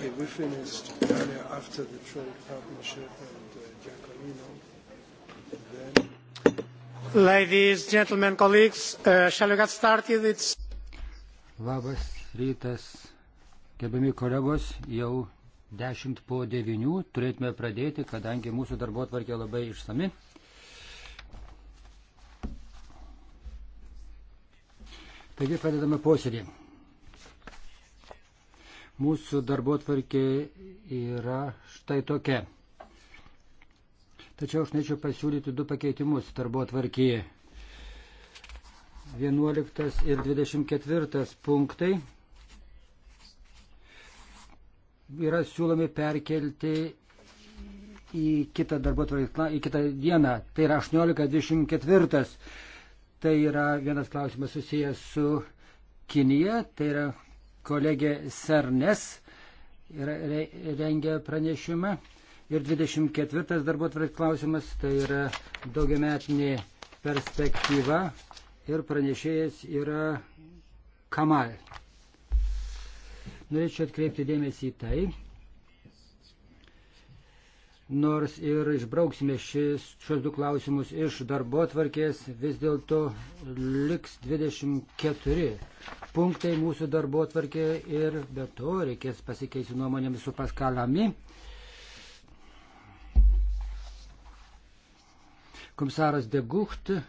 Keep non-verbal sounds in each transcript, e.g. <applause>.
Hey, we finished earlier after the trade partnership and uh, Giacolino. And then... Ladies, gentlemen, colleagues, uh, shall we get started? It's... Labas rytas, gerbiami kolegos, jau 10 po 9 turėtume pradėti, kadangi mūsų darbo tvarkė labai išsami. Taigi pradedame posėdį mūsų darbo tvarkė yra štai tokia. Tačiau aš norėčiau pasiūlyti du pakeitimus darbo tvarkėje. 11 ir 24 punktai yra siūlomi perkelti į kitą darbo tvarką, į kitą dieną. Tai yra 18.24. Tai yra vienas klausimas susijęs su Kinija, tai yra kolegė Sernes rengia pranešimą. Ir 24 darbo tvarkos klausimas, tai yra daugiametinė perspektyva ir pranešėjas yra Kamal. Norėčiau atkreipti dėmesį į tai, nors ir išbrauksime šis, šios du klausimus iš darbo tvarkės, vis dėlto liks 24 punktai mūsų darbo atvarkė ir be to reikės pasikeisti nuomonėmis su paskalami. Komisaras Degucht e,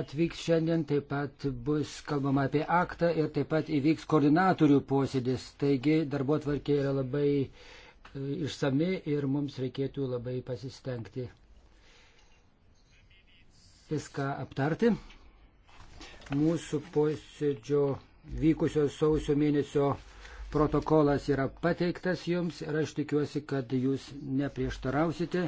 atvyks šiandien, taip pat bus kalbama apie aktą ir taip pat įvyks koordinatorių posėdis. Taigi darbo tvarkė yra labai e, išsami ir mums reikėtų labai pasistengti viską aptarti. Mūsų posėdžio vykusio sausio mėnesio protokolas yra pateiktas jums ir aš tikiuosi, kad jūs neprieštarausite.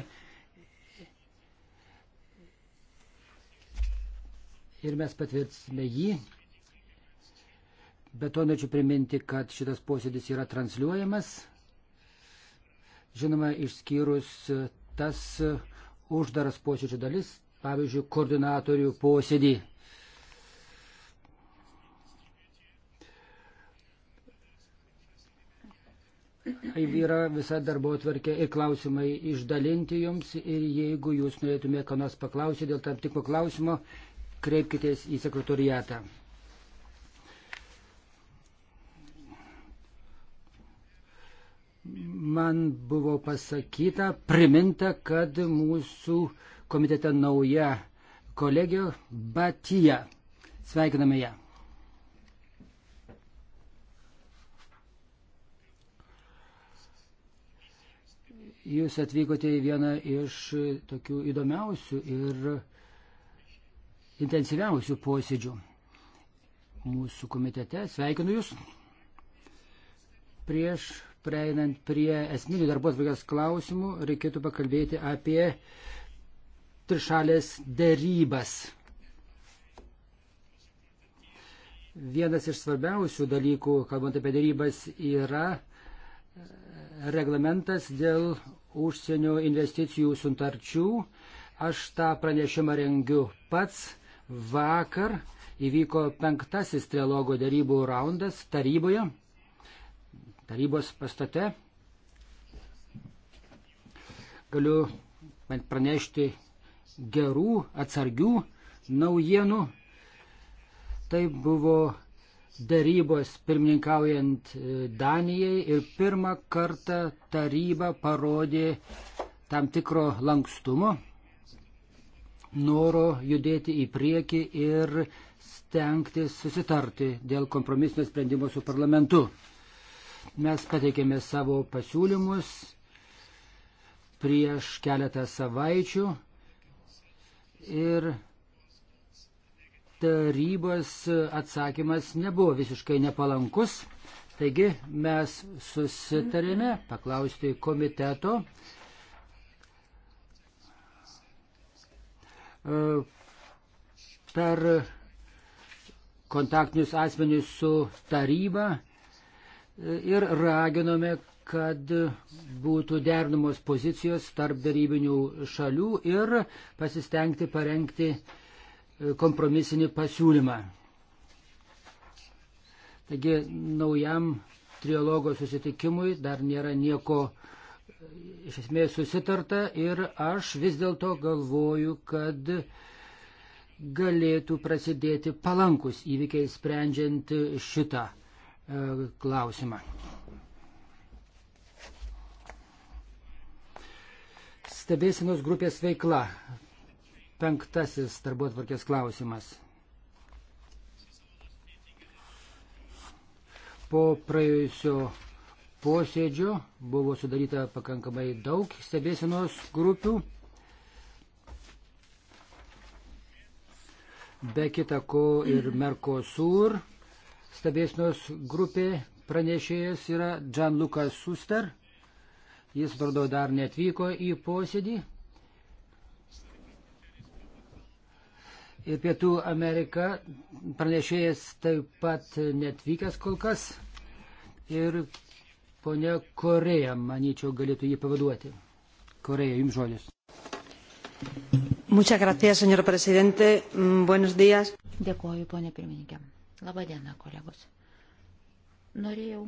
Ir mes patvirtinsime jį. Bet to norėčiau priminti, kad šitas posėdis yra transliuojamas. Žinoma, išskyrus tas uždaras posėdžio dalis, pavyzdžiui, koordinatorių posėdį. yra visa darbo tvarkė ir klausimai išdalinti jums. Ir jeigu jūs norėtumėte ką nors paklausyti dėl tam tikro klausimo, kreipkitės į sekretoriatą. Man buvo pasakyta, priminta, kad mūsų komitete nauja kolegė Batija. Sveikiname ją. jūs atvykote į vieną iš tokių įdomiausių ir intensyviausių posėdžių mūsų komitete. Sveikinu Jūs. Prieš prieinant prie esminių darbotvarkės klausimų, reikėtų pakalbėti apie trišalės dėrybas. Vienas iš svarbiausių dalykų, kalbant apie dėrybas, yra reglamentas dėl užsienio investicijų sutarčių. Aš tą pranešimą rengiu pats. Vakar įvyko penktasis trilogo darybų raundas taryboje, tarybos pastate. Galiu pranešti gerų, atsargių naujienų. Tai buvo darybos pirmininkaujant e, Danijai ir pirmą kartą taryba parodė tam tikro lankstumo, noro judėti į priekį ir stengtis susitarti dėl kompromisinio sprendimo su parlamentu. Mes pateikėme savo pasiūlymus prieš keletą savaičių ir tarybos atsakymas nebuvo visiškai nepalankus. Taigi mes susitarėme paklausti komiteto e, per kontaktinius asmenius su taryba e, ir raginome, kad būtų derinamos pozicijos tarp darybinių šalių ir pasistengti parengti uh, kompromisinį pasiūlymą. Taigi naujam trialogo susitikimui dar nėra nieko e, iš esmės susitarta ir aš vis dėlto galvoju, kad galėtų prasidėti palankus įvykiai sprendžiant šitą e, klausimą. Stebėsinos grupės veikla Penktasis darbotvarkės klausimas. Po praėjusio posėdžio buvo sudaryta pakankamai daug stebėsinos grupių. Be kita ko ir Mercosur stebėsinos grupė pranešėjas yra Gianluca Suster. Jis vardu dar netvyko į posėdį, ir Pietų Amerika. Pranešėjas taip pat netvykęs kol kas. Ir ponia Koreja, manyčiau, galėtų jį pavaduoti. Koreja, jums žodis. Muchas gracias, señor presidente. Mm, buenos días. Dėkuoju, ponia pirmininkė. Labadiena, kolegos. Norėjau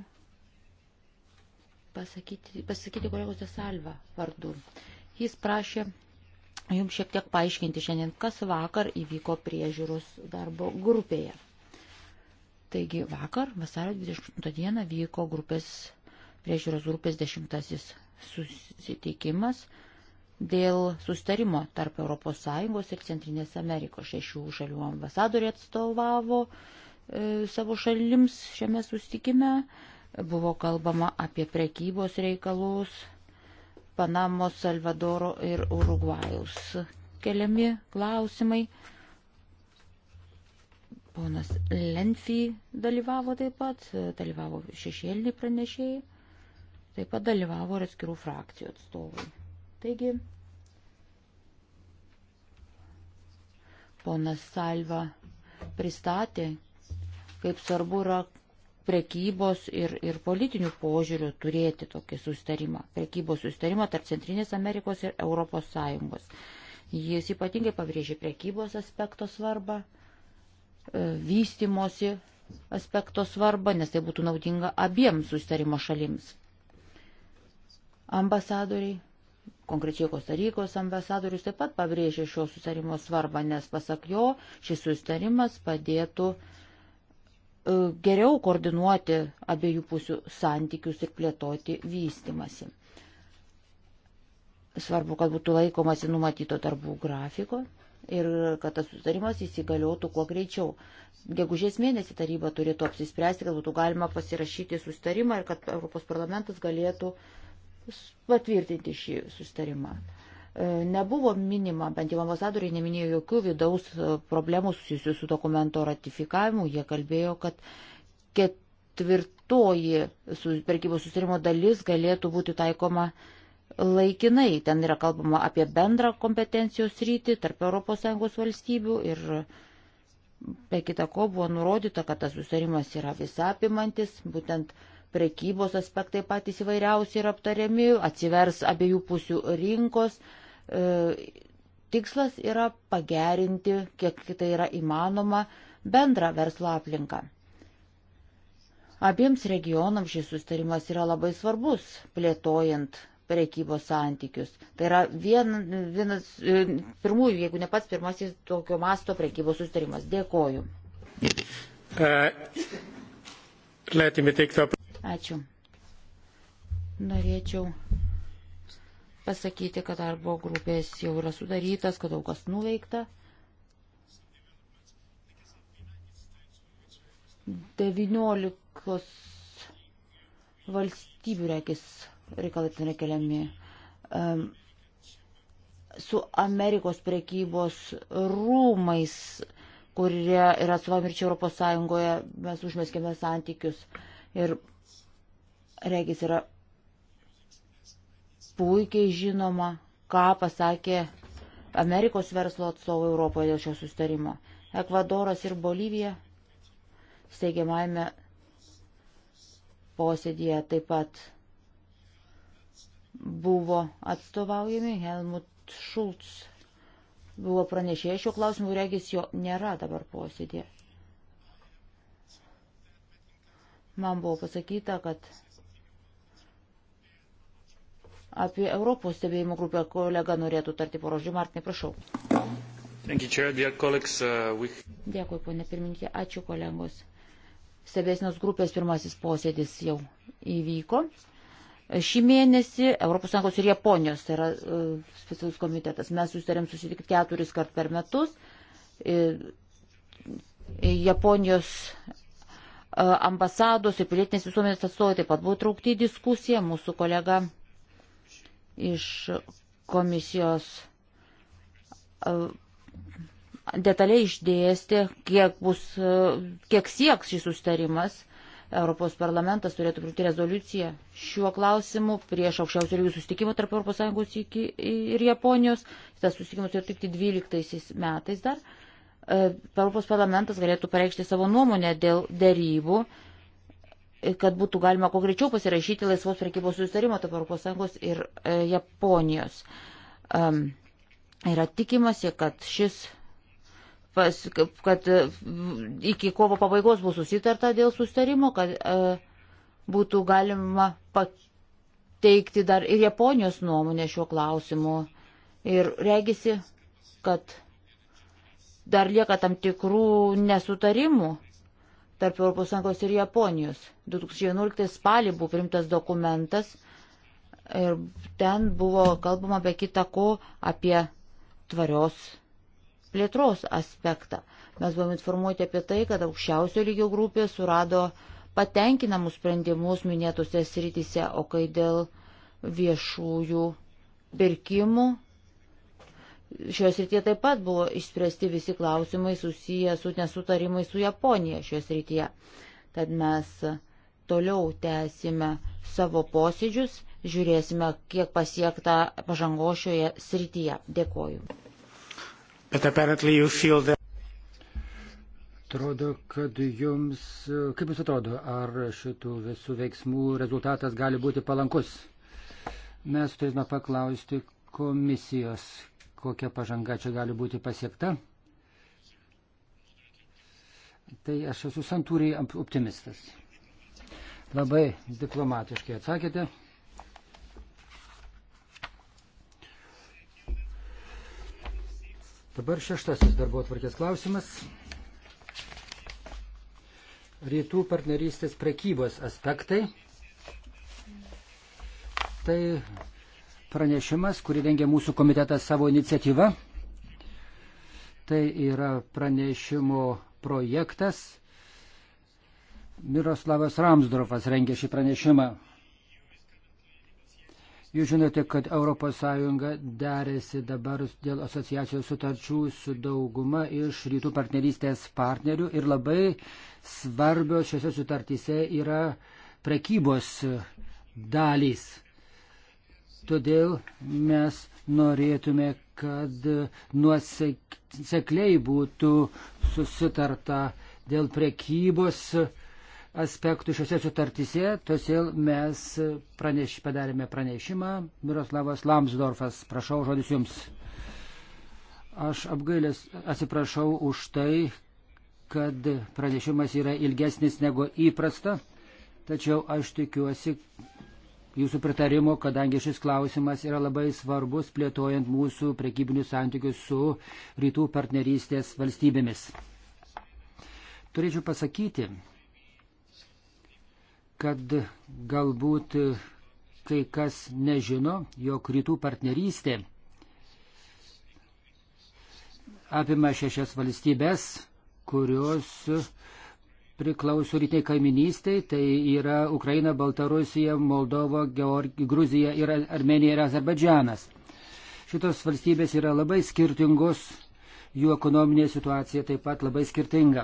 pasakyti, pasakyti kolegos Desalva vardu. Jis prašė jums šiek tiek paaiškinti šiandien, kas vakar įvyko priežiūros darbo grupėje. Taigi vakar, vasario 28 dieną, vyko grupės, priežiūros grupės dešimtasis susitikimas dėl sustarimo tarp ES ir Centrinės Amerikos. Šešių šalių ambasadoriai atstovavo e, savo šalims šiame sustikime. Buvo kalbama apie prekybos reikalus, Panamos, Salvadoro ir Urugvajaus keliami klausimai. Ponas Lenfy dalyvavo taip pat, dalyvavo šešėliniai pranešėjai, taip pat dalyvavo ir atskirų frakcijų atstovai. Taigi, ponas Salva pristatė, kaip svarbu yra prekybos ir, ir politinių požiūrių turėti tokį sustarimą, prekybos sustarimą tarp Centrinės Amerikos ir Europos Sąjungos. Jis ypatingai pabrėžė prekybos aspekto svarbą, e, vystimosi aspekto svarbą, nes tai būtų naudinga abiems sustarimo šalims. Ambasadoriai, konkrečiai Kostarykos ambasadorius taip pat pabrėžė šio sustarimo svarbą, nes pasak jo šis sustarimas padėtų uh, E, geriau koordinuoti abiejų pusių santykius ir plėtoti vystimasi. Svarbu, kad būtų laikomasi numatyto darbų grafiko ir kad tas sutarimas įsigaliotų kuo greičiau. Gegužės mėnesį taryba turėtų apsispręsti, kad būtų galima pasirašyti sustarimą ir kad Europos parlamentas galėtų patvirtinti šį sustarimą. E, nebuvo minima, bent jau ambasadoriai neminėjo jokių vidaus e, problemų susijusių su dokumento ratifikavimu. Jie kalbėjo, kad ketvirtoji prekybos susirimo dalis galėtų būti taikoma laikinai. Ten yra kalbama apie bendrą kompetencijos rytį tarp ES valstybių ir be kita ko buvo nurodyta, kad tas susirimas yra visapimantis, būtent prekybos aspektai patys įvairiausi yra aptariami, atsivers abiejų pusių rinkos, E, tikslas yra pagerinti, kiek tai yra įmanoma, bendrą verslo aplinką. Abiems regionams šis sustarimas yra labai svarbus, plėtojant prekybos santykius. Tai yra vien, vienas e, pirmųjų, jeigu ne pats pirmasis tokio masto prekybos sustarimas. Dėkoju. E, Ačiū. Norėčiau pasakyti, kad darbo grupės jau yra sudarytas, kad daug kas nuveikta. Deviniolikos valstybių reikis reikalai ten keliami. Um, su Amerikos prekybos rūmais, kurie yra atstovami ir čia Europos Sąjungoje, mes užmeskėme santykius. Ir regis yra puikiai žinoma, ką pasakė Amerikos verslo atstovai Europoje dėl šio sustarimo. Ekvadoras ir Bolivija steigiamajame posėdėje taip pat buvo atstovaujami. Helmut Schulz buvo pranešėjęs šio klausimų, regis jo nėra dabar posėdėje. Man buvo pasakyta, kad apie Europos stebėjimo grupę. Kolega norėtų tarti poro žodžių. Martinai, prašau. Uh, Dėkui, ponė pirmininkė. Ačiū, kolegos. Stebėsinos grupės pirmasis posėdis jau įvyko. Šį mėnesį ES ir Japonijos, tai yra uh, specialus komitetas, mes susitarėm susitikti keturis kart per metus. Ir, e, e, Japonijos ambasados ir pilietinės visuomenės atstovai taip pat buvo traukti į diskusiją. Mūsų kolega iš komisijos e, detaliai išdėstė, kiek, bus, e, kiek sieks šis sustarimas. Europos parlamentas turėtų priimti rezoliuciją šiuo klausimu prieš aukščiausių lygių sustikimą tarp ES ir Japonijos. Tas sustikimas turėtų tikti 12 metais dar. E, Europos parlamentas galėtų pareikšti savo nuomonę dėl dėrybų kad būtų galima kuo greičiau pasirašyti laisvos prekybos susitarimą tarp ES ir e, Japonijos. Um, yra tikimasi, kad šis pas, kad e, iki kovo pabaigos bus susitarta dėl sustarimo, kad e, būtų galima pateikti dar ir Japonijos nuomonę šiuo klausimu. Ir regisi, kad dar lieka tam tikrų nesutarimų tarp ES ir Japonijos. 2011 spalį buvo primtas dokumentas ir ten buvo kalbama be kita ko apie tvarios plėtros aspektą. Mes buvom informuoti apie tai, kad aukščiausio lygio grupė surado patenkinamus sprendimus minėtose srityse, o kai dėl viešųjų pirkimų Šios rytie taip pat buvo išspręsti visi klausimai susiję su nesutarimai su Japonija šios rytie. Tad mes toliau tęsime savo posėdžius, žiūrėsime, kiek pasiekta pažango šioje srityje. Dėkoju. That... Atrodo, kad jums, kaip jūs atrodo, ar šitų visų veiksmų rezultatas gali būti palankus? Mes turime paklausti komisijos, kokia pažanga čia gali būti pasiekta, tai aš esu santūriai optimistas. Labai diplomatiškai atsakėte. Dabar šeštasis darbo atvarkės klausimas. Rytų partnerystės prekybos aspektai. Tai pranešimas, kurį dengia mūsų komitetas savo iniciatyvą. Tai yra pranešimo projektas. Miroslavas Ramsdorfas rengė šį pranešimą. Jūs žinote, kad ES derėsi dabar dėl asociacijos sutarčių su dauguma iš rytų partnerystės partnerių ir labai svarbios šiose sutartyse yra prekybos dalys. Todėl mes norėtume, kad nuosekliai būtų susitarta dėl prekybos aspektų šiuose sutartyse, todėl mes praneš, padarėme pranešimą. Miroslavas Lamsdorfas, prašau žodis jums. Aš apgailės atsiprašau už tai, kad pranešimas yra ilgesnis negu įprasta, tačiau aš tikiuosi, jūsų pritarimo, kadangi šis klausimas yra labai svarbus plėtojant mūsų prekybinius santykius su rytų partnerystės valstybėmis. Turėčiau pasakyti, kad galbūt kai kas nežino, jog rytų partnerystė apima šešias valstybės, kurios priklauso rytiniai kaiminystiai, tai yra Ukraina, Baltarusija, Moldova, Georgija, Gruzija ir Armenija ir Azerbaidžianas. Šitos valstybės yra labai skirtingos, jų ekonominė situacija taip pat labai skirtinga.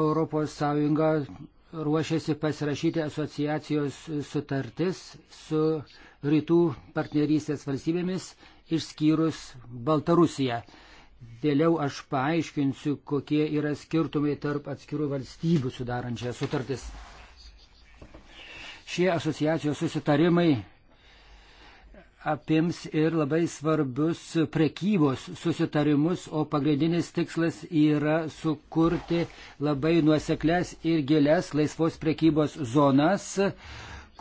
Europos Sąjunga ruošiasi pasirašyti asociacijos sutartis su rytų partnerystės valstybėmis, išskyrus Baltarusiją. Vėliau aš paaiškinsiu, kokie yra skirtumai tarp atskirų valstybių sudarančią sutartis. Šie asociacijos susitarimai apims ir labai svarbius prekybos susitarimus, o pagrindinis tikslas yra sukurti labai nuoseklės ir gilias laisvos prekybos zonas,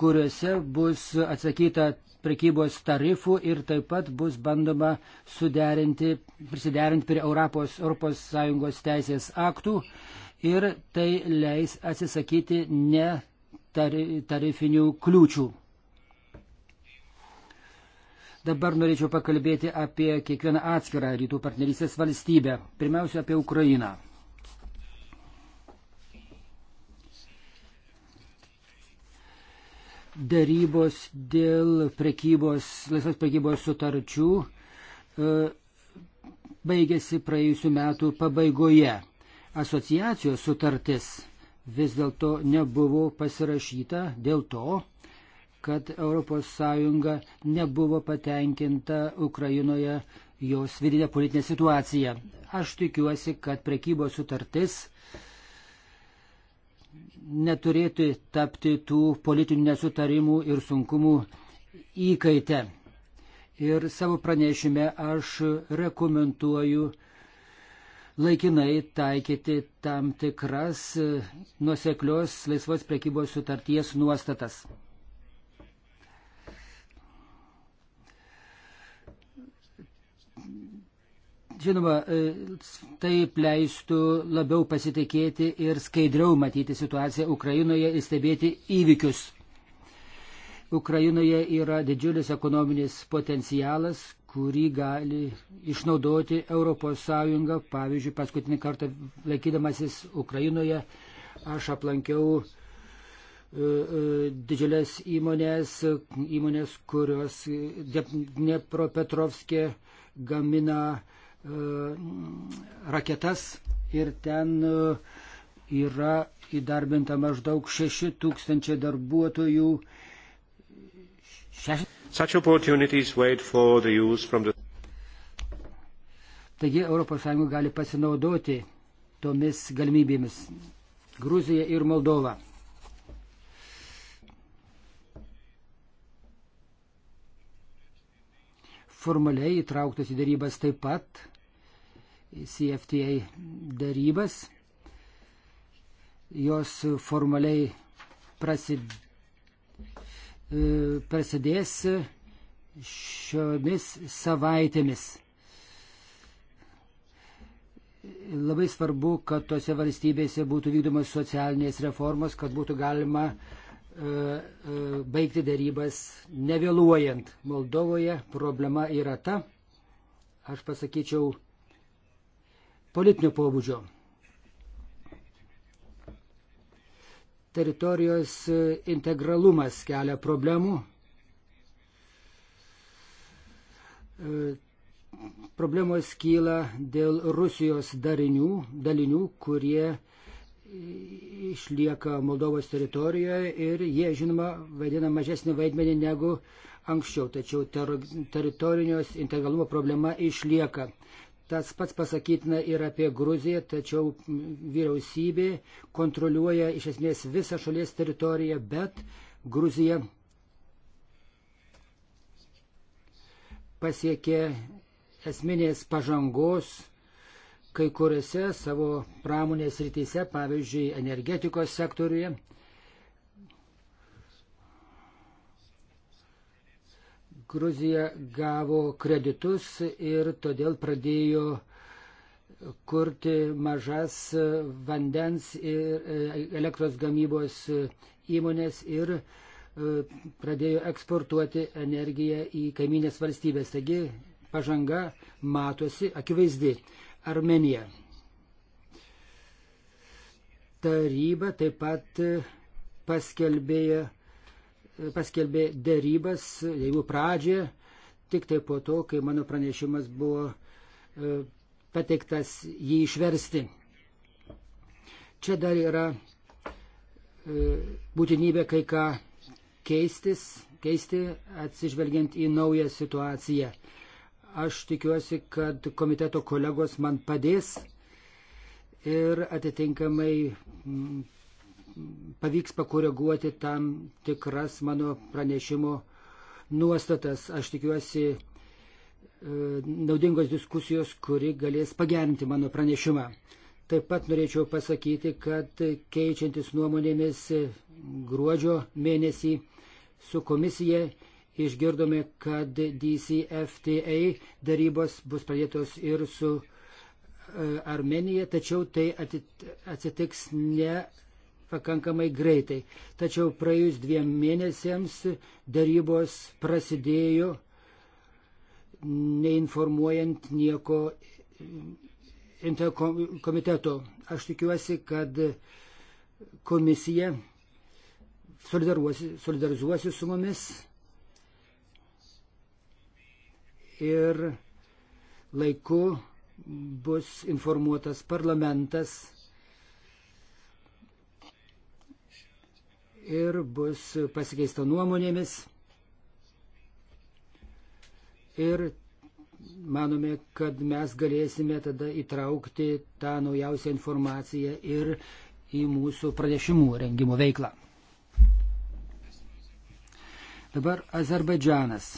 kuriuose bus atsakyta prekybos tarifų ir taip pat bus bandoma suderinti, prisiderinti prie Europos, Europos Sąjungos teisės aktų ir tai leis atsisakyti ne tarifinių kliūčių. Dabar norėčiau pakalbėti apie kiekvieną atskirą rytų partnerystės valstybę. Pirmiausia, apie Ukrainą. darybos dėl prekybos, laisvos prekybos sutarčių e, baigėsi praėjusiu metu pabaigoje. Asociacijos sutartis vis dėlto nebuvo pasirašyta dėl to, kad ES nebuvo patenkinta Ukrainoje jos vidinė politinė situacija. Aš tikiuosi, kad prekybos sutartis uh, neturėtų tapti tų politinių nesutarimų ir sunkumų įkaitę. Ir savo pranešime aš rekomenduoju laikinai taikyti tam tikras nuseklios laisvos prekybos sutarties nuostatas. Žinoma, e, taip leistų labiau pasitikėti ir skaidriau matyti situaciją Ukrainoje ir stebėti įvykius. Ukrainoje yra didžiulis ekonominis potencialas, kurį gali išnaudoti ES. Pavyzdžiui, paskutinį kartą laikydamasis Ukrainoje aš aplankiau e, e, didžiulės įmonės, įmonės, kurios Dnepropetrovskė gamina uh, E, raketas ir ten e, yra įdarbinta maždaug 6 tūkstančiai darbuotojų. Šeš... Such opportunities wait for the use from the... Taigi ES gali pasinaudoti tomis galimybėmis. Gruzija ir Moldova. formaliai įtrauktas į darybas taip pat, į CFTA darybas. Jos formaliai prasid, e, prasidės šiomis savaitėmis. Labai svarbu, kad tose valstybėse būtų vykdomas socialinės reformos, kad būtų galima uh, E, e, baigti dėrybas nevėluojant. Moldovoje problema yra ta, aš pasakyčiau, politinio pobūdžio. Teritorijos integralumas kelia problemų. E, problemos kyla dėl Rusijos darinių, dalinių, kurie išlieka Moldovos teritorijoje ir jie, žinoma, vaidina mažesnį vaidmenį negu anksčiau, tačiau ter teritorinės integralumo problema išlieka. Tas pats pasakytina ir apie Gruziją, tačiau vyriausybė kontroliuoja iš esmės visą šalies teritoriją, bet Gruzija pasiekė esminės pažangos kai kuriuose savo pramonės rytise, pavyzdžiui, energetikos sektoriuje. Gruzija gavo kreditus ir todėl pradėjo kurti mažas vandens ir e, elektros gamybos įmonės ir e, pradėjo eksportuoti energiją į kaiminės valstybės. Taigi pažanga matosi akivaizdi. Armenija. Taryba taip pat paskelbė, paskelbė dėrybas, jeigu pradžią, tik tai po to, kai mano pranešimas buvo e, pateiktas jį išversti. Čia dar yra e, būtinybė kai ką keistis, keisti atsižvelgiant į naują situaciją. Aš tikiuosi, kad komiteto kolegos man padės ir atitinkamai mm, pavyks pakoreguoti tam tikras mano pranešimo nuostatas. Aš tikiuosi e, naudingos diskusijos, kuri galės pagerinti mano pranešimą. Taip pat norėčiau pasakyti, kad keičiantis nuomonėmis gruodžio mėnesį su komisija išgirdome, kad DCFTA darybos bus pradėtos ir su e, Armenija, tačiau tai atsitiks ne pakankamai greitai. Tačiau praėjus dviem mėnesiams darybos prasidėjo neinformuojant nieko komiteto. Aš tikiuosi, kad komisija solidarizuosi su mumis ir laiku bus informuotas parlamentas ir bus pasikeista nuomonėmis. Ir manome, kad mes galėsime tada įtraukti tą naujausią informaciją ir į mūsų pranešimų rengimo veiklą. Dabar Azerbaidžanas.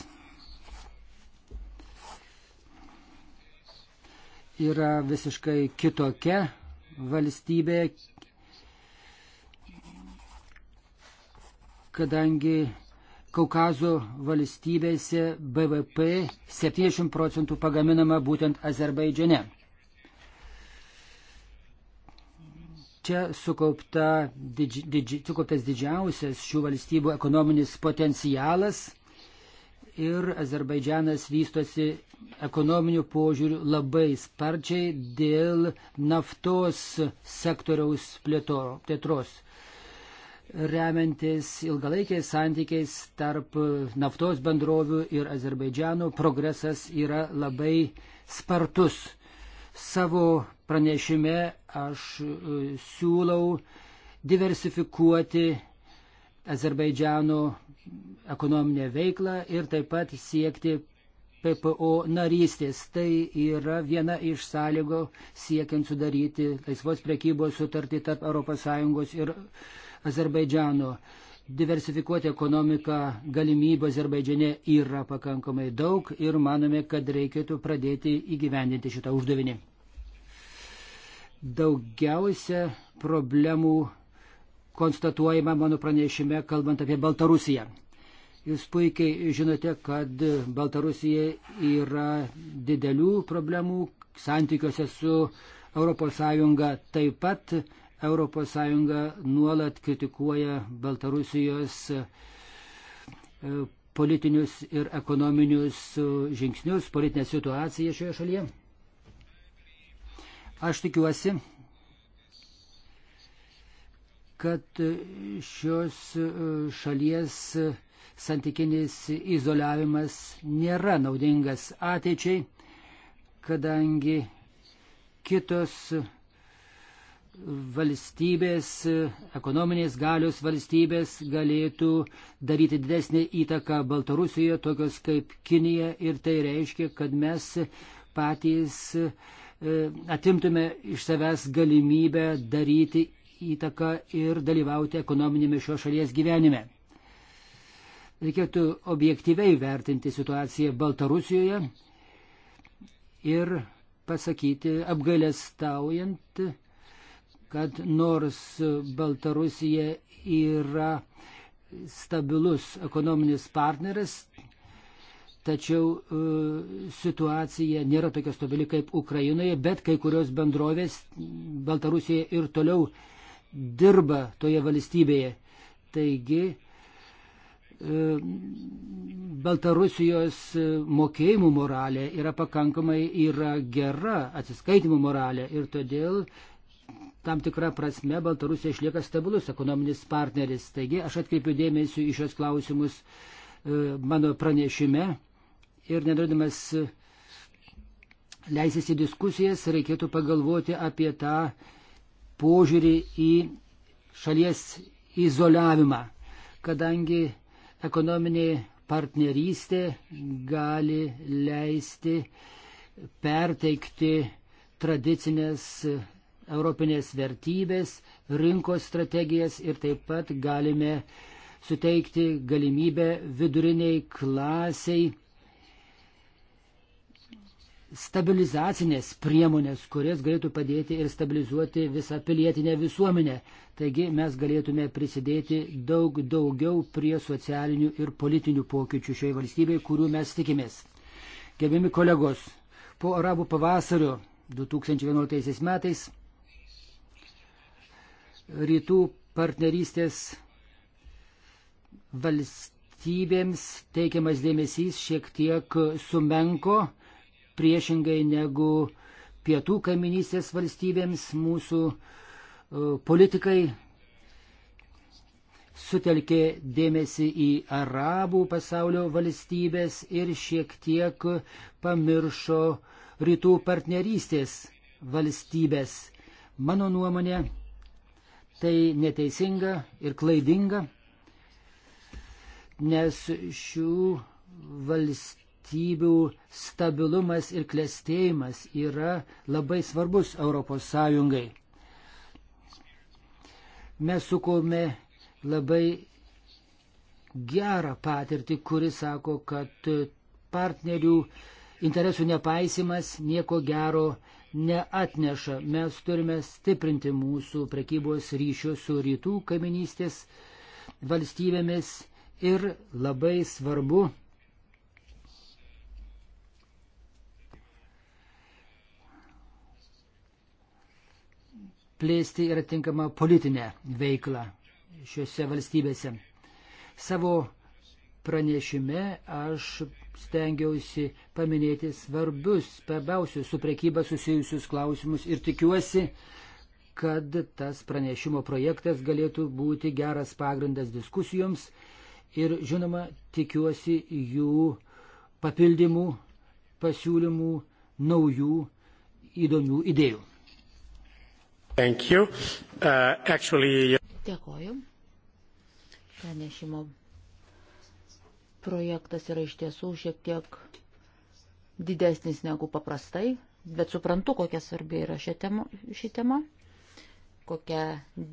yra visiškai kitokia valstybė, kadangi Kaukazo valstybėse BVP 70 procentų pagaminama būtent Azerbaidžiane. Čia sukaupta, didži, didži, sukauptas didžiausias šių valstybių ekonominis potencialas ir Azerbaidžianas vystosi ekonominių požiūrių labai sparčiai dėl naftos sektoriaus plėtros. Remiantis ilgalaikiais santykiais tarp naftos bendrovių ir Azerbaidžiano progresas yra labai spartus. Savo pranešime aš e, siūlau diversifikuoti Azerbaidžiano ekonominę veiklą ir taip pat siekti PPO narystės. Tai yra viena iš sąlygų siekiant sudaryti laisvos priekybos sutartį tarp ES ir Azerbaidžiano. Diversifikuoti ekonomiką galimybių Azerbaidžiane yra pakankamai daug ir manome, kad reikėtų pradėti įgyvendinti šitą uždavinį. Daugiausia problemų konstatuojama mano pranešime, kalbant apie Baltarusiją. Jūs puikiai žinote, kad Baltarusija yra didelių problemų santykiuose su ES taip pat. ES nuolat kritikuoja Baltarusijos e, politinius ir ekonominius žingsnius, politinę situaciją šioje šalyje. Aš tikiuosi, kad šios e, šalies e, santykinis izoliavimas nėra naudingas ateičiai, kadangi kitos valstybės, e, ekonominės galios valstybės galėtų daryti didesnį įtaką Baltarusijoje, tokios kaip Kinija, ir tai reiškia, kad mes patys atimtume iš savęs galimybę daryti įtaką ir dalyvauti ekonominėme šios šalies gyvenime. Reikėtų objektyviai vertinti situaciją Baltarusijoje ir pasakyti apgailestaujant, kad nors Baltarusija yra stabilus ekonominis partneris, tačiau e, situacija nėra tokia stabili kaip Ukrainoje, bet kai kurios bendrovės Baltarusijoje ir toliau dirba toje valstybėje. Taigi, e, Baltarusijos mokėjimų moralė yra pakankamai yra gera atsiskaitimų moralė ir todėl tam tikrą prasme Baltarusija išlieka stabilus ekonominis partneris. Taigi aš atkreipiu dėmesį į šios klausimus e, mano pranešime ir nenorėdamas leisis į diskusijas reikėtų pagalvoti apie tą požiūrį į šalies izoliavimą, kadangi ekonominė partnerystė gali leisti perteikti tradicinės europinės vertybės, rinkos strategijas ir taip pat galime suteikti galimybę viduriniai klasiai stabilizacinės priemonės, kurias galėtų padėti ir stabilizuoti visą pilietinę visuomenę. Taigi mes galėtume prisidėti daug daugiau prie socialinių ir politinių pokyčių šioje valstybėje, kurių mes tikimės. Gerbiami kolegos, po arabų pavasario 2011 metais rytų partnerystės valstybėms teikiamas dėmesys šiek tiek sumenko, priešingai negu pietų kaiminystės valstybėms mūsų e, politikai sutelkė dėmesį į arabų pasaulio valstybės ir šiek tiek pamiršo rytų partnerystės valstybės. Mano nuomonė, tai neteisinga ir klaidinga, nes šių valstybių valstybių stabilumas ir klestėjimas yra labai svarbus ES. Mes sukome labai gerą patirtį, kuris sako, kad partnerių interesų nepaisimas nieko gero neatneša. Mes turime stiprinti mūsų prekybos ryšius su rytų kaiminystės valstybėmis ir labai svarbu plėsti ir tinkamą politinę veiklą šiuose valstybėse. Savo pranešime aš stengiausi paminėti svarbius, svarbiausius su prekyba susijusius klausimus ir tikiuosi, kad tas pranešimo projektas galėtų būti geras pagrindas diskusijoms ir, žinoma, tikiuosi jų papildymų, pasiūlymų, naujų įdomių idėjų. Uh, actually... Dėkoju. Pranešimo projektas yra iš tiesų šiek tiek didesnis negu paprastai, bet suprantu, kokia svarbi yra ši tema, ši tema kokia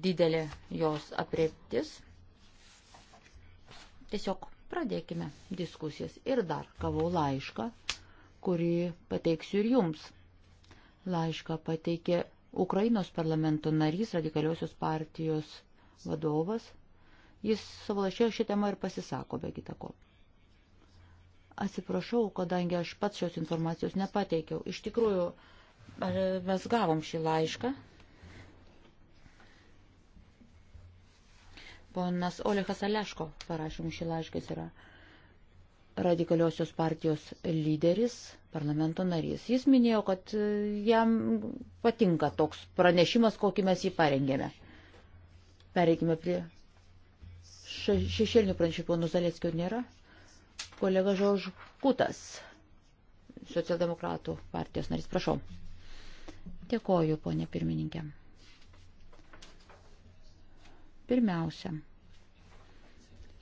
didelė jos apriptis. Tiesiog pradėkime diskusijas. Ir dar gavau laišką, kurį pateiksiu ir jums. Laišką pateikė Ukrainos parlamento narys, radikaliosios partijos vadovas. Jis savo lašėjo šį temą ir pasisako be kita ko. Atsiprašau, kadangi aš pats šios informacijos nepateikiau. Iš tikrųjų, mes gavom šį laišką. Ponas Olekas Aleško parašė mums šį laišką, jis yra radikaliosios partijos lyderis parlamento narys. Jis minėjo, kad e, jam patinka toks pranešimas, kokį mes jį parengėme. Pereikime prie šešėlinių pranešimų. Pono Zalėckio nėra. Kolega Žauž Kutas, socialdemokratų partijos narys. Prašau. Dėkoju, ponė pirmininkė. Pirmiausia,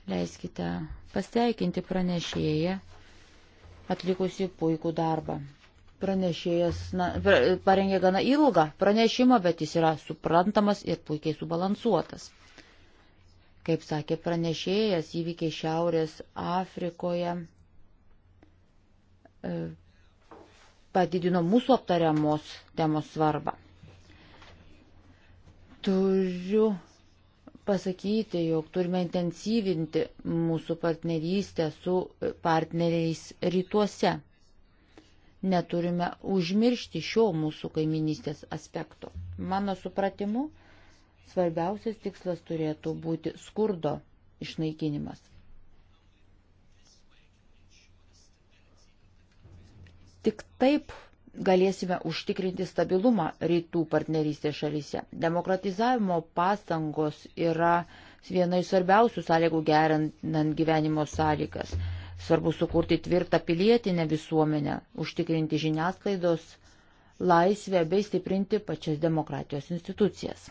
leiskite pasteikinti pranešėją atlikusi puikų darbą. Pranešėjas na, parengė gana ilgą pranešimą, bet jis yra suprantamas ir puikiai subalansuotas. Kaip sakė pranešėjas, įvykiai Šiaurės Afrikoje e, padidino mūsų aptariamos temos svarbą. Turiu pasakyti, jog turime intensyvinti mūsų partnerystę su partneriais rytuose. Neturime užmiršti šio mūsų kaiminystės aspekto. Mano supratimu, svarbiausias tikslas turėtų būti skurdo išnaikinimas. Tik taip galėsime užtikrinti stabilumą rytų partnerystės šalyse. Demokratizavimo pastangos yra viena iš svarbiausių sąlygų gerinant gyvenimo sąlygas. Svarbu sukurti tvirtą pilietinę visuomenę, užtikrinti žiniasklaidos laisvę bei stiprinti pačias demokratijos institucijas.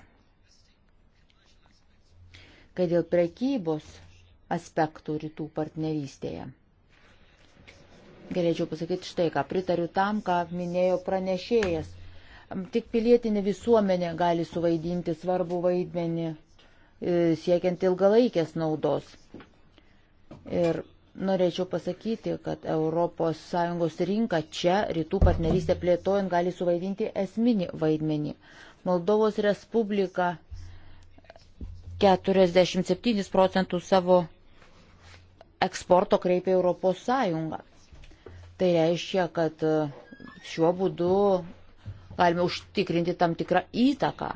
Kai dėl prekybos aspektų rytų partnerystėje galėčiau pasakyti štai ką, pritariu tam, ką minėjo pranešėjas. Tik pilietinė visuomenė gali suvaidinti svarbų vaidmenį e, siekiant ilgalaikės naudos. Ir norėčiau pasakyti, kad ES rinka čia rytų partnerystę plėtojant gali suvaidinti esminį vaidmenį. Moldovos Respublika 47 procentų savo eksporto kreipia ES. Tai reiškia, kad e, šiuo būdu galime užtikrinti tam tikrą įtaką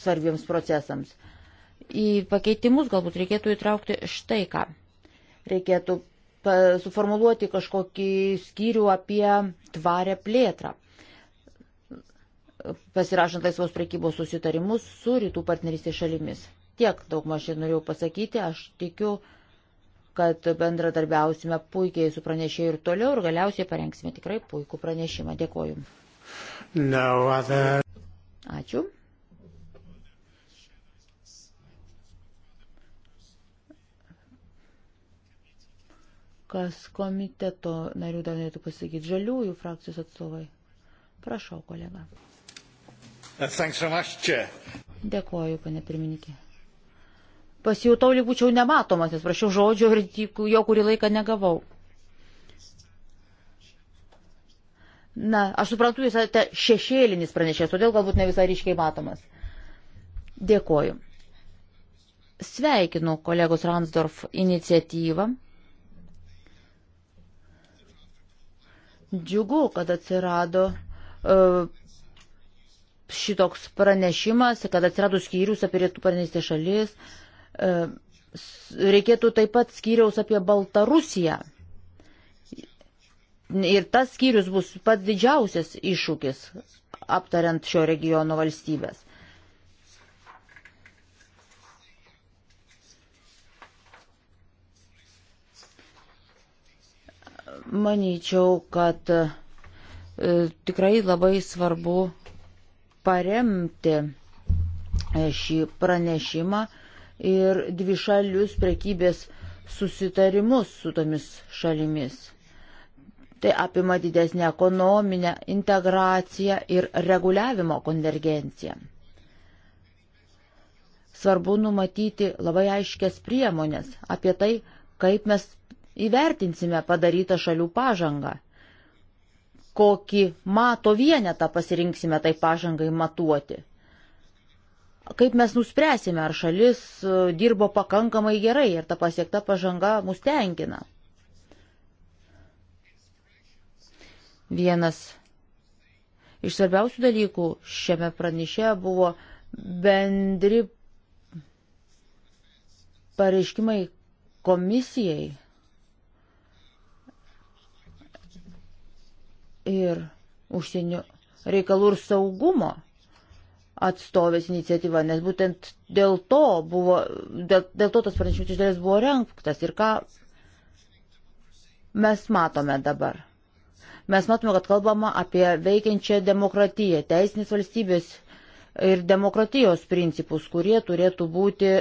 svarbiems procesams. Į pakeitimus galbūt reikėtų įtraukti štai ką. Reikėtų suformuluoti kažkokį skyrių apie tvarę plėtrą, pasirašant laisvos prekybos susitarimus su rytų partnerystės šalimis. Tiek daug mažai norėjau pasakyti, aš tikiu, kad bendradarbiausime puikiai su pranešėju ir toliau ir galiausiai parengsime tikrai puikų pranešimą. Dėkoju. No other... Ačiū. Kas komiteto narių dar norėtų pasakyti? Žaliųjų frakcijos atstovai. Prašau, kolega. Much, Dėkoju, pane pirmininkė pasijutau, lyg būčiau nematomas, nes prašiau žodžio ir jo kurį laiką negavau. Na, aš suprantu, jūs esate šešėlinis pranešėjas, todėl galbūt ne visai ryškiai matomas. Dėkoju. Sveikinu kolegos Ransdorf iniciatyvą. Džiugu, kad atsirado uh, šitoks pranešimas, kad atsirado skyrius apie rytų parnestės šalis. Uh, E, reikėtų taip pat skyriaus apie Baltarusiją. Ir tas skyrius bus pats didžiausias iššūkis aptariant šio regiono valstybės. Manyčiau, kad e, tikrai labai svarbu paremti e, šį pranešimą. E, ir dvišalius prekybės susitarimus su tomis šalimis. Tai apima didesnį ekonominę integraciją ir reguliavimo konvergenciją. Svarbu numatyti labai aiškias priemonės apie tai, kaip mes įvertinsime padarytą šalių pažangą, kokį mato vienetą pasirinksime tai pažangai matuoti kaip mes nuspręsime, ar šalis e, dirbo pakankamai gerai ir ta pasiekta pažanga mus tenkina. Vienas iš svarbiausių dalykų šiame pranešė buvo bendri pareiškimai komisijai ir užsienio reikalų ir saugumo atstovės iniciatyva, nes būtent dėl to, buvo, dėl, dėl to tas pranešimas iš dalies buvo renktas ir ką mes matome dabar. Mes matome, kad kalbama apie veikiančią demokratiją, teisinės valstybės ir demokratijos principus, kurie turėtų būti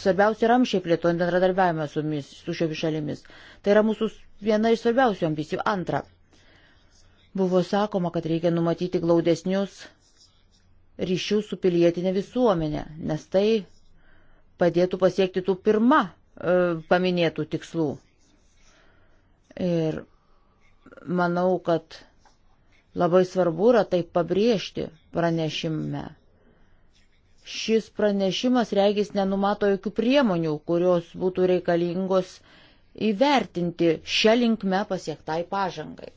svarbiausi ramšiai plėtojant bendradarbiavimą su, mis, su šiomis šalimis. Tai yra mūsų viena iš svarbiausių ambicijų. Antra, buvo sakoma, kad reikia numatyti glaudesnius ryšių su pilietinė visuomenė, nes tai padėtų pasiekti tų pirmą e, paminėtų tikslų. Ir manau, kad labai svarbu yra tai pabrėžti pranešime. Šis pranešimas regis nenumato jokių priemonių, kurios būtų reikalingos įvertinti šią linkmę pasiektai pažangai.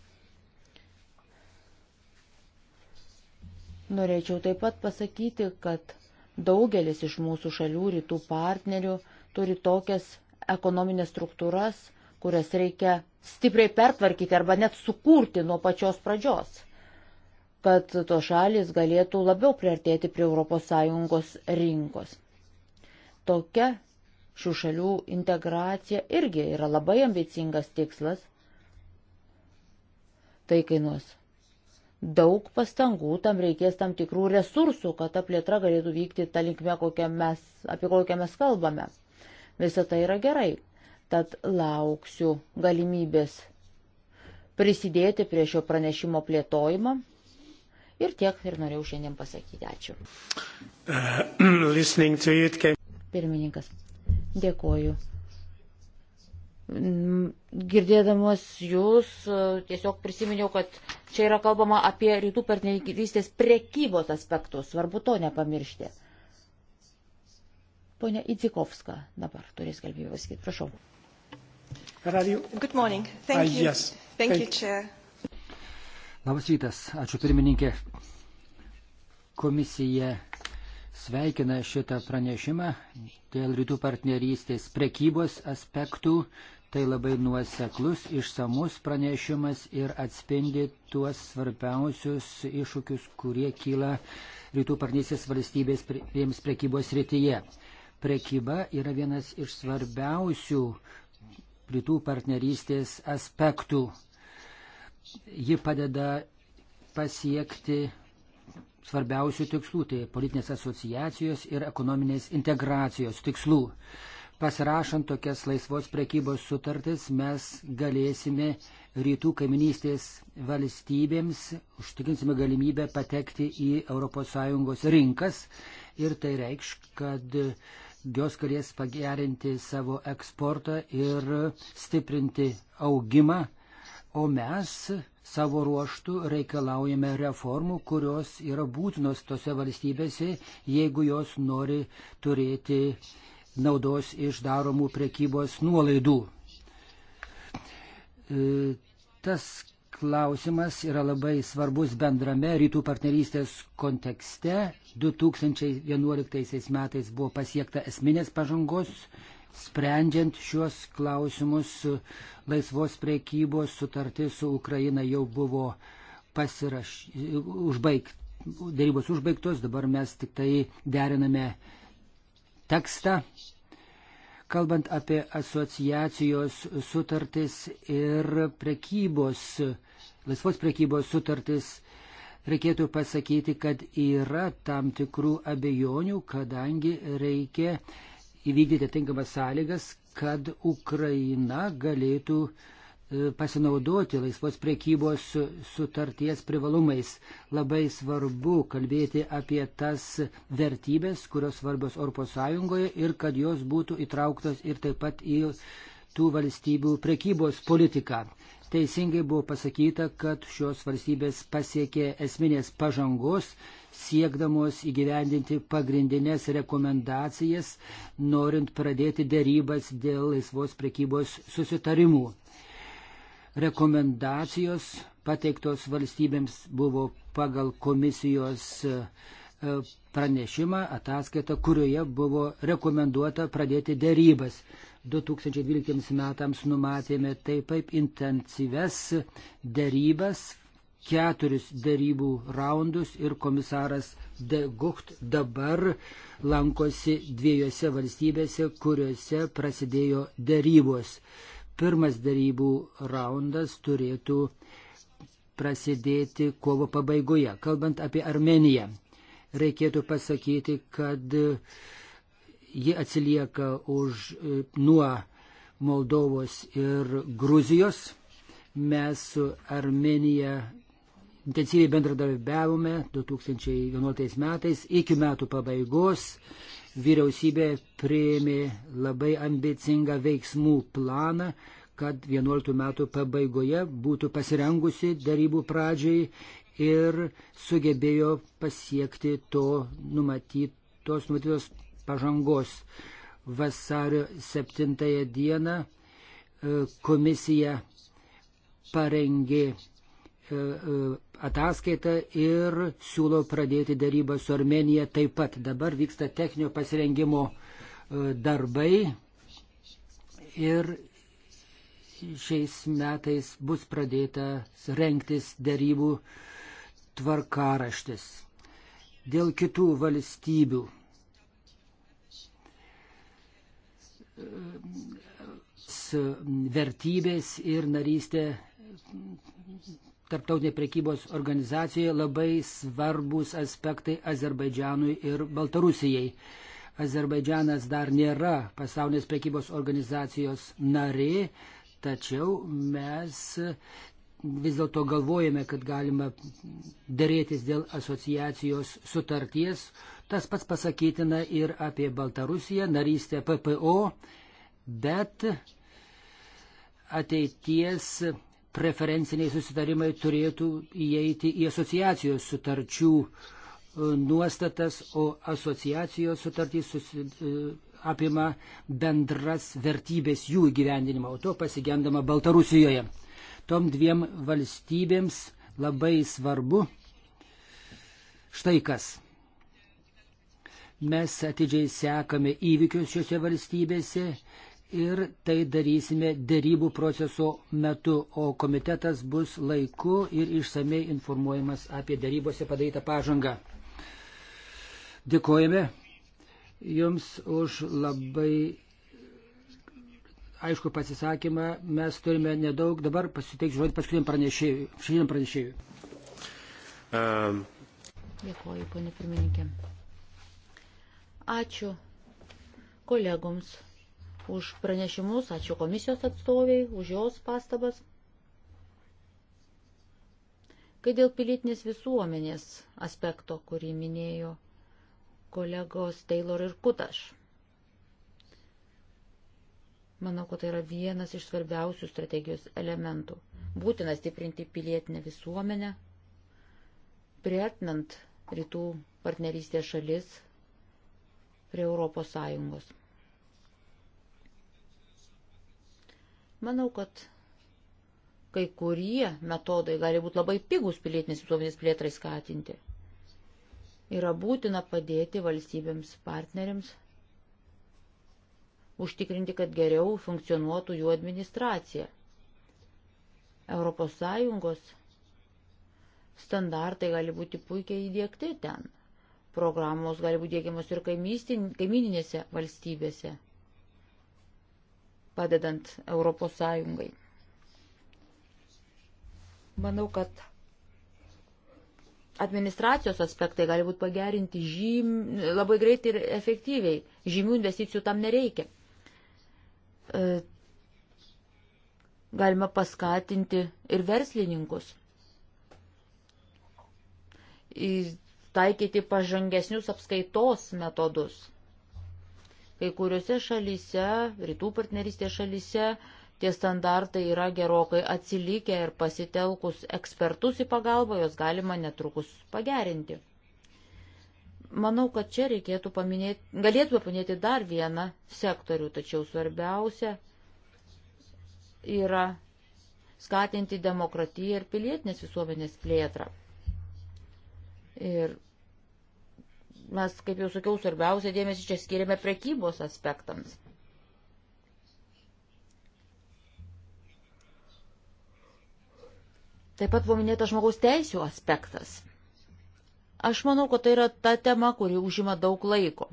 Norėčiau taip pat pasakyti, kad daugelis iš mūsų šalių rytų partnerių turi tokias ekonominės struktūras, kurias reikia stipriai pertvarkyti arba net sukurti nuo pačios pradžios, kad to šalis galėtų labiau priartėti prie ES rinkos. Tokia šių šalių integracija irgi yra labai ambicingas tikslas. Tai kainuos daug pastangų, tam reikės tam tikrų resursų, kad ta plėtra galėtų vykti tą linkmę, kokią mes, apie kokią mes kalbame. Visą tai yra gerai. Tad lauksiu galimybės prisidėti prie šio pranešimo plėtojimo. Ir tiek ir norėjau šiandien pasakyti. Ačiū. Uh, <clears throat> Pirmininkas, dėkoju. Girdėdamas jūs, e, tiesiog prisiminiau, kad čia yra kalbama apie rytų partnerystės prekybos aspektus. Svarbu to nepamiršti. Pone Idzikovska dabar turės kalbėjų pasakyti. Prašau. Good morning. Thank ah, you. Uh, yes. Thank, Thank you, Chair. Labas rytas. Ačiū pirmininkė. Komisija sveikina šitą pranešimą dėl rytų partnerystės prekybos aspektų Tai labai nuoseklus, išsamus pranešimas ir atspindi tuos svarbiausius iššūkius, kurie kyla rytų partnerystės valstybės priems prekybos rytyje. Prekyba yra vienas iš svarbiausių rytų partnerystės aspektų. Ji padeda pasiekti svarbiausių tikslų, tai politinės asociacijos ir ekonominės integracijos tikslų pasirašant tokias laisvos prekybos sutartis, mes galėsime rytų kaiminystės valstybėms, užtikrinsime galimybę patekti į ES rinkas ir tai reikš, kad jos galės pagerinti savo eksportą ir stiprinti augimą, o mes savo ruoštų reikalaujame reformų, kurios yra būtinos tose valstybėse, jeigu jos nori turėti naudos iš daromų prekybos nuolaidų. E, tas klausimas yra labai svarbus bendrame rytų partnerystės kontekste. 2011 metais buvo pasiekta esminės pažangos, sprendžiant šiuos klausimus laisvos priekybos sutartis su Ukraina jau buvo pasiraš... užbaigt... dėrybos užbaigtos, dabar mes tik tai deriname tekstą, kalbant apie asociacijos sutartis ir prekybos, laisvos prekybos sutartis. Reikėtų pasakyti, kad yra tam tikrų abejonių, kadangi reikia įvykdyti tinkamas sąlygas, kad Ukraina galėtų uh, E, pasinaudoti laisvos priekybos sutarties privalumais. Labai svarbu kalbėti apie tas vertybės, kurios svarbios ES ir kad jos būtų įtrauktos ir taip pat į tų valstybių priekybos politiką. Teisingai buvo pasakyta, kad šios valstybės pasiekė esminės pažangos, siekdamos įgyvendinti pagrindinės rekomendacijas, norint pradėti dėrybas dėl laisvos prekybos susitarimų rekomendacijos pateiktos valstybėms buvo pagal komisijos e, e, pranešimą, ataskaitą, kurioje buvo rekomenduota pradėti dėrybas. 2012 metams numatėme taip pat intensyves dėrybas, keturis dėrybų raundus ir komisaras De Gucht dabar lankosi dviejose valstybėse, kuriuose prasidėjo dėrybos pirmas darybų raundas turėtų prasidėti kovo pabaigoje. Kalbant apie Armeniją, reikėtų pasakyti, kad ji atsilieka už, e, nuo Moldovos ir Gruzijos. Mes su Armenija intensyviai bendradarbiavome 2011 metais iki metų pabaigos vyriausybė priėmė labai ambicingą veiksmų planą, kad 11 metų pabaigoje būtų pasirengusi darybų pradžiai ir sugebėjo pasiekti to numatytos, numatytos pažangos. Vasario 7 dieną e, komisija parengė e, e, ataskaitą ir siūlo pradėti darybą su Armenija taip pat. Dabar vyksta techninio pasirengimo e, darbai ir šiais metais bus pradėtas renktis darybų tvarkaraštis. Dėl kitų valstybių vertybės ir narystė Tarptautinė prekybos organizacijoje labai svarbus aspektai Azerbaidžianui ir Baltarusijai. Azerbaidžianas dar nėra pasaulinės prekybos organizacijos narė, tačiau mes vis dėlto galvojame, kad galima dėrėtis dėl asociacijos sutarties. Tas pats pasakytina ir apie Baltarusiją, narystę PPO, bet ateities preferenciniai susitarimai turėtų įeiti į asociacijos sutarčių e, nuostatas, o asociacijos sutartys susi, e, apima bendras vertybės jų įgyvendinimą, o to pasigendama Baltarusijoje. Tom dviem valstybėms labai svarbu štai kas. Mes atidžiai sekame įvykius šiuose valstybėse ir tai darysime dėrybų proceso metu, o komitetas bus laiku ir išsamei informuojamas apie dėrybose padarytą pažangą. Dėkojame Jums už labai aišku pasisakymą. Mes turime nedaug. Dabar pasiteiksiu žodį paskutiniam pranešėjui. Šiandien pranešėjui. Um. Dėkoju, ponė pirmininkė. Ačiū kolegoms už pranešimus, ačiū komisijos atstoviai, už jos pastabas. Kai dėl pilietinės visuomenės aspekto, kurį minėjo kolegos Taylor ir Kutaš. Manau, kad tai yra vienas iš svarbiausių strategijos elementų. Būtina stiprinti pilietinę visuomenę, priartinant rytų partnerystės šalis prie Europos Sąjungos. Manau, kad kai kurie metodai gali būti labai pigus pilietinės visuomenės plėtrai skatinti. Yra būtina padėti valstybėms partneriams užtikrinti, kad geriau funkcionuotų jų administracija. ES standartai gali būti puikiai įdėkti ten. Programos gali būti dėgiamos ir kaimininėse valstybėse padedant Europos Sąjungai. Manau, kad administracijos aspektai gali būti pagerinti žym, labai greitai ir efektyviai. Žymių investicijų tam nereikia. E, galima paskatinti ir verslininkus. Taikyti pažangesnius apskaitos metodus. Kai kuriuose šalyse, rytų partnerystės šalyse, tie standartai yra gerokai atsilikę ir pasitelkus ekspertus į pagalbą jos galima netrukus pagerinti. Manau, kad čia reikėtų paminėti, galėtume paminėti dar vieną sektorių, tačiau svarbiausia yra skatinti demokratiją ir pilietinės visuomenės plėtrą. Ir mes, kaip jau sakiau, svarbiausia dėmesį čia skiriame prekybos aspektams. Taip pat buvo minėta žmogaus teisų aspektas. Aš manau, kad tai yra ta tema, kuri užima daug laiko.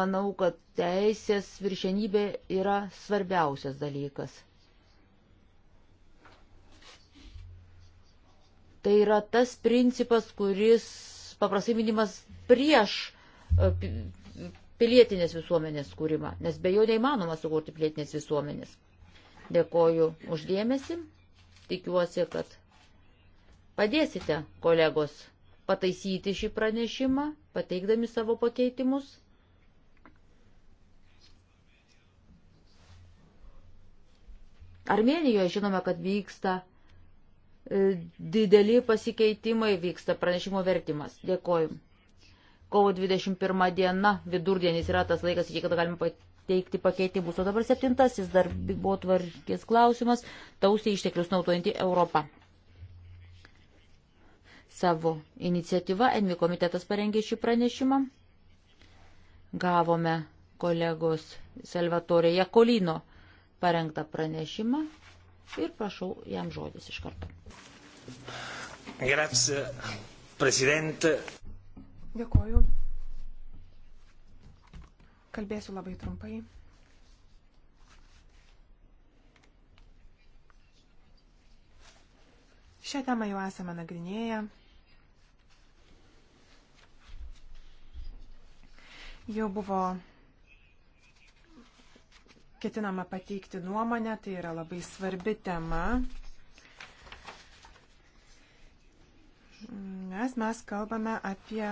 Manau, kad teisės viršenybė yra svarbiausias dalykas. Tai yra tas principas, kuris paprastai minimas prieš e, pilietinės visuomenės kūrimą, nes be jo neįmanoma sukurti pilietinės visuomenės. Dėkoju uždėmesi, tikiuosi, kad padėsite kolegos pataisyti šį pranešimą, pateikdami savo pakeitimus. Armenijoje žinome, kad vyksta E, dideli pasikeitimai vyksta pranešimo vertimas. Dėkoju. Kovo 21 diena, vidurdienis yra tas laikas, iki kada galima pateikti pakeitimus. O dabar septintasis darbo tvarkės klausimas - tausiai išteklius naudojanti Europą. Savo iniciatyvą Envi komitetas parengė šį pranešimą. Gavome kolegos Salvatore Jakolino parengtą pranešimą ir prašau jam žodis iš karto. Grazie, prezidente. Dėkoju. Kalbėsiu labai trumpai. Šią temą jau esame nagrinėję. Jau buvo ketinama pateikti nuomonę, tai yra labai svarbi tema. Nes mes kalbame apie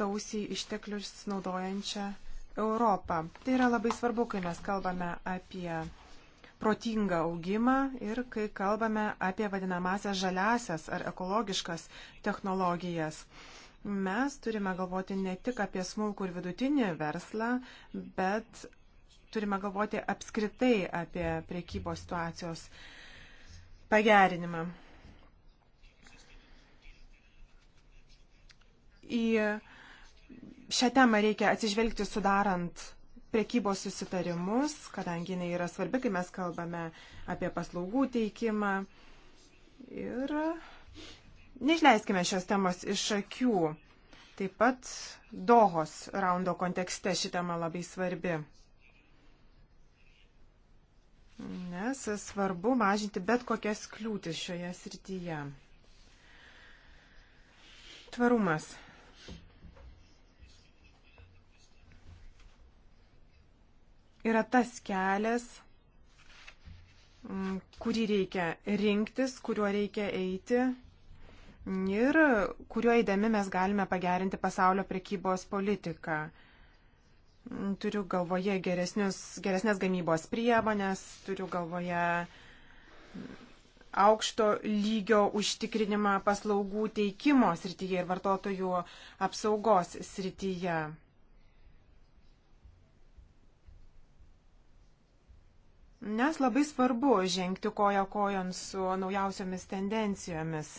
tausiai išteklius naudojančią Europą. Tai yra labai svarbu, kai mes kalbame apie protingą augimą ir kai kalbame apie vadinamasias žaliasias ar ekologiškas technologijas. Mes turime galvoti ne tik apie smulkų ir vidutinį verslą, bet turime galvoti apskritai apie priekybos situacijos pagerinimą. Į šią temą reikia atsižvelgti sudarant priekybos susitarimus, kadangi jinai yra svarbi, kai mes kalbame apie paslaugų teikimą. Ir neišleiskime šios temos iš akių. Taip pat Dohos raundo kontekste ši tema labai svarbi nes svarbu mažinti bet kokias kliūtis šioje srityje. Tvarumas. Yra tas kelias, kurį reikia rinktis, kuriuo reikia eiti ir kuriuo eidami mes galime pagerinti pasaulio prekybos politiką. Turiu galvoje geresnius, geresnės gamybos priemonės, turiu galvoje aukšto lygio užtikrinimą paslaugų teikimo srityje ir vartotojų apsaugos srityje. Nes labai svarbu žengti kojo kojon su naujausiomis tendencijomis.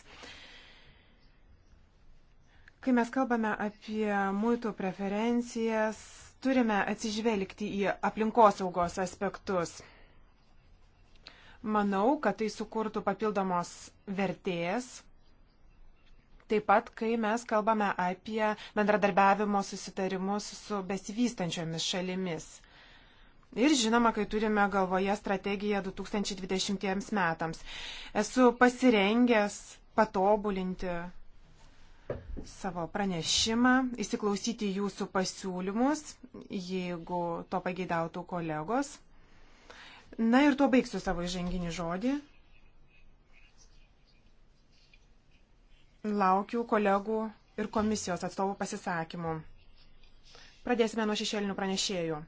Kai mes kalbame apie muitų preferencijas, turime atsižvelgti į aplinkosaugos aspektus. Manau, kad tai sukurtų papildomos vertės. Taip pat, kai mes kalbame apie bendradarbiavimo susitarimus su besivystančiomis šalimis. Ir žinoma, kai turime galvoje strategiją 2020 metams. Esu pasirengęs patobulinti savo pranešimą, įsiklausyti jūsų pasiūlymus, jeigu to pageidautų kolegos. Na ir tuo baigsiu savo įženginį žodį. Laukiu kolegų ir komisijos atstovų pasisakymų. Pradėsime nuo šešėlinių pranešėjų.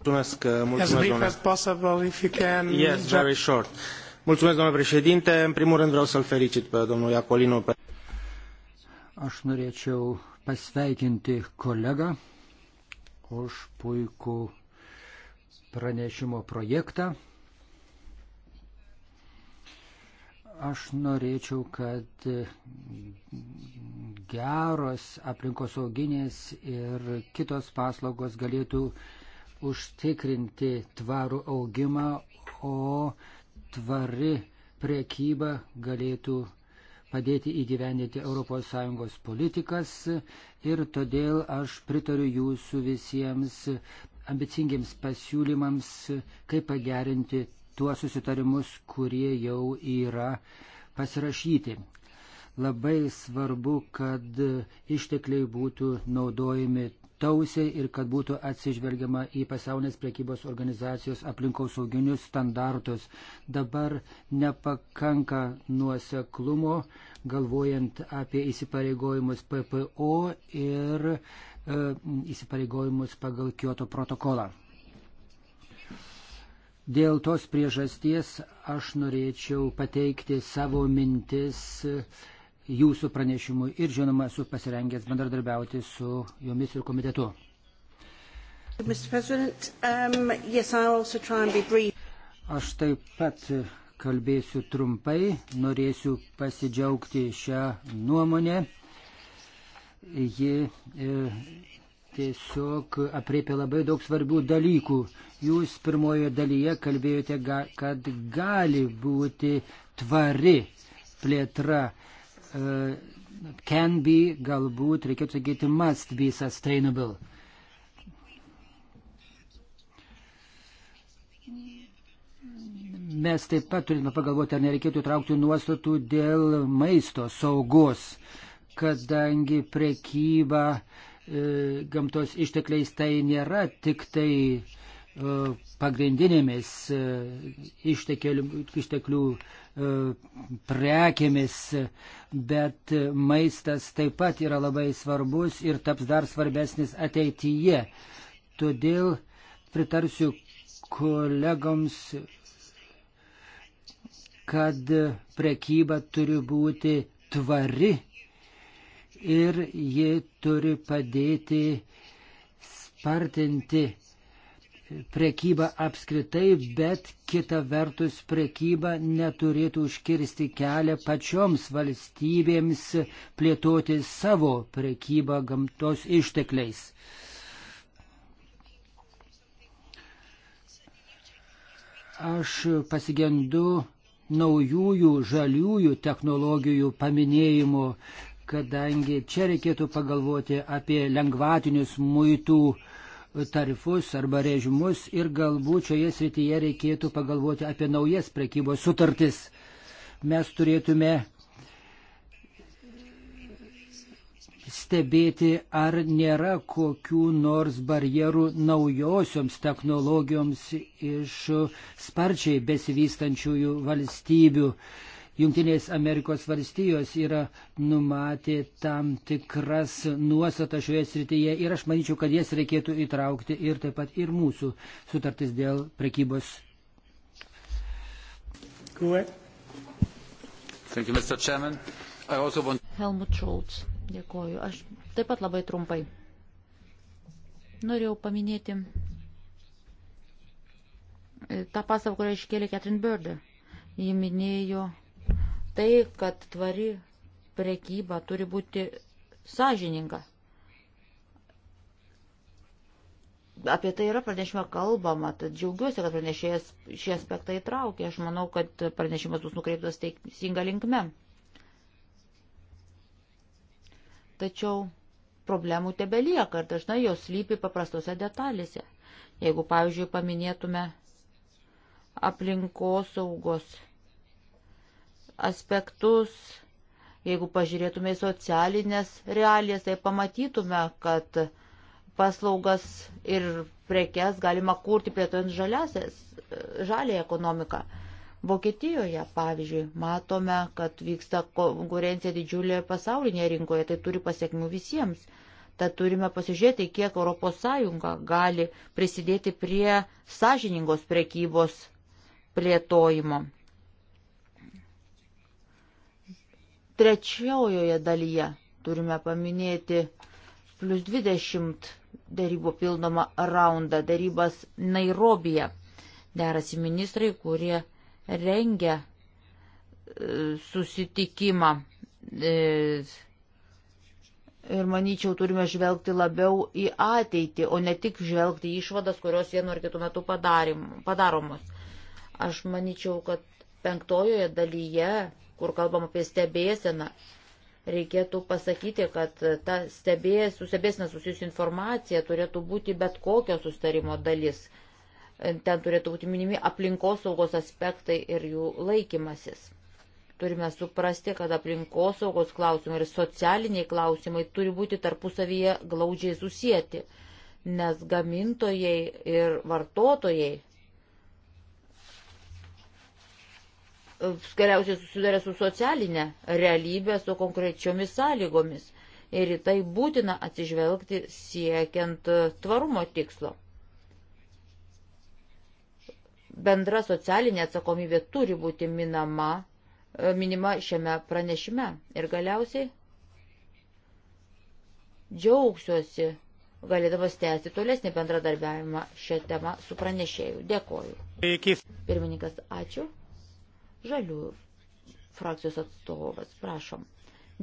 Mulțumesc, uh, mulțumesc, as possible, if you can... Yes, very short. Mulțumesc, domnule președinte. În primul rând vreau să-l felicit pe domnul Iacolino. Pe... Aš norėčiau pasveikinti kolegą už puikų pranešimo projektą. Aš norėčiau, kad geros aplinkosauginės ir kitos paslaugos galėtų užtikrinti tvarų augimą, o tvari priekyba galėtų padėti įgyvendinti ES politikas ir todėl aš pritariu jūsų visiems ambicingiams pasiūlymams, kaip pagerinti tuos susitarimus, kurie jau yra pasirašyti. Labai svarbu, kad ištekliai būtų naudojami tausiai ir kad būtų atsižvelgiama į pasaulinės priekybos organizacijos aplinkosauginius standartus. Dabar nepakanka nuoseklumo, galvojant apie įsipareigojimus PPO ir e, įsipareigojimus pagal Kyoto protokolą. Dėl tos priežasties aš norėčiau pateikti savo mintis. E, jūsų pranešimu ir žinoma esu pasirengęs bendradarbiauti su jumis ir komitetu. Um, yes, Aš taip pat kalbėsiu trumpai, norėsiu pasidžiaugti šią nuomonę. Ji e, tiesiog apriepia labai daug svarbių dalykų. Jūs pirmojo dalyje kalbėjote, kad gali būti tvari plėtra Uh, can be, galbūt reikėtų sakyti, must be sustainable. Mes taip pat turime pagalvoti, ar nereikėtų traukti nuostatų dėl maisto saugos, kadangi prekyba e, gamtos ištekliais tai nėra tik tai E, pagrindinėmis e, išteklių e, prekėmis, bet maistas taip pat yra labai svarbus ir taps dar svarbesnis ateityje. Todėl pritarsiu kolegoms, kad prekyba turi būti tvari ir ji turi padėti spartinti prekyba apskritai, bet kita vertus prekyba neturėtų užkirsti kelią pačioms valstybėms plėtoti savo prekybą gamtos ištekliais. Aš pasigendu naujųjų žaliųjų technologijų paminėjimo, kadangi čia reikėtų pagalvoti apie lengvatinius muitų tarifus arba režimus ir galbūt šioje srityje reikėtų pagalvoti apie naujas prekybos sutartis. Mes turėtume stebėti, ar nėra kokių nors barjerų naujosioms technologijoms iš sparčiai besivystančiųjų valstybių. Uh, Junktinės Amerikos valstijos yra numatė tam tikras nuostatas šioje srityje ir aš manyčiau, kad jas reikėtų įtraukti ir taip pat ir mūsų sutartis dėl prekybos. You, want... Helmut Schultz, dėkoju. Aš taip pat labai trumpai norėjau paminėti e, tą pasavą, kurią iškėlė Catherine Bird. Ji minėjo tai, kad tvari prekyba turi būti sąžininga. Apie tai yra pranešime kalbama, tad džiaugiuosi, kad pranešėjas šį aspektą įtraukė. Aš manau, kad pranešimas bus nukreiptas teisinga linkme. Tačiau problemų tebelieka ir dažnai jos lypi paprastose detalėse. Jeigu, pavyzdžiui, paminėtume aplinkosaugos aspektus, jeigu pažiūrėtume į socialinės realijas, tai pamatytume, kad paslaugas ir prekes galima kurti plėtojant žalę ekonomiką. Vokietijoje, pavyzdžiui, matome, kad vyksta konkurencija didžiulė pasaulinėje rinkoje, tai turi pasiekmių visiems. Tad turime pasižiūrėti, kiek ES gali prisidėti prie sąžiningos prekybos plėtojimo. Trečiojoje dalyje turime paminėti plus 20 darybų pildomą raundą, darybas Nairobija. Derasi ministrai, kurie rengia e, susitikimą. E, ir manyčiau, turime žvelgti labiau į ateitį, o ne tik žvelgti į išvadas, kurios vienu ar kitu metu padaromos. Aš manyčiau, kad penktojoje dalyje kur kalbam apie stebėseną, reikėtų pasakyti, kad ta stebė, su stebėsena susijusi informacija turėtų būti bet kokio sustarimo dalis. Ten turėtų būti minimi aplinkosaugos aspektai ir jų laikymasis. Turime suprasti, kad aplinkosaugos klausimai ir socialiniai klausimai turi būti tarpusavyje glaudžiai susijęti, nes gamintojai ir vartotojai geriausiai susiduria su socialinė realybė, su konkrečiomis sąlygomis. Ir į tai būtina atsižvelgti siekiant tvarumo tikslo. Bendra socialinė atsakomybė turi būti minama, minima šiame pranešime. Ir galiausiai džiaugsiuosi galėdamas tęsti tolesnį bendradarbiavimą šią temą su pranešėju. Dėkoju. Pirmininkas, ačiū. Žalių frakcijos atstovas, prašom.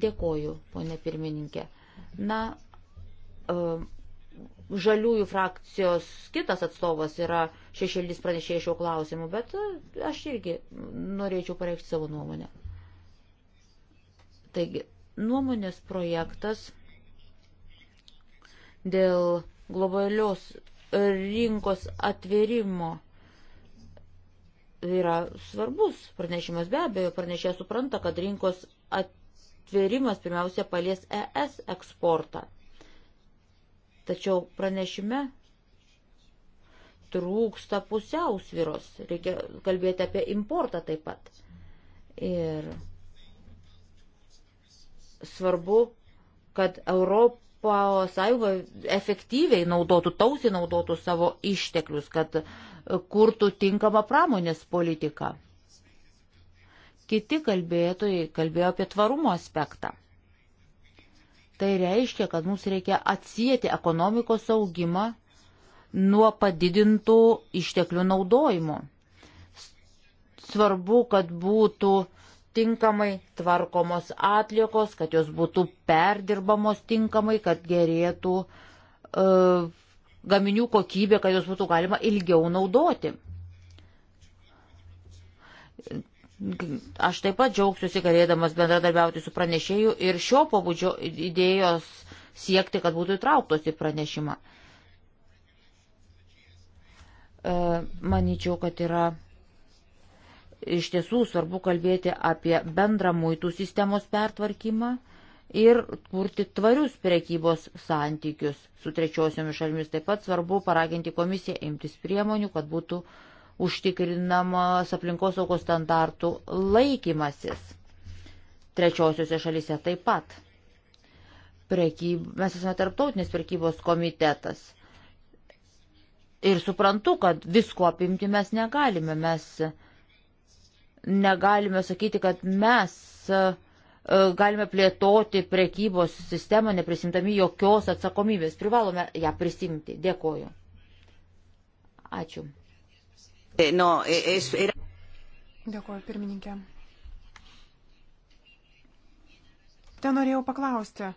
Dėkoju, ponė pirmininkė. Na, e, žaliųjų frakcijos kitas atstovas yra šešėlis pranešėjai šio klausimu, bet e, aš irgi norėčiau pareikšti savo nuomonę. Taigi, nuomonės projektas dėl globalios rinkos atvėrimo yra svarbus pranešimas. Be abejo, pranešė supranta, kad rinkos atvėrimas pirmiausia palies ES eksportą. Tačiau pranešime trūksta pusiausviros. Reikia kalbėti apie importą taip pat. Ir svarbu, kad Europ, sąjunga efektyviai naudotų, tausiai naudotų savo išteklius, kad e, kurtų tinkamą pramonės politiką. Kiti kalbėtojai kalbėjo apie tvarumo aspektą. Tai reiškia, kad mums reikia atsijėti ekonomikos augimą nuo padidintų išteklių naudojimo. Svarbu, kad būtų uh, tinkamai tvarkomos atliekos, kad jos būtų perdirbamos tinkamai, kad gerėtų e, gaminių kokybė, kad jos būtų galima ilgiau naudoti. Aš taip pat džiaugsiuosi galėdamas bendradarbiauti su pranešėju ir šio pobūdžio idėjos siekti, kad būtų įtrauktos į pranešimą. E, manyčiau, kad yra Iš tiesų svarbu kalbėti apie bendrą muitų sistemos pertvarkymą ir kurti tvarius prekybos santykius su trečiosiomis šalimis. Taip pat svarbu paraginti komisiją imtis priemonių, kad būtų užtikrinamas aplinkosaugos standartų laikymasis trečiosiuose šalise taip pat. Prekyb... Mes esame tarptautinis prekybos komitetas. Ir suprantu, kad visko apimti mes negalime. Mes negalime sakyti, kad mes e, e, galime plėtoti prekybos sistemą, neprisimdami jokios atsakomybės. Privalome ją prisimti. Dėkoju. Ačiū. Eh, eh, Dėkoju, pirmininkė. Ten norėjau paklausti.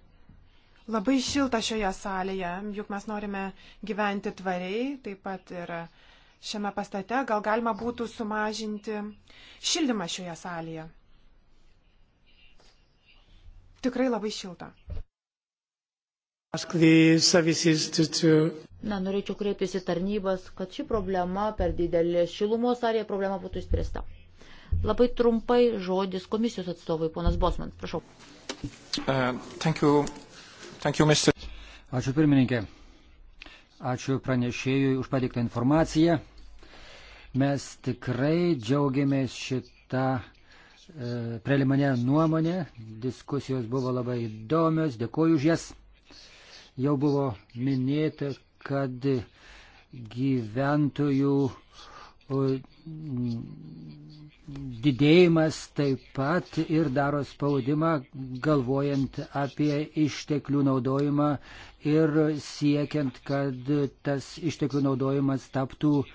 Labai šilta šioje salėje, juk mes norime gyventi tvariai, taip pat ir uh, šiame pastate, gal galima būtų sumažinti šildymą šioje salėje. Tikrai labai šilta. Na, norėčiau kreiptis į tarnybas, kad ši problema per didelį šilumos arė problema būtų išspręsta. Labai trumpai žodis komisijos atstovui, ponas Bosman, prašau. Uh, thank you. Thank you, Mr. Ačiū pirmininkė. Ačiū pranešėjui už padėktą informaciją. Mes tikrai džiaugiamės šitą e, preliminę nuomonę. Diskusijos buvo labai įdomios, dėkuoju už jas. Jau buvo minėta, kad gyventojų didėjimas taip pat ir daro spaudimą galvojant apie išteklių naudojimą ir siekiant, kad tas išteklių naudojimas taptų uh,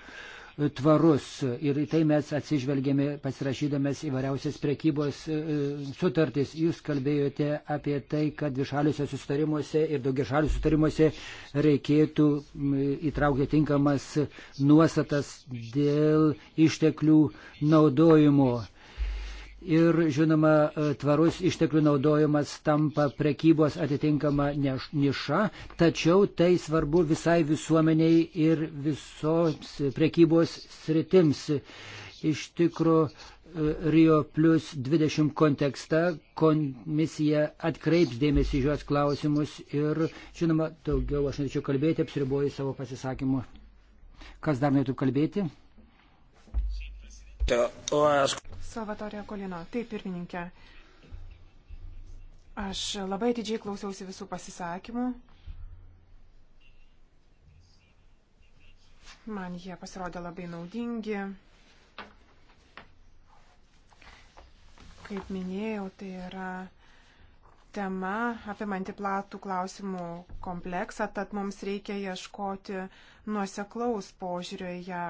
tvarus. Ir į tai mes atsižvelgėme pasirašydamas įvairiausias prekybos e, sutartys. Jūs kalbėjote apie tai, kad dvišaliuose sustarimuose ir daugiašaliuose sustarimuose reikėtų įtraukti tinkamas nuostatas dėl išteklių naudojimo ir, žinoma, e, tvarus išteklių naudojimas tampa prekybos atitinkama niša, tačiau tai svarbu visai visuomeniai ir visoms prekybos sritims. Iš tikro, e, Rio plus 20 kontekste komisija atkreips dėmesį žios klausimus ir, žinoma, daugiau aš norėčiau kalbėti, apsiriboju savo pasisakymu. Kas dar norėtų kalbėti? Salvatorija Kolino. Taip, pirmininkė. Aš labai didžiai klausiausi visų pasisakymų. Man jie pasirodė labai naudingi. Kaip minėjau, tai yra tema apimanti platų klausimų kompleksą, tad mums reikia ieškoti nuoseklaus požiūrio į ją.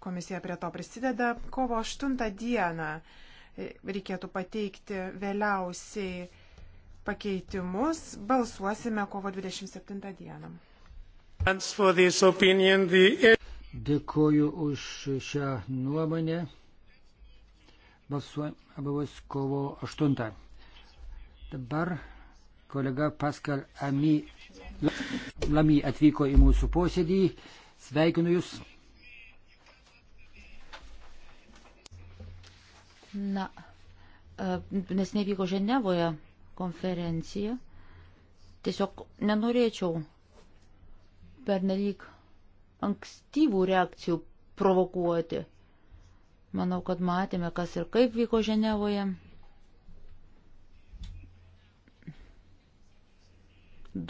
Komisija prie to prisideda. Kovo 8 dieną reikėtų pateikti vėliausiai pakeitimus. Balsuosime kovo 27 dieną. Dėkoju už šią nuomonę. Balsuojame abavos kovo 8. Dabar kolega Paskal Ami Lamy atvyko į mūsų posėdį. Sveikinu Jūs. Na, e, nes nevyko Ženevoje konferencija. Tiesiog nenorėčiau pernelyg ankstyvų reakcijų provokuoti. Manau, kad matėme, kas ir kaip vyko Ženevoje.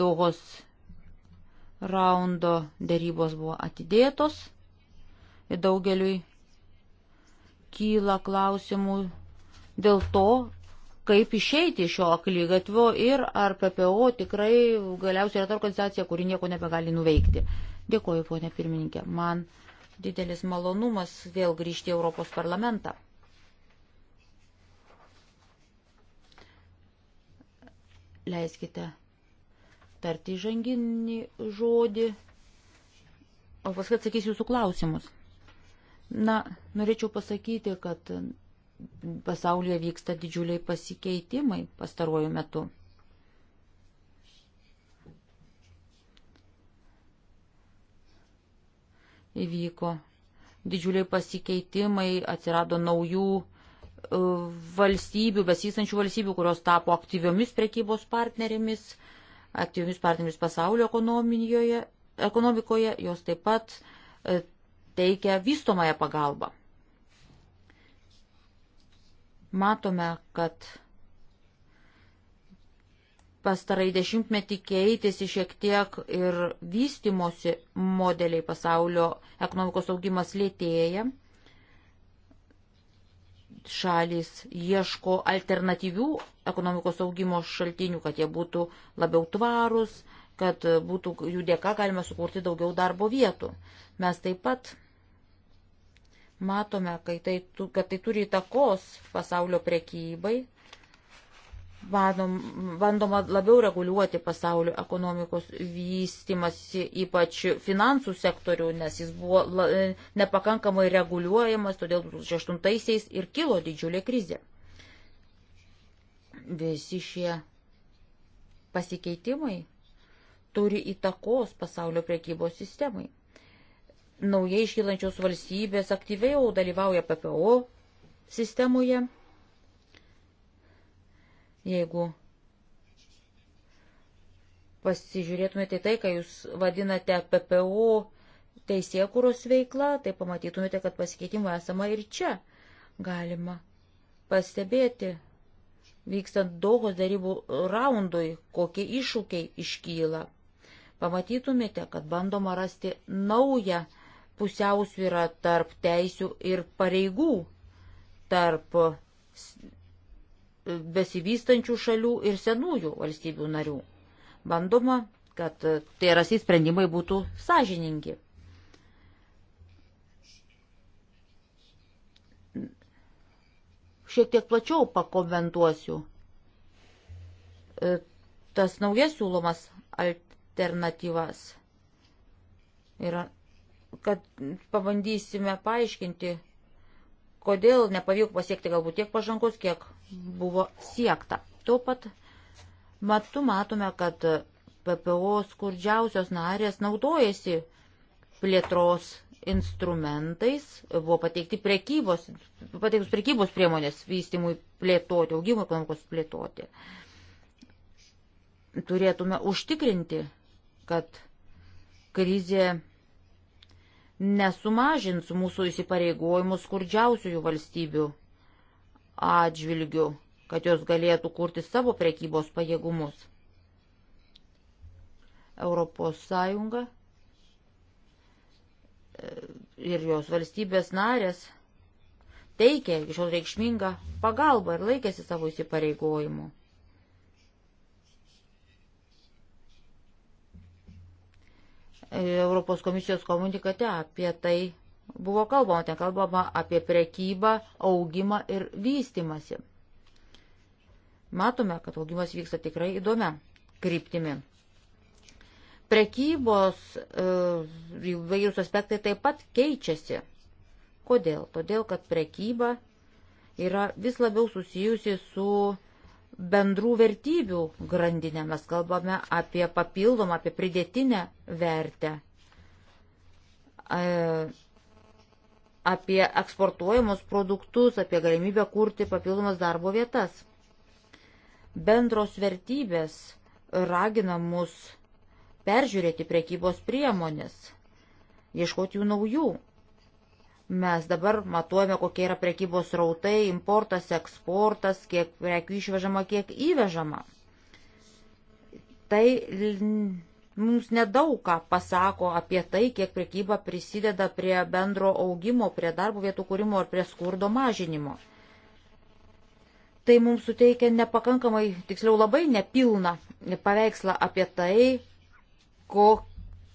Dohos raundo dėrybos buvo atidėtos ir daugeliui kyla klausimų dėl to, kaip išeiti iš šio aklygatvio ir ar PPO tikrai galiausiai yra ta organizacija, kuri nieko nebegali nuveikti. Dėkuoju, ponė pirmininkė. Man didelis malonumas vėl grįžti į Europos parlamentą. Leiskite tarti žanginį žodį, o paskui atsakysiu jūsų klausimus. Na, norėčiau pasakyti, kad pasaulyje vyksta didžiuliai pasikeitimai pastaruoju metu. Įvyko didžiuliai pasikeitimai, atsirado naujų e, valstybių, besisančių valstybių, kurios tapo aktyviomis prekybos partnerėmis, aktyviomis partnerėmis pasaulio ekonomikoje, jos taip pat e, teikia vystomąją pagalbą. Matome, kad pastarai dešimtmetį keitėsi šiek tiek ir vystimosi modeliai pasaulio ekonomikos augimas lėtėja. Šalis ieško alternatyvių ekonomikos augimo šaltinių, kad jie būtų labiau tvarūs, kad būtų jų dėka galima sukurti daugiau darbo vietų. Mes taip pat matome, kad tai, kad tai turi įtakos pasaulio prekybai, Bandom, bandoma labiau reguliuoti pasaulio ekonomikos vystimasi, ypač finansų sektorių, nes jis buvo la, nepakankamai reguliuojamas, todėl 2008-aisiais ir kilo didžiulė krizė. Visi šie pasikeitimai turi įtakos pasaulio priekybos sistemai. Naujai iškylančios valstybės aktyviau dalyvauja PPO sistemoje. Jeigu pasižiūrėtumėte tai, ką jūs vadinate PPO teisėkūros veikla, tai pamatytumėte, kad pasikeitimų esama ir čia. Galima pastebėti, vykstant daugos darybų raundui, kokie iššūkiai iškyla pamatytumėte, kad bandoma rasti naują pusiausvyrą tarp teisių ir pareigų, tarp besivystančių šalių ir senųjų valstybių narių. Bandoma, kad tie rasi sprendimai būtų sąžiningi. Šiek tiek plačiau pakomentuosiu e, tas naujas siūlomas alternatyvas alternatyvas. Ir kad pabandysime paaiškinti, kodėl nepavyko pasiekti galbūt tiek pažangos, kiek buvo siekta. Tuo pat matu matome, kad PPO skurdžiausios narės naudojasi plėtros instrumentais, buvo pateikti prekybos, pateiktus prekybos priemonės vystimui plėtoti, augimo ekonomikos plėtoti. Turėtume užtikrinti, kad krizė nesumažins mūsų įsipareigojimų skurdžiausiųjų valstybių atžvilgių, kad jos galėtų kurti savo prekybos pajėgumus. Europos Sąjunga e, ir jos valstybės narės teikė šios reikšmingą pagalbą ir laikėsi savo įsipareigojimų. Europos komisijos komunikate apie tai buvo kalbama. Ten kalbama apie prekybą, augimą ir vystimasi. Matome, kad augimas vyksta tikrai įdomia kryptimi. Prekybos įvairius e, aspektai taip pat keičiasi. Kodėl? Todėl, kad prekyba yra vis labiau susijusi su bendrų vertybių grandinę, mes kalbame apie papildomą, apie pridėtinę vertę, apie eksportuojamus produktus, apie galimybę kurti papildomas darbo vietas. Bendros vertybės ragina mus peržiūrėti prekybos priemonės, ieškoti jų naujų Mes dabar matuojame, kokie yra prekybos rautai, importas, eksportas, kiek prekių išvežama, kiek įvežama. Tai mums nedaug ką pasako apie tai, kiek prekyba prisideda prie bendro augimo, prie darbo vietų kūrimo ar prie skurdo mažinimo. Tai mums suteikia nepakankamai, tiksliau labai nepilną paveikslą apie tai, kokie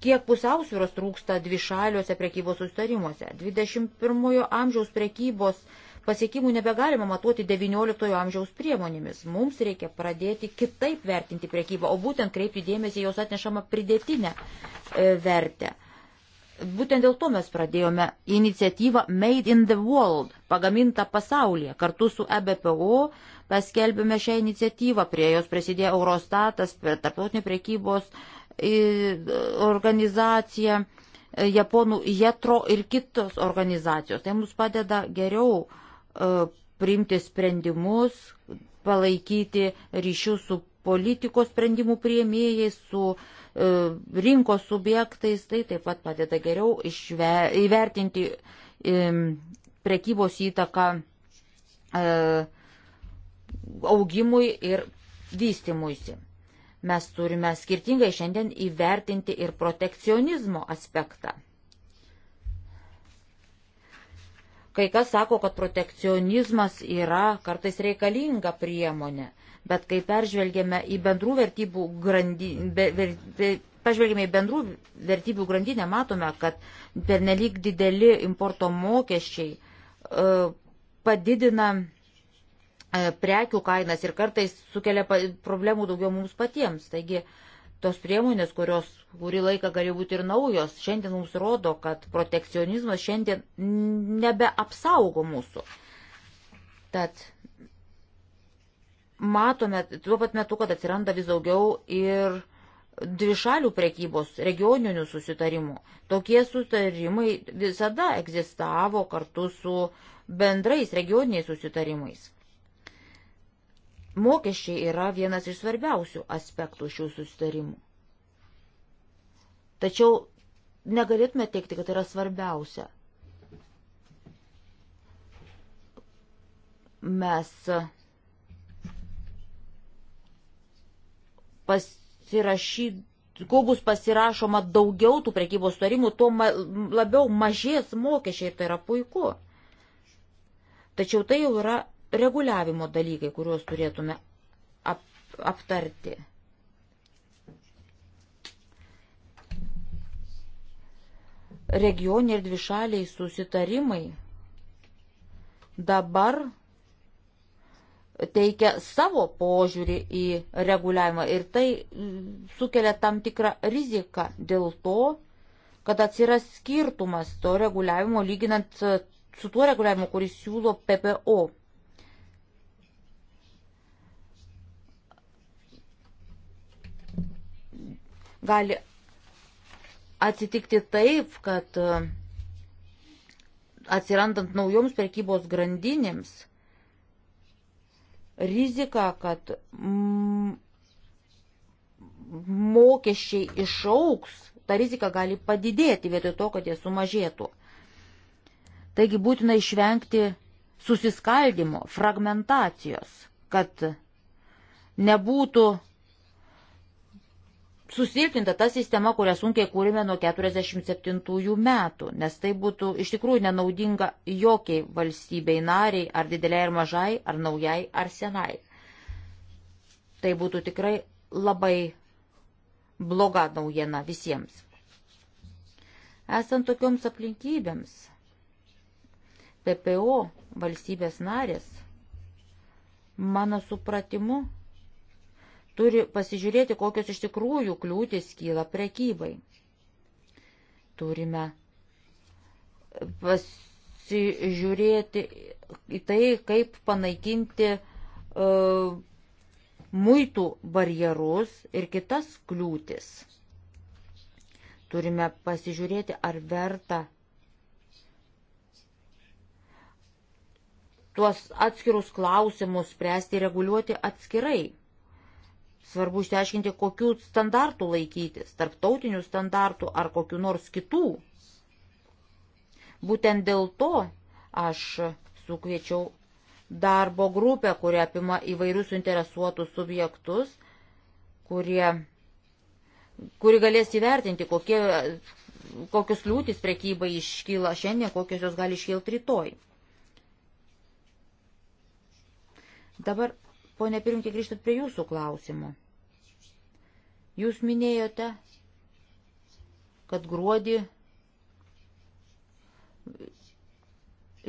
kiek pusiausvyros trūksta dvišaliuose prekybos sustarimuose. 21 amžiaus prekybos pasiekimų nebegalima matuoti 19 amžiaus priemonėmis. Mums reikia pradėti kitaip vertinti prekybą, o būtent kreipti dėmesį jos atnešamą pridėtinę e, vertę. Būtent dėl to mes pradėjome iniciatyvą Made in the World, pagaminta pasaulyje. Kartu su EBPO paskelbėme šią iniciatyvą, prie jos prisidėjo Eurostatas, tarptautinė prekybos organizacija, e, japonų jetro ir kitos organizacijos. Tai mums padeda geriau e, priimti sprendimus, palaikyti ryšius su politikos sprendimų prieimėjais, su e, rinkos subjektais, tai taip pat padeda geriau išver, įvertinti prekybos įtaką augimui ir vystimuisi. Mes turime skirtingai šiandien įvertinti ir protekcionizmo aspektą. Kai kas sako, kad protekcionizmas yra kartais reikalinga priemonė, bet kai peržvelgėme į bendrų vertybių grandinę, be, ver, be, pažvelgėme į bendrų vertybių grandinę, matome, kad pernelyg dideli importo mokesčiai e, padidina E, prekių kainas ir kartais sukelia problemų daugiau mums patiems. Taigi tos priemonės, kurios kurį laiką gali būti ir naujos, šiandien mums rodo, kad protekcionizmas šiandien nebeapsaugo mūsų. Tad matome tuo pat metu, kad atsiranda vis daugiau ir dvišalių prekybos, regioninių susitarimų. Tokie susitarimai visada egzistavo kartu su bendrais regioniniais susitarimais. Mokesčiai yra vienas iš svarbiausių aspektų šių susitarimų. Tačiau negalėtume teikti, kad tai yra svarbiausia. Mes pasirašyd, kuo bus pasirašoma daugiau tų prekybos sutarimų, tuo ma, labiau mažės mokesčiai ir tai yra puiku. Tačiau tai jau yra reguliavimo dalykai, kuriuos turėtume ap, aptarti. Regioniai ir dvišaliai susitarimai dabar teikia savo požiūrį į reguliavimą ir tai sukelia tam tikrą riziką dėl to, kad atsiras skirtumas to reguliavimo lyginant su tuo reguliavimu, kuris siūlo PPO gali atsitikti taip, kad e, atsirandant naujoms prekybos grandinėms, rizika, kad mokesčiai išauks, ta rizika gali padidėti vietoj to, kad jie sumažėtų. Taigi būtina išvengti susiskaldimo, fragmentacijos, kad nebūtų susilpninta ta sistema, kurią sunkiai kūrėme nuo 47 metų, nes tai būtų iš tikrųjų nenaudinga jokiai valstybei nariai, ar dideliai, ar mažai, ar naujai, ar senai. Tai būtų tikrai labai bloga naujiena visiems. Esant tokioms aplinkybėms, PPO valstybės narės, mano supratimu, turi pasižiūrėti, kokios iš tikrųjų kliūtis kyla prekybai. Turime pasižiūrėti į tai, kaip panaikinti uh, muitų barjerus ir kitas kliūtis. Turime pasižiūrėti, ar verta tuos atskirus klausimus spręsti ir reguliuoti atskirai. Svarbu išsiaiškinti, kokių standartų laikytis, tarptautinių standartų ar kokių nors kitų. Būtent dėl to aš sukviečiau darbo grupę, kuri apima įvairius interesuotus subjektus, kurie, kuri galės įvertinti, kokie, kokios liūtis prekybai iškyla šiandien, kokios jos gali iškilti rytoj. Dabar Pone Pirinkė, grįžtant prie jūsų klausimų. Jūs minėjote, kad gruodį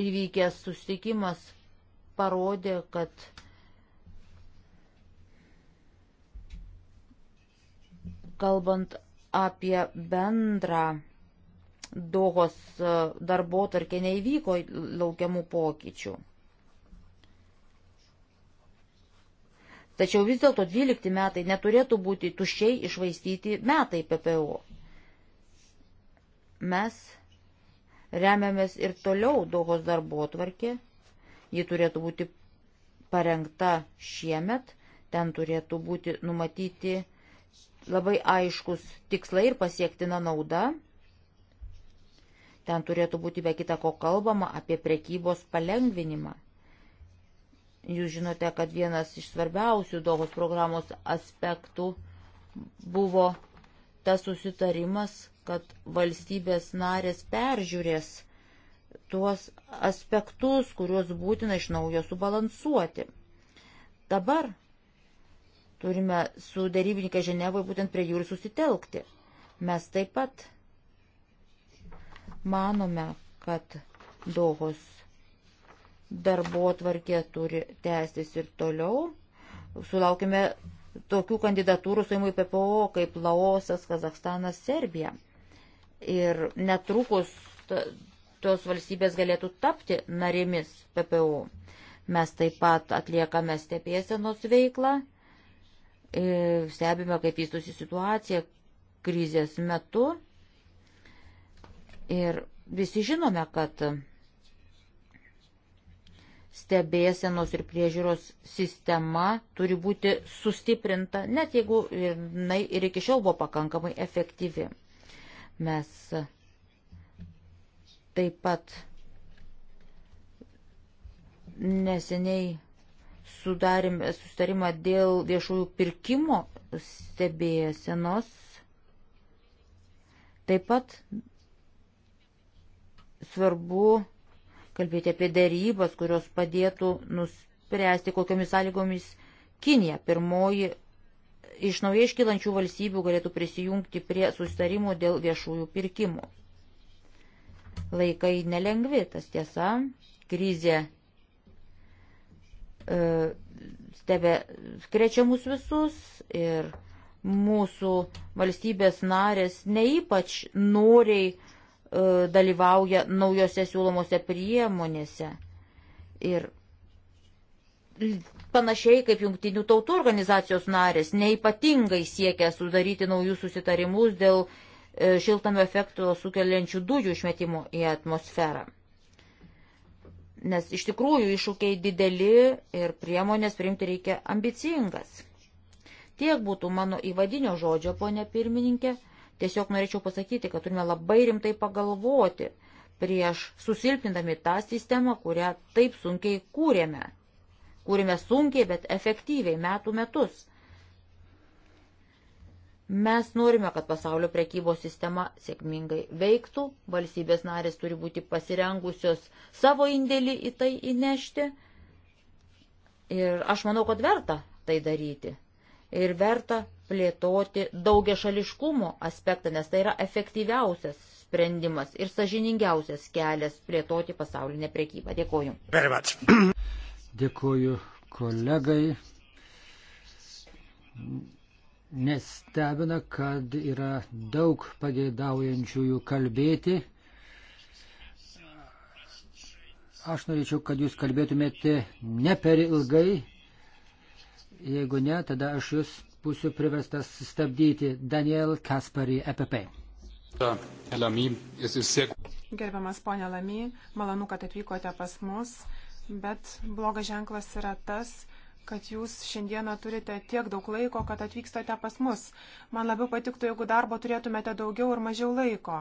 įvykęs susitikimas parodė, kad kalbant apie bendrą Dohos darbo tarkė neįvyko laukiamų pokyčių. Tačiau vis dėlto 12 metai neturėtų būti tuščiai išvaistyti metai PPO. Mes remiamės ir toliau daugos darbo tvarkė. Ji turėtų būti parengta šiemet. Ten turėtų būti numatyti labai aiškus tikslai ir pasiektina nauda. Ten turėtų būti be kita ko kalbama apie prekybos palengvinimą. Jūs žinote, kad vienas iš svarbiausių Dohos programos aspektų buvo tas susitarimas, kad valstybės narės peržiūrės tuos aspektus, kuriuos būtina iš naujo subalansuoti. Dabar turime su darybininkė Ženevai būtent prie jų ir susitelkti. Mes taip pat manome, kad Dohos darbo tvarkė turi tęstis ir toliau. Sulaukime tokių kandidatūrų suimui PPO kaip Laosas, Kazakstanas, Serbija. Ir netrukus tos valstybės galėtų tapti narėmis PPO. Mes taip pat atliekame stebėsenos veiklą, e, stebime, kaip vystosi situacija krizės metu. Ir visi žinome, kad stebėsenos ir priežiūros sistema turi būti sustiprinta, net jeigu jinai ir, ir iki šiol buvo pakankamai efektyvi. Mes taip pat neseniai sudarėme sustarimą dėl viešųjų pirkimo stebėsenos. Taip pat svarbu kalbėti apie dėrybas, kurios padėtų nuspręsti, kokiamis sąlygomis Kinija, pirmoji iš naujai iškylančių valstybių, galėtų prisijungti prie sustarimų dėl viešųjų pirkimų. Laikai nelengvi, tas tiesa, krizė e, stebė krečia mus visus ir mūsų valstybės narės neįpač noriai E, dalyvauja naujose siūlomose priemonėse. Ir panašiai kaip jungtinių tautų organizacijos narės neipatingai siekia sudaryti naujus susitarimus dėl e, šiltame efekto sukeliančių dujų išmetimo į atmosferą. Nes iš tikrųjų iššūkiai dideli ir priemonės priimti reikia ambicingas. Tiek būtų mano įvadinio žodžio, ponė pirmininkė. Tiesiog norėčiau pasakyti, kad turime labai rimtai pagalvoti prieš susilpnindami tą sistemą, kurią taip sunkiai kūrėme. Kūrėme sunkiai, bet efektyviai metų metus. Mes norime, kad pasaulio prekybos sistema sėkmingai veiktų, valstybės narės turi būti pasirengusios savo indėlį į tai įnešti. Ir aš manau, kad verta tai daryti. Ir verta plėtoti daugia šališkumo aspektą, nes tai yra efektyviausias sprendimas ir sažiningiausias kelias plėtoti pasaulinę priekybą. Dėkoju. Dėkoju kolegai. Nestebina, kad yra daug pageidaujančiųjų kalbėti. Aš norėčiau, kad jūs kalbėtumėte ne per ilgai. Jeigu ne, tada aš jūs pusių privestas stabdyti Daniel Kasparį EPP. Gerbiamas ponė Lamy, malonu, kad atvykote pas mus, bet blogas ženklas yra tas, kad jūs šiandieną turite tiek daug laiko, kad atvykstate pas mus. Man labiau patiktų, jeigu darbo turėtumėte daugiau ir mažiau laiko.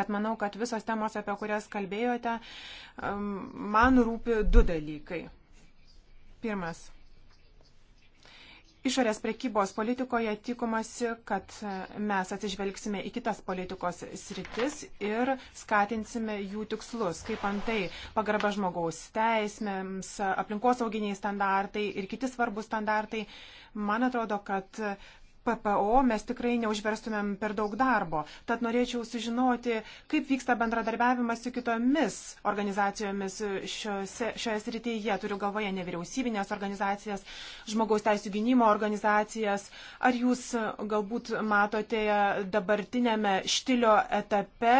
Bet manau, kad visos temos, apie kurias kalbėjote, um, man rūpi du dalykai. Pirmas išorės prekybos politikoje tikomasi, kad mes atsižvelgsime į kitas politikos sritis ir skatinsime jų tikslus, kaip antai pagarba žmogaus teismėms, aplinkosauginiai standartai ir kiti svarbus standartai. Man atrodo, kad PPO mes tikrai neužverstumėm per daug darbo. Tad norėčiau sužinoti, kaip vyksta bendradarbiavimas su kitomis organizacijomis šiose, šioje srityje. Turiu galvoje nevyriausybinės organizacijas, žmogaus teisų gynimo organizacijas. Ar jūs galbūt matote dabartinėme štilio etape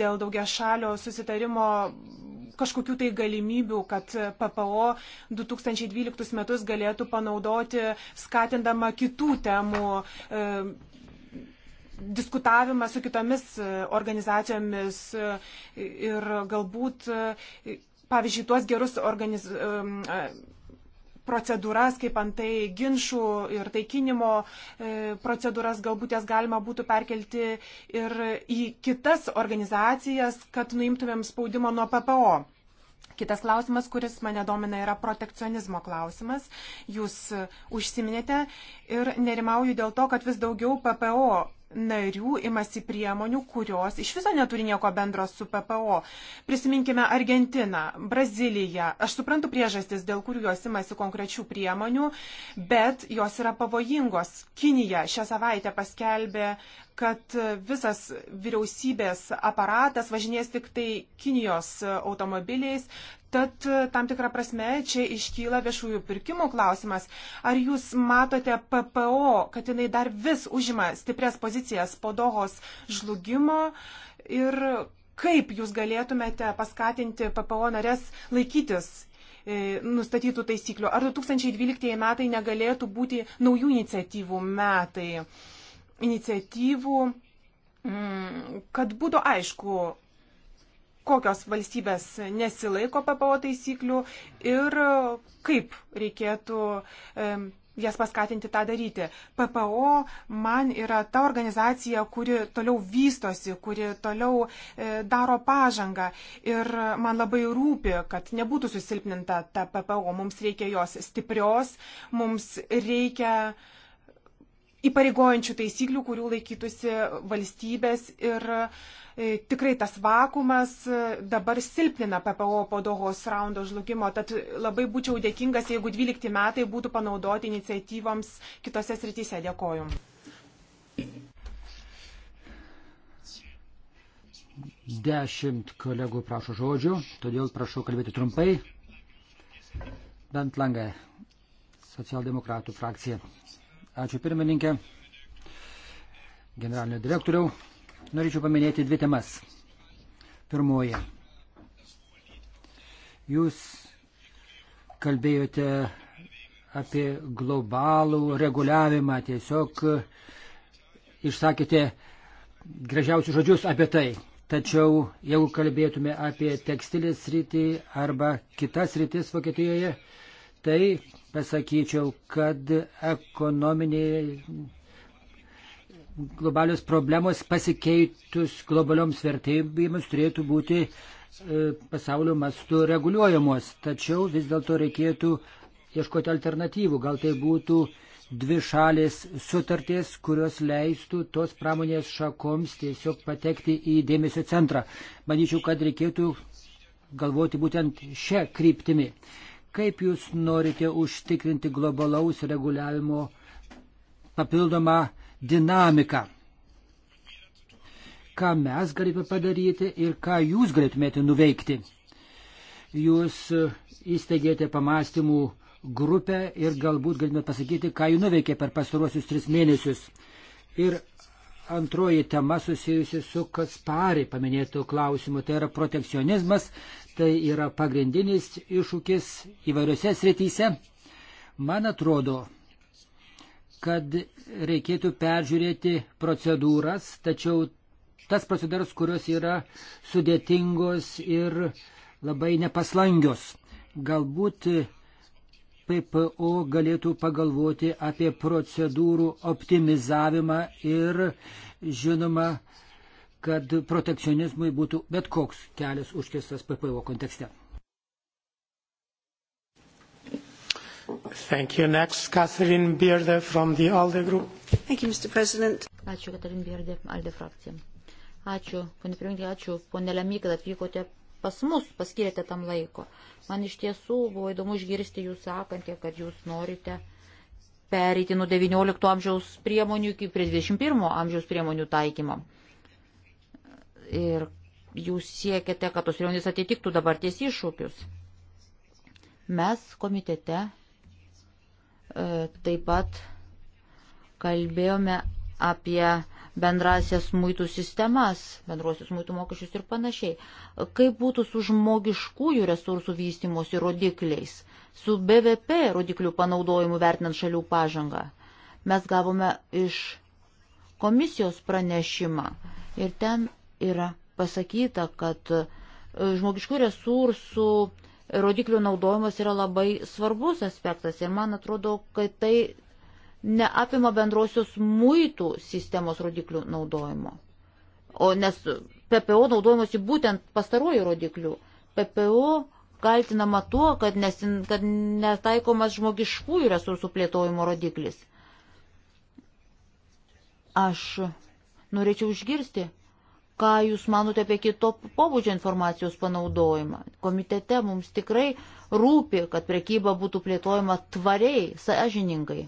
dėl daugia šalio susitarimo kažkokių tai galimybių, kad PPO 2012 metus galėtų panaudoti skatindama kitų temų klausimų e, diskutavimą su kitomis e, organizacijomis e, ir galbūt, pavyzdžiui, tuos gerus organiz... procedūras, kaip antai ginčių ir taikinimo procedūras, galbūt jas galima būtų perkelti ir į kitas organizacijas, kad nuimtumėm spaudimo nuo PPO. Kitas klausimas, kuris mane domina, yra protekcionizmo klausimas. Jūs e, užsiminėte ir nerimauju dėl to, kad vis daugiau PPO narių imasi priemonių, kurios iš viso neturi nieko bendro su PPO. Prisiminkime Argentiną, Braziliją. Aš suprantu priežastis, dėl kurių jos imasi konkrečių priemonių, bet jos yra pavojingos. Kinija šią savaitę paskelbė, kad visas vyriausybės aparatas važinės tik tai Kinijos automobiliais. Tad tam tikrą prasme čia iškyla viešųjų pirkimų klausimas. Ar jūs matote PPO, kad jinai dar vis užima stiprias pozicijas po Dohos žlugimo ir kaip jūs galėtumėte paskatinti PPO narės laikytis e, nustatytų taisyklių. Ar 2012 metai negalėtų būti naujų iniciatyvų metai? iniciatyvų, mm, kad būtų aišku, kokios valstybės nesilaiko PPO taisyklių ir kaip reikėtų jas paskatinti tą daryti. PPO man yra ta organizacija, kuri toliau vystosi, kuri toliau e, daro pažangą ir man labai rūpi, kad nebūtų susilpninta ta PPO. Mums reikia jos stiprios, mums reikia uh, įpareigojančių taisyklių, kurių laikytųsi valstybės ir e, tikrai tas vakumas e, dabar silpnina PPO po Dohos raundo žlugimo. Tad labai būčiau dėkingas, jeigu 12 metai būtų panaudoti iniciatyvoms kitose srityse. Dėkoju. Dešimt kolegų prašo žodžių, todėl prašau kalbėti trumpai. Bent langą socialdemokratų frakcija. Ačiū pirmininkė. Generalinio direktoriau, norėčiau paminėti dvi temas. Pirmoji. Jūs kalbėjote apie globalų reguliavimą, tiesiog išsakėte gražiausius žodžius apie tai. Tačiau jeigu kalbėtume apie tekstilės rytį arba kitas rytis Vokietijoje, tai pasakyčiau, kad ekonominiai globalios problemos pasikeitus globalioms vertybėmis turėtų būti e, pasaulio mastu reguliuojamos. Tačiau vis dėlto reikėtų ieškoti alternatyvų. Gal tai būtų dvi šalės sutartys, kurios leistų tos pramonės šakoms tiesiog patekti į dėmesio centrą. Manyčiau, kad reikėtų galvoti būtent šią kryptimį. Kaip jūs norite užtikrinti globalaus reguliavimo papildomą dinamiką? Ką mes galime padaryti ir ką jūs galėtumėte nuveikti? Jūs įsteigėte pamastymų grupę ir galbūt galime pasakyti, ką jų nuveikė per pastaruosius tris mėnesius. Ir antroji tema susijusi su Kaspari paminėtų klausimų, tai yra protekcionizmas, Tai yra pagrindinis iššūkis įvairiose srityse. Man atrodo, kad reikėtų peržiūrėti procedūras, tačiau tas procedūras, kurios yra sudėtingos ir labai nepaslangios. Galbūt PPO galėtų pagalvoti apie procedūrų optimizavimą ir, žinoma, kad protekcionizmui būtų bet koks kelias užkistas PPO kontekste. Thank you. Next, Catherine Bierde from the ALDE group. Thank you, Mr. President. Ačiū, Catherine Bierde, ALDE frakcija. Ačiū, ponė Pirinkė, ačiū, ponė Lemy, kad atvykote pas mus, paskirėte tam laiko. Man iš tiesų buvo įdomu išgirsti jūs sakantį, kad jūs norite pereiti nuo XIX amžiaus priemonių iki prie XXI amžiaus priemonių taikymo ir jūs siekiate, kad tos priemonės atitiktų dabarties iššūkius. Mes komitete e, taip pat kalbėjome apie bendrasias muitų sistemas, bendruosius muitų mokesčius ir panašiai. Kaip būtų su žmogiškųjų resursų vystimosi rodikliais, su BVP rodiklių panaudojimu vertinant šalių pažangą? Mes gavome iš komisijos pranešimą ir ten yra pasakyta, kad e, žmogiškų resursų rodiklių naudojimas yra labai svarbus aspektas ir man atrodo, kad tai neapima bendrosios muitų sistemos rodiklių naudojimo. O nes PPO naudojimuosi būtent pastaruoju rodikliu. PPO kaltinama tuo, kad, nesin, kad netaikomas žmogiškųjų resursų plėtojimo rodiklis. Aš norėčiau išgirsti, ką Jūs manote apie kito pobūdžio informacijos panaudojimą. Komitete mums tikrai rūpi, kad prekyba būtų plėtojama tvariai, sąžiningai.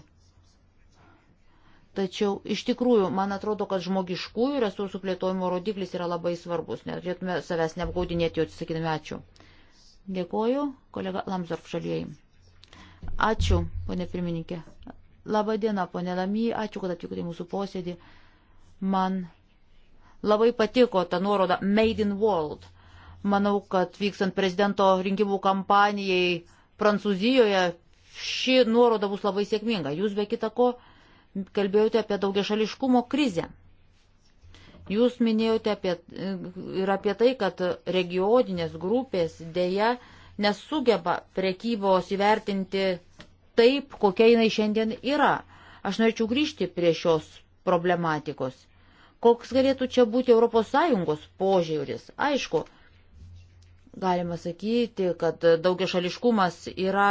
Tačiau iš tikrųjų, man atrodo, kad žmogiškųjų resursų plėtojimo rodiklis yra labai svarbus. Neturėtume savęs neapgaudinėti, jo atsisakydami ačiū. Dėkoju, kolega Lamsdorf šaliai. Ačiū, ponė pirmininkė. Labą dieną, ponė Lamy, ačiū, kad atvykote į mūsų posėdį. Man Labai patiko ta nuoroda Made in World. Manau, kad vykstant prezidento rinkimų kampanijai Prancūzijoje ši nuoroda bus labai sėkminga. Jūs be kita ko kalbėjote apie daugiašališkumo krizę. Jūs minėjote apie, ir apie tai, kad regioninės grupės dėja nesugeba prekybos įvertinti taip, kokia jinai šiandien yra. Aš norėčiau grįžti prie šios problematikos. Koks galėtų čia būti ES požiūris? Aišku, galima sakyti, kad daugia šališkumas yra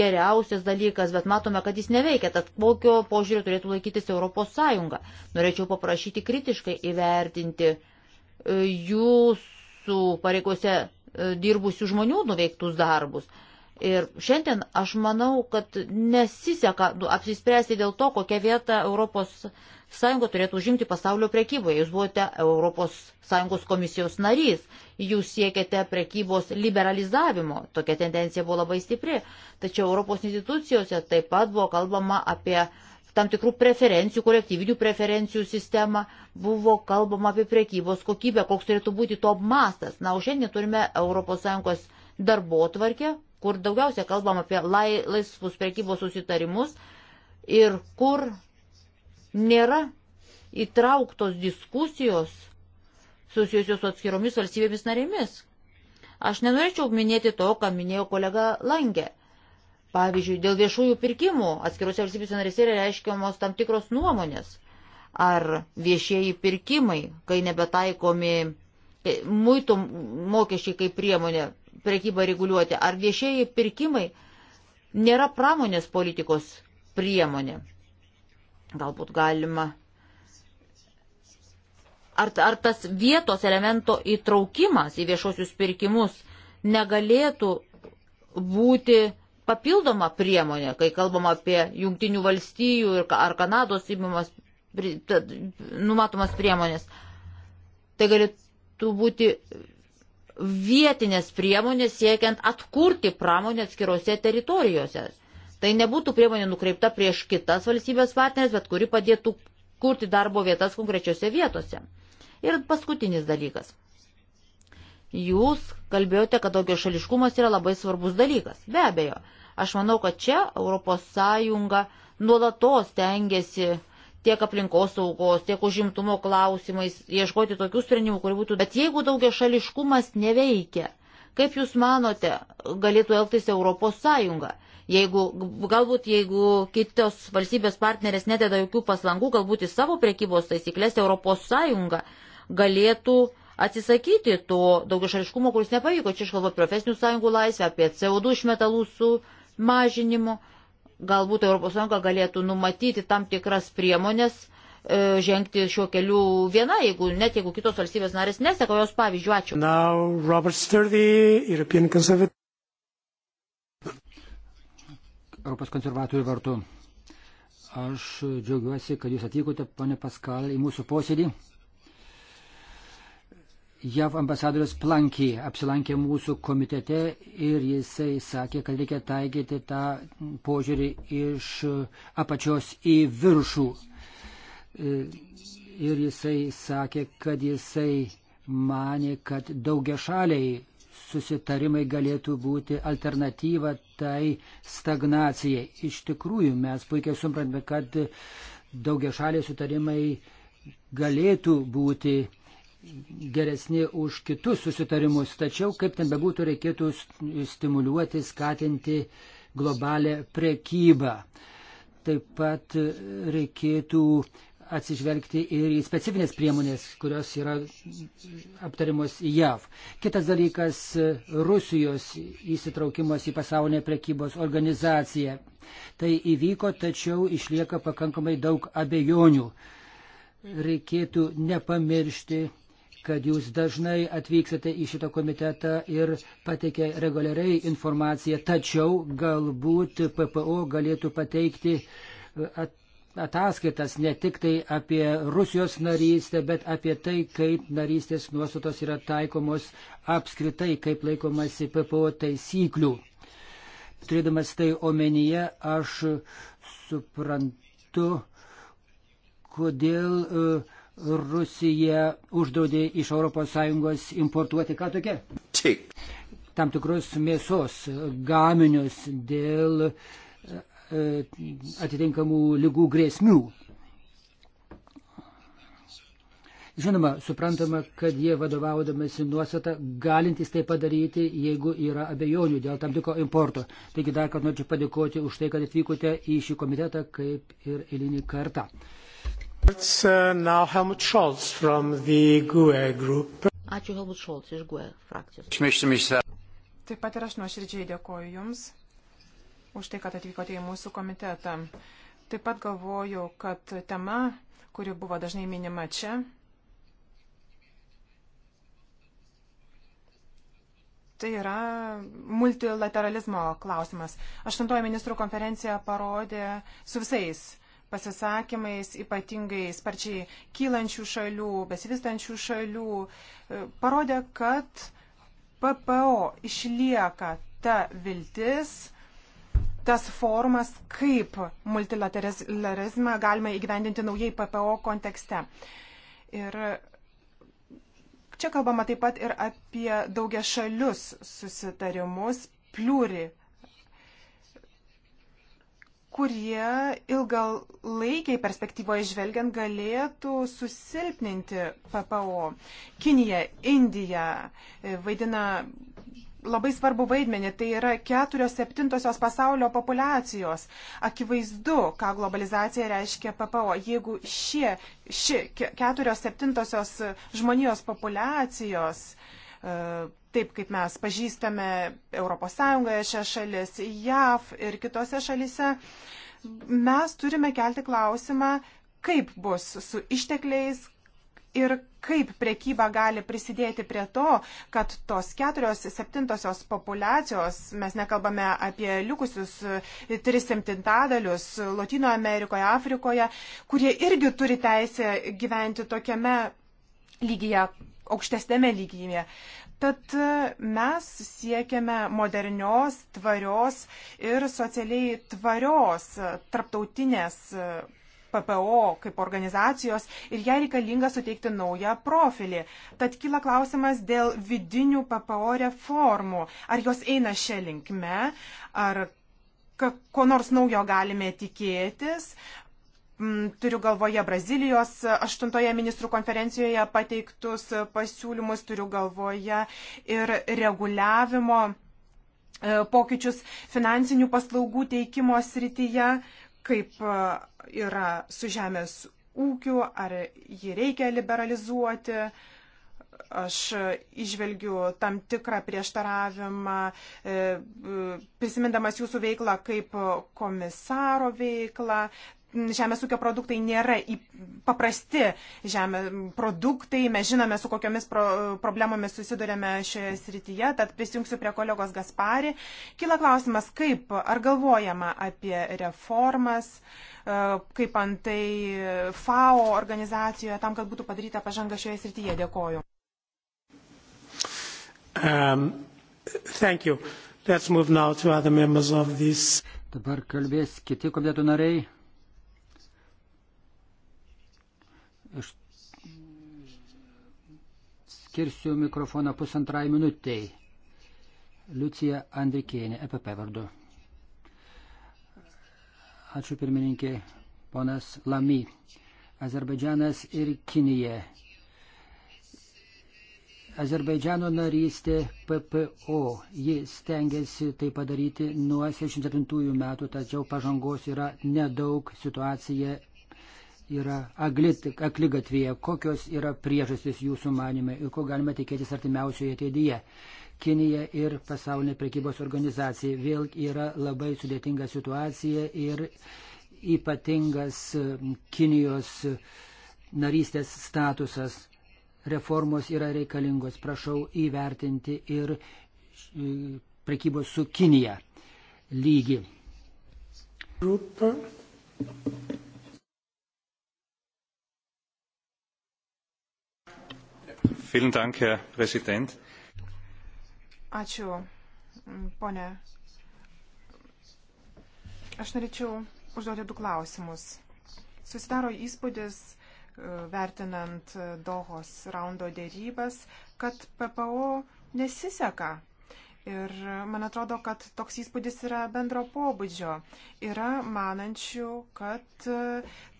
geriausias dalykas, bet matome, kad jis neveikia, tad kokio požiūrio turėtų laikytis ES. Norėčiau paprašyti kritiškai įvertinti e, jūsų pareigose e, dirbusių žmonių nuveiktus darbus. Ir šiandien aš manau, kad nesiseka apsispręsti dėl to, kokią vietą Europos Sąjunga turėtų užimti pasaulio prekyboje. Jūs buvote Europos Sąjungos komisijos narys, jūs siekiate prekybos liberalizavimo, tokia tendencija buvo labai stipri. Tačiau Europos institucijose taip pat buvo kalbama apie tam tikrų preferencijų, kolektyvinių preferencijų sistemą, buvo kalbama apie prekybos kokybę, koks turėtų būti to mastas. Na, o šiandien turime ES darbo tvarkę, kur daugiausia kalbam apie lai, laisvus prekybos susitarimus ir kur nėra įtrauktos diskusijos susijusios su atskiromis valstybėmis narėmis. Aš nenorėčiau minėti to, ką minėjo kolega Langė. Pavyzdžiui, dėl viešųjų pirkimų atskiruose valstybėse narėse yra reiškiamos tam tikros nuomonės. Ar viešieji pirkimai, kai nebetaikomi e, muitų mokesčiai kaip priemonė prekybą reguliuoti, ar viešieji pirkimai nėra pramonės politikos priemonė. Galbūt galima. Ar, ar tas vietos elemento įtraukimas į viešosius pirkimus negalėtų būti papildoma priemonė, kai kalbam apie jungtinių valstijų ar Kanados įmimas, numatomas priemonės. Tai galėtų būti vietinės priemonės siekiant atkurti pramonę atskirose teritorijose. Tai nebūtų priemonė nukreipta prieš kitas valstybės partneris, bet kuri padėtų kurti darbo vietas konkrečiose vietose. Ir paskutinis dalykas. Jūs kalbėjote, kad daugio šališkumas yra labai svarbus dalykas. Be abejo, aš manau, kad čia ES nuolatos tengiasi tiek aplinkos saugos, tiek užimtumo klausimais ieškoti tokių sprendimų, kurie būtų. Bet jeigu daugia šališkumas neveikia, kaip Jūs manote, galėtų elgtis ES? Jeigu, galbūt jeigu kitos valstybės partnerės nededa jokių paslangų, galbūt į savo prekybos taisyklės ES galėtų atsisakyti to daugiašališkumo, kuris nepavyko. Čia iškalbu profesinių sąjungų laisvę, apie CO2 išmetalų sumažinimo. Galbūt ES galėtų numatyti tam tikras priemonės e, žengti šiuo keliu viena, jeigu net jeigu kitos valstybės narės neseka jos pavyzdžių. Ačiū. Now, Europos konservatorių vartų. Aš džiaugiuosi, kad jūs atvykote, ponė Paskal, į mūsų posėdį. JAV ambasadorius Plankiai apsilankė mūsų komitete ir jisai sakė, kad reikia taikyti tą požiūrį iš apačios į viršų. Ir jisai sakė, kad jisai manė, kad daugia šaliai susitarimai galėtų būti alternatyva tai stagnacijai. Iš tikrųjų, mes puikiai suprantame, kad daugia šaliai sutarimai galėtų būti geresni už kitus susitarimus, tačiau kaip ten bebūtų, reikėtų stimuliuoti, skatinti globalę prekybą. Taip pat reikėtų atsižvelgti ir į specifinės priemonės, kurios yra aptariamos į JAV. Kitas dalykas - Rusijos įsitraukimas į pasaulinę prekybos organizaciją. Tai įvyko, tačiau išlieka pakankamai daug abejonių. Reikėtų nepamiršti kad jūs dažnai atvykstate į šitą komitetą ir pateikia reguliariai informaciją, tačiau galbūt PPO galėtų pateikti at, ataskaitas ne tik tai apie Rusijos narystę, bet apie tai, kaip narystės nuostatos yra taikomos apskritai, kaip laikomasi PPO taisyklių. Turėdamas tai omenyje, aš suprantu, kodėl e, Rusija uždraudė iš ES importuoti ką tokia? Tik. Tam tikrus mėsos gaminius dėl uh, E, atitinkamų lygų grėsmių. Žinoma, suprantama, kad jie vadovaudamasi nuostata galintys tai padaryti, jeigu yra abejonių dėl tam tikro importo. Taigi dar kartą norėčiau padėkoti už tai, kad atvykote į šį komitetą kaip ir eilinį kartą. Uh, e Ačiū Helmut Scholz iš GUE frakcijos. Taip pat ir aš nuoširdžiai dėkoju Jums už tai, kad atvykote į mūsų komitetą. Taip pat galvoju, kad tema, kuri buvo dažnai minima čia, tai yra multilateralizmo klausimas. Aštuntoji ministrų konferencija parodė su visais pasisakymais, ypatingai sparčiai kylančių šalių, besivystančių šalių, e, parodė, kad PPO išlieka ta viltis, tas formas, kaip multilateralizmą galime įgyvendinti naujai PPO kontekste. Ir čia kalbama taip pat ir apie daugia šalius susitarimus, pliuri, kurie ilgalaikiai perspektyvoje žvelgiant galėtų susilpninti PPO. Kinija, Indija vaidina labai svarbu vaidmenį. Tai yra keturios septintosios pasaulio populacijos. Akivaizdu, ką globalizacija reiškia PPO. Jeigu šie, ši keturios septintosios žmonijos populacijos e, taip kaip mes pažįstame ES, šią šalis, JAV ir kitose šalise, mes turime kelti klausimą, kaip bus su ištekliais, ir kaip priekyba gali prisidėti prie to, kad tos keturios septintosios populacijos, mes nekalbame apie likusius tris septintadalius Latino Amerikoje, Afrikoje, kurie irgi turi teisę gyventi tokiame lygyje, aukštesnėme lygyje. Tad e, mes siekiame modernios, tvarios ir socialiai tvarios tarptautinės e, PPO kaip organizacijos ir jai reikalinga suteikti naują profilį. Tad kyla klausimas dėl vidinių PPO reformų. Ar jos eina šią linkme, ar ko nors naujo galime tikėtis. Mm, turiu galvoje Brazilijos 8 ministrų konferencijoje pateiktus pasiūlymus, turiu galvoje ir reguliavimo e, pokyčius finansinių paslaugų teikimo srityje kaip yra su žemės ūkiu, ar jį reikia liberalizuoti. Aš išvelgiu tam tikrą prieštaravimą, e, prisimindamas jūsų veiklą kaip komisaro veiklą, žemės ūkio produktai nėra paprasti žemė produktai, mes žinome, su kokiamis pro, problemomis susidurėme šioje srityje, tad prisijungsiu prie kolegos Gaspari. Kila klausimas, kaip ar galvojama apie reformas, e, kaip antai FAO organizacijoje, tam, kad būtų padaryta pažanga šioje srityje. Dėkoju. Um, thank you. Let's move now to other members of this. Dabar kalbės kiti komiteto nariai. Iš... Skirsiu mikrofoną pusantrai minutiai. Liucija Andrikienė, EPP vardu. Ačiū pirmininkė, ponas Lamy. Azerbaidžianas ir Kinija. Azerbaidžiano narystė PPO. Jis tengiasi tai padaryti nuo 67 metų, tačiau pažangos yra nedaug, situacija yra akligatvėje, kokios yra priežastys jūsų manime ir ko galime tikėtis artimiausioje ateityje. Kinija ir pasaulinė prekybos organizacija vėl yra labai sudėtinga situacija ir ypatingas Kinijos narystės statusas. Reformos yra reikalingos, prašau įvertinti ir prekybos su Kinija lygį. Grupa. Vielen Dank, Herr Präsident. Ačiū, ponė. Aš norėčiau užduoti du klausimus. Susidaro įspūdis, e, vertinant Dohos raundo dėrybas, kad PPO nesiseka Ir man atrodo, kad toks įspūdis yra bendro pobūdžio. Yra manančių, kad e,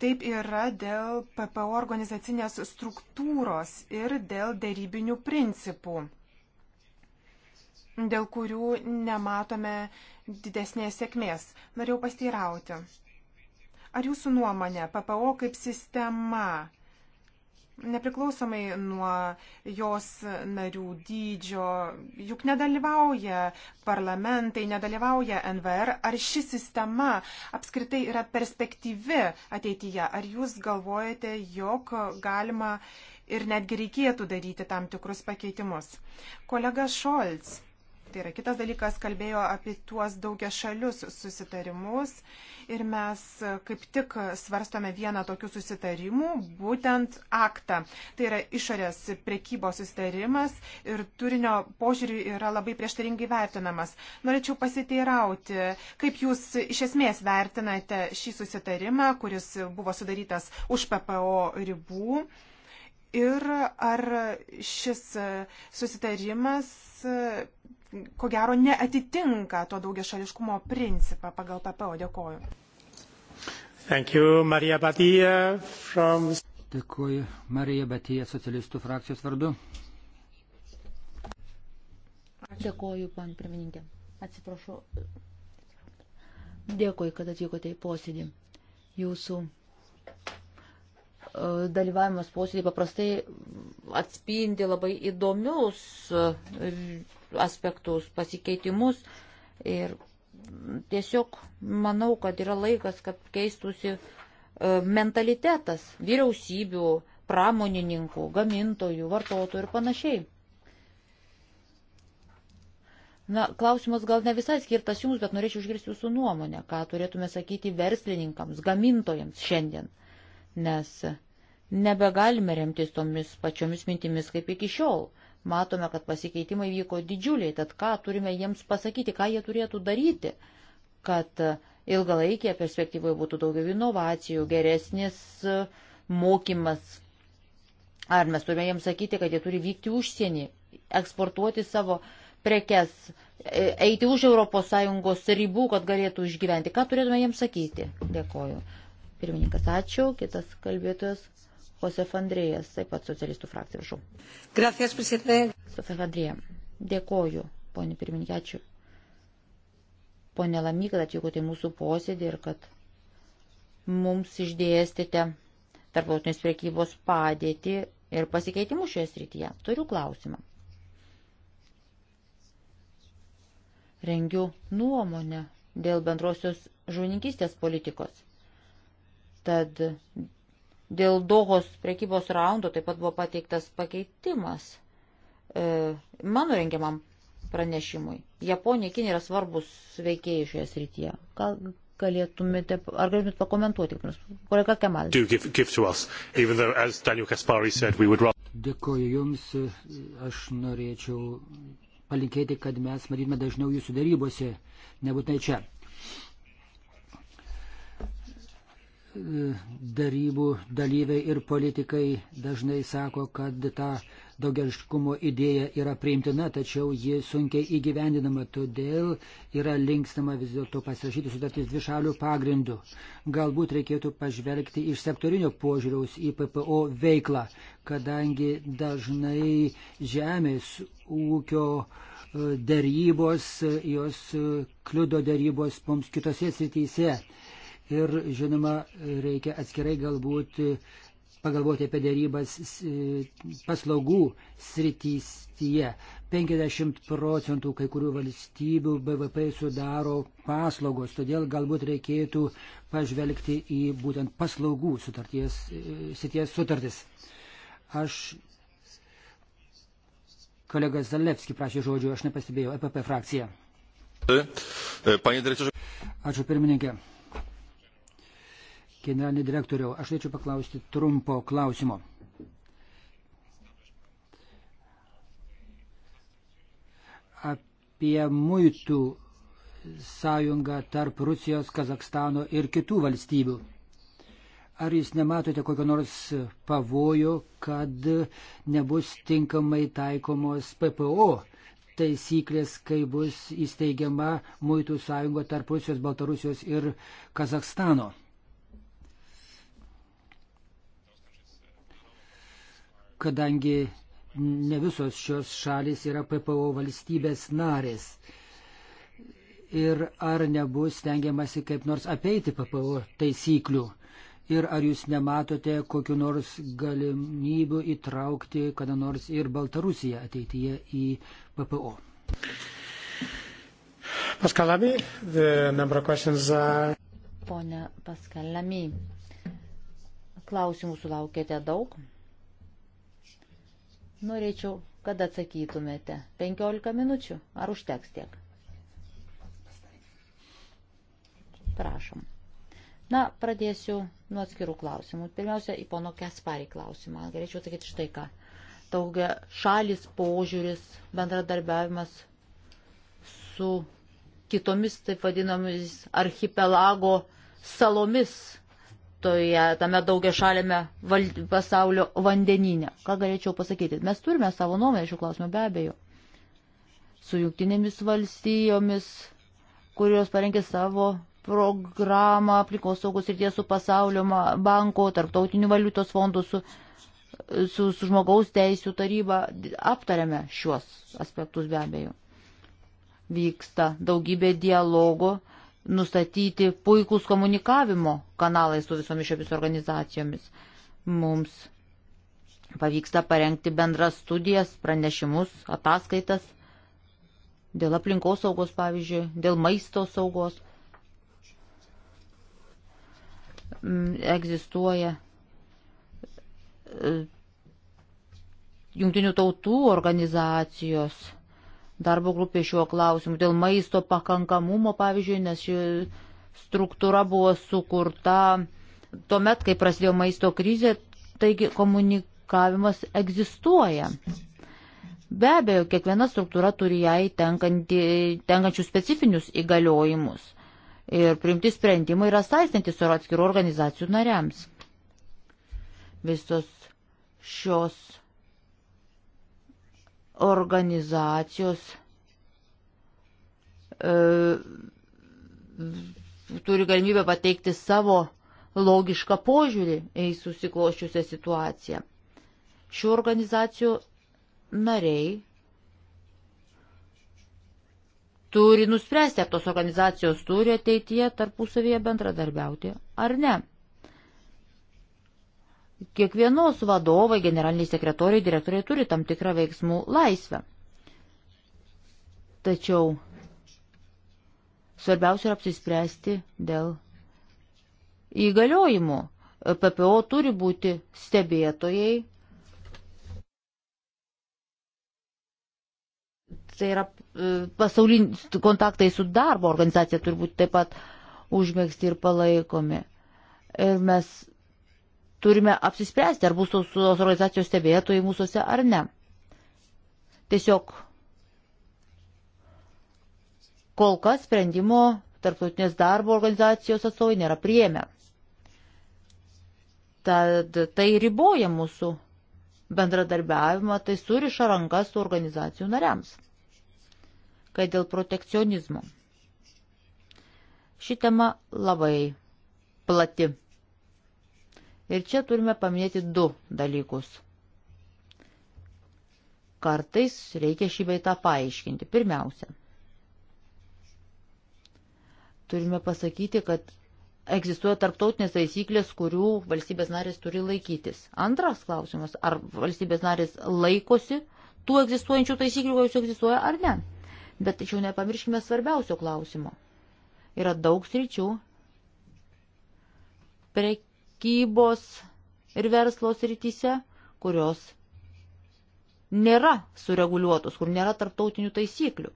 taip yra dėl PPO organizacinės struktūros ir dėl dėrybinių principų, dėl kurių nematome didesnės sėkmės. Norėjau pasteirauti. Ar jūsų nuomonė PPO kaip sistema nepriklausomai nuo jos narių dydžio, juk nedalyvauja parlamentai, nedalyvauja NVR. Ar ši sistema apskritai yra perspektyvi ateityje? Ar jūs galvojate, jog galima ir netgi reikėtų daryti tam tikrus pakeitimus? Kolega Šolts Tai yra kitas dalykas, kalbėjo apie tuos daugia šalius susitarimus ir mes e, kaip tik svarstome vieną tokių susitarimų, būtent aktą. Tai yra išorės prekybos susitarimas ir turinio požiūrį yra labai prieštaringai vertinamas. Norėčiau pasiteirauti, kaip jūs iš esmės vertinate šį susitarimą, kuris buvo sudarytas už PPO ribų. Ir ar šis susitarimas ko gero neatitinka to daugiašališkumo principą pagal PPO. Dėkoju. Thank you, Marija Batija. From... Dėkuoju, Marija Batija, socialistų frakcijos vardu. Dėkuoju, pan pirmininkė. Atsiprašau. Dėkuoju, kad atvykote į posėdį. Jūsų E, dalyvavimas posėdėje paprastai atspindi labai įdomius e, aspektus, pasikeitimus ir tiesiog manau, kad yra laikas, kad keistusi e, mentalitetas vyriausybių, pramonininkų, gamintojų, vartotojų ir panašiai. Na, klausimas gal ne visai skirtas jums, bet norėčiau išgirsti jūsų nuomonę, ką turėtume sakyti verslininkams, gamintojams šiandien – nes nebegalime remtis tomis pačiomis mintimis kaip iki šiol. Matome, kad pasikeitimai vyko didžiuliai, tad ką turime jiems pasakyti, ką jie turėtų daryti, kad ilgalaikėje perspektyvoje būtų daugiau inovacijų, geresnis e, mokymas. Ar mes turime jiems sakyti, kad jie turi vykti užsienį, eksportuoti savo prekes, e, eiti už ES ribų, kad galėtų išgyventi. Ką turėtume jiems sakyti? Dėkoju. Pirmininkas, ačiū. Kitas kalbėtojas Josef Andrėjas, taip pat socialistų frakcija, prašau. Gracias, presidente. Josef Andrėja, dėkoju, ponė pirmininkė, ačiū. Pone Lamy, kad atvykote į mūsų posėdį ir kad mums išdėstėte tarptautinės priekybos padėtį ir pasikeitimus šioje srityje. Turiu klausimą. Rengiu nuomonę dėl bendrosios žuvininkystės politikos. Tad dėl Dohos prekybos raundo taip pat buvo pateiktas pakeitimas e, mano rengiamam pranešimui. Japonija, Kinija yra svarbus veikėjai šioje srityje. Gal galėtumėte, ar galėtumėte pakomentuoti, kolega Kemal? Dėkoju Jums, aš norėčiau palinkėti, kad mes matytume dažniau jūsų darybose, nebūtinai čia. darybų dalyviai ir politikai dažnai sako, kad ta daugiaškumo idėja yra priimtina, tačiau ji sunkiai įgyvendinama, todėl yra linkstama vis dėlto pasirašyti sutartis dvišalių pagrindų. Galbūt reikėtų pažvelgti iš sektorinio požiūriaus į PPO veiklą, kadangi dažnai žemės ūkio e, darybos, e, jos e, kliudo darybos mums kitose srityse ir, žinoma, reikia atskirai galbūt pagalvoti apie dėrybas e, paslaugų srityje. 50 procentų kai kurių valstybių BVP sudaro paslaugos, todėl galbūt reikėtų pažvelgti į būtent paslaugų sutarties, e, sities sutartis. Aš kolega Zalewski prašė žodžių, aš nepastebėjau, EPP frakcija. Ačiū pirmininkė. Generalinį direktoriau, aš norėčiau paklausti trumpo klausimo. Apie muitų sąjungą tarp Rusijos, Kazakstano ir kitų valstybių. Ar jūs nematote kokio nors pavojų, kad nebus tinkamai taikomos PPO taisyklės, kai bus įsteigiama muitų sąjunga tarp Rusijos, Baltarusijos ir Kazakstano? kadangi ne visos šios šalis yra PPO valstybės narės. Ir ar nebus stengiamasi kaip nors apeiti PPO taisyklių? Ir ar jūs nematote kokiu nors galimybių įtraukti kada nors ir Baltarusiją ateityje į PPO? Paskalami, the number of questions are... Pone Paskalami, klausimų sulaukėte daug. Norėčiau, kad atsakytumėte. 15 minučių. Ar užteks tiek? Prašom. Na, pradėsiu nuo atskirų klausimų. Pirmiausia, į pono Kesparį klausimą. Galėčiau sakyti štai ką. Daugia šalis požiūris, bendradarbiavimas su kitomis, taip vadinomis, archipelago salomis toje, tame daugia šalėme val, pasaulio vandeninė. Ką galėčiau pasakyti? Mes turime savo nuomonę šių klausimų be abejo. Su jungtinėmis valstijomis, kurios parengė savo programą aplikos saugus ir tiesų pasaulio banko, tarptautinių valiutos fondų su, su, su žmogaus teisų taryba. Aptarėme šiuos aspektus be abejo. Vyksta daugybė dialogų nustatyti puikūs komunikavimo kanalai su visomis šiomis organizacijomis. Mums pavyksta parengti bendras studijas, pranešimus, ataskaitas dėl aplinkos saugos, pavyzdžiui, dėl maisto saugos. Mm, egzistuoja e, jungtinių tautų organizacijos darbo grupė šiuo klausimu, dėl maisto pakankamumo, pavyzdžiui, nes ši struktūra buvo sukurta tuomet, kai prasidėjo maisto krizė, taigi komunikavimas egzistuoja. Be abejo, kiekviena struktūra turi jai tenkančių specifinius įgaliojimus ir priimti sprendimai yra saistantis su atskirų organizacijų nariams. Visos šios organizacijos e, turi galimybę pateikti savo logišką požiūrį į susikloščiusią situaciją. Šių organizacijų nariai turi nuspręsti, ar tos organizacijos turi ateityje tarpusavėje bendradarbiauti ar ne kiekvienos vadovai, generaliniai sekretoriai, direktoriai turi tam tikrą veiksmų laisvę. Tačiau svarbiausia yra apsispręsti dėl įgaliojimų. PPO turi būti stebėtojai. Tai yra e, pasaulinis kontaktai su darbo organizacija turi būti taip pat užmėgsti ir palaikomi. Ir mes turime apsispręsti, ar bus tos organizacijos stebėtojai mūsųse ar ne. Tiesiog kol kas sprendimo tarptautinės darbo organizacijos atstovai nėra priėmę. Tad tai riboja mūsų bendradarbiavimą, tai suriša rankas su organizacijų nariams. Kai dėl protekcionizmo. Ši tema labai plati. Ir čia turime paminėti du dalykus. Kartais reikia šį beitą paaiškinti. Pirmiausia, turime pasakyti, kad egzistuoja tarptautinės taisyklės, kurių valstybės narės turi laikytis. Antras klausimas, ar valstybės narės laikosi tų egzistuojančių taisyklių, kurios egzistuoja ar ne. Bet tačiau nepamirškime svarbiausio klausimo. Yra daug sričių, prie prekybos ir verslo srityse, kurios nėra sureguliuotos, kur nėra tarptautinių taisyklių.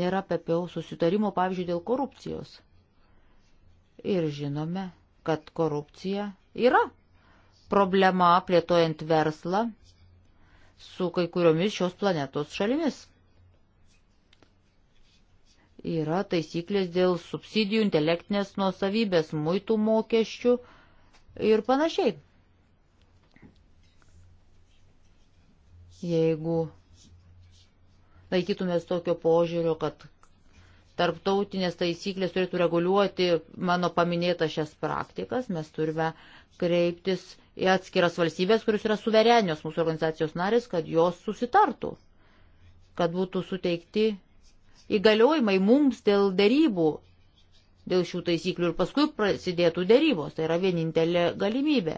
Nėra PPO susitarimo, pavyzdžiui, dėl korupcijos. Ir žinome, kad korupcija yra problema plėtojant verslą su kai kuriomis šios planetos šalimis yra taisyklės dėl subsidijų, intelektinės nuosavybės, muitų mokesčių ir panašiai. Jeigu laikytumės tokio požiūrio, kad tarptautinės taisyklės turėtų reguliuoti mano paminėtas šias praktikas, mes turime kreiptis į atskiras valstybės, kuris yra suverenios mūsų organizacijos narės, kad jos susitartų, kad būtų suteikti įgaliojimai mums dėl darybų, dėl šių taisyklių ir paskui prasidėtų darybos. Tai yra vienintelė galimybė.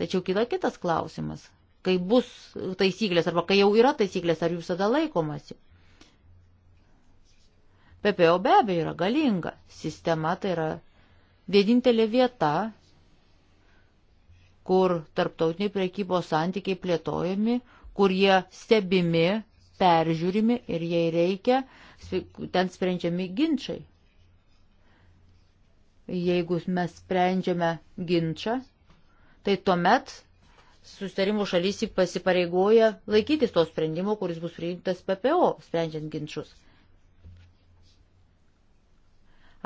Tačiau kyla kitas klausimas. Kai bus taisyklės arba kai jau yra taisyklės, ar jų visada laikomasi? PPO be abejo yra galinga. Sistema tai yra vienintelė vieta, kur tarptautiniai priekybos santykiai plėtojami, kur jie stebimi peržiūrimi ir jei reikia, ten sprendžiami ginčiai. Jeigu mes sprendžiame ginčą, tai tuomet susitarimų šalys pasipareigoja laikytis to sprendimo, kuris bus priimtas PPO, sprendžiant ginčius.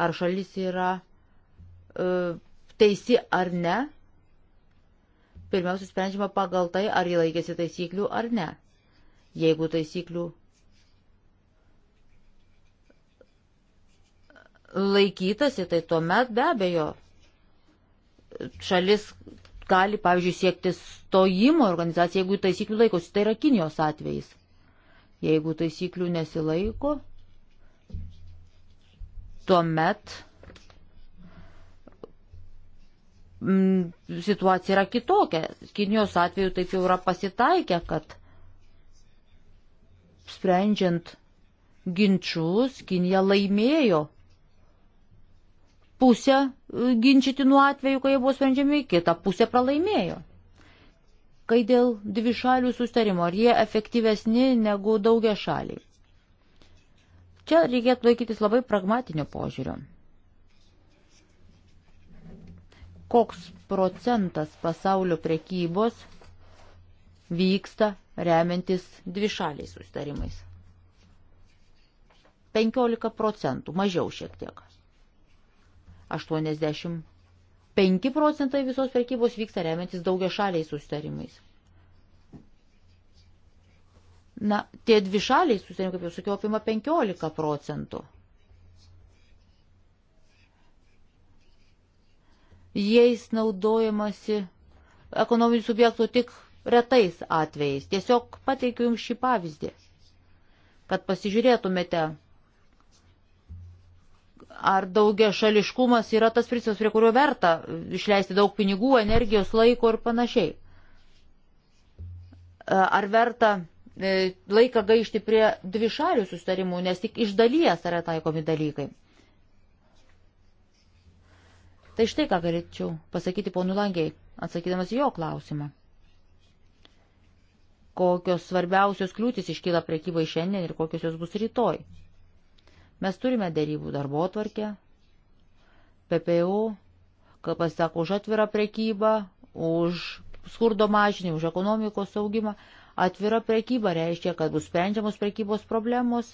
Ar šalis yra e, teisi ar ne, pirmiausia sprendžiama pagal tai, ar jį laikėsi taisyklių ar ne jeigu taisyklių laikytasi, tai tuomet be abejo šalis gali, pavyzdžiui, siekti stojimo organizaciją, jeigu taisyklių laikosi. Tai yra Kinijos atvejais. Jeigu taisyklių nesilaiko, tuomet mm, situacija yra kitokia. Kinijos atveju taip jau yra pasitaikę, kad sprendžiant ginčius, Kinija laimėjo pusę e, ginčytinų atvejų, kai jie buvo sprendžiami, kitą pusę pralaimėjo. Kai dėl dvišalių sustarimo, ar jie efektyvesni negu daugia šaliai? Čia reikėtų laikytis labai pragmatinio požiūrio. Koks procentas pasaulio prekybos vyksta remiantis dvišaliais sustarimais. 15 procentų, mažiau šiek tiek. 85 procentai visos prekybos vyksta remiantis daugia šaliais sustarimais. Na, tie dvi šaliai, susitarimai, kaip jau sakiau, apima 15 procentų. Jais naudojamasi ekonominių subjektų tik retais atvejais. Tiesiog pateikiu jums šį pavyzdį, kad pasižiūrėtumėte, ar daugia šališkumas yra tas principas, prie kurio verta išleisti daug pinigų, energijos, laiko ir panašiai. E, ar verta e, laiką gaišti prie dvišalių sustarimų, nes tik iš dalies yra taikomi dalykai. Tai štai ką galėčiau pasakyti ponu Langiai, atsakydamas jo klausimą kokios svarbiausios kliūtis iškyla prekybai šiandien ir kokios jos bus rytoj. Mes turime dėrybų darbo atvarkę, PPU, kaip pasisako, už atvirą prekybą, už skurdo mažinimą, už ekonomikos saugimą. Atvira prekyba reiškia, kad bus sprendžiamos prekybos problemos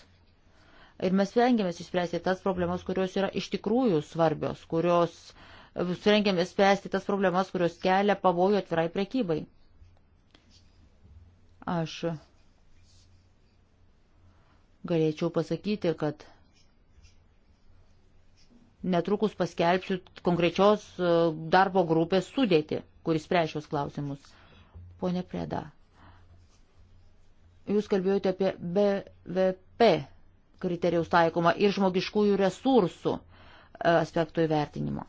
ir mes vengiamės išspręsti tas problemas, kurios yra iš tikrųjų svarbios, kurios surengiamės spręsti tas problemas, kurios kelia pavojų atvirai prekybai. Aš galėčiau pasakyti, kad netrukus paskelbsiu konkrečios e, darbo grupės sudėti, kuris prešios klausimus. Pone Preda, jūs kalbėjote apie BVP kriterijaus taikomą ir žmogiškųjų resursų e, aspektų įvertinimo.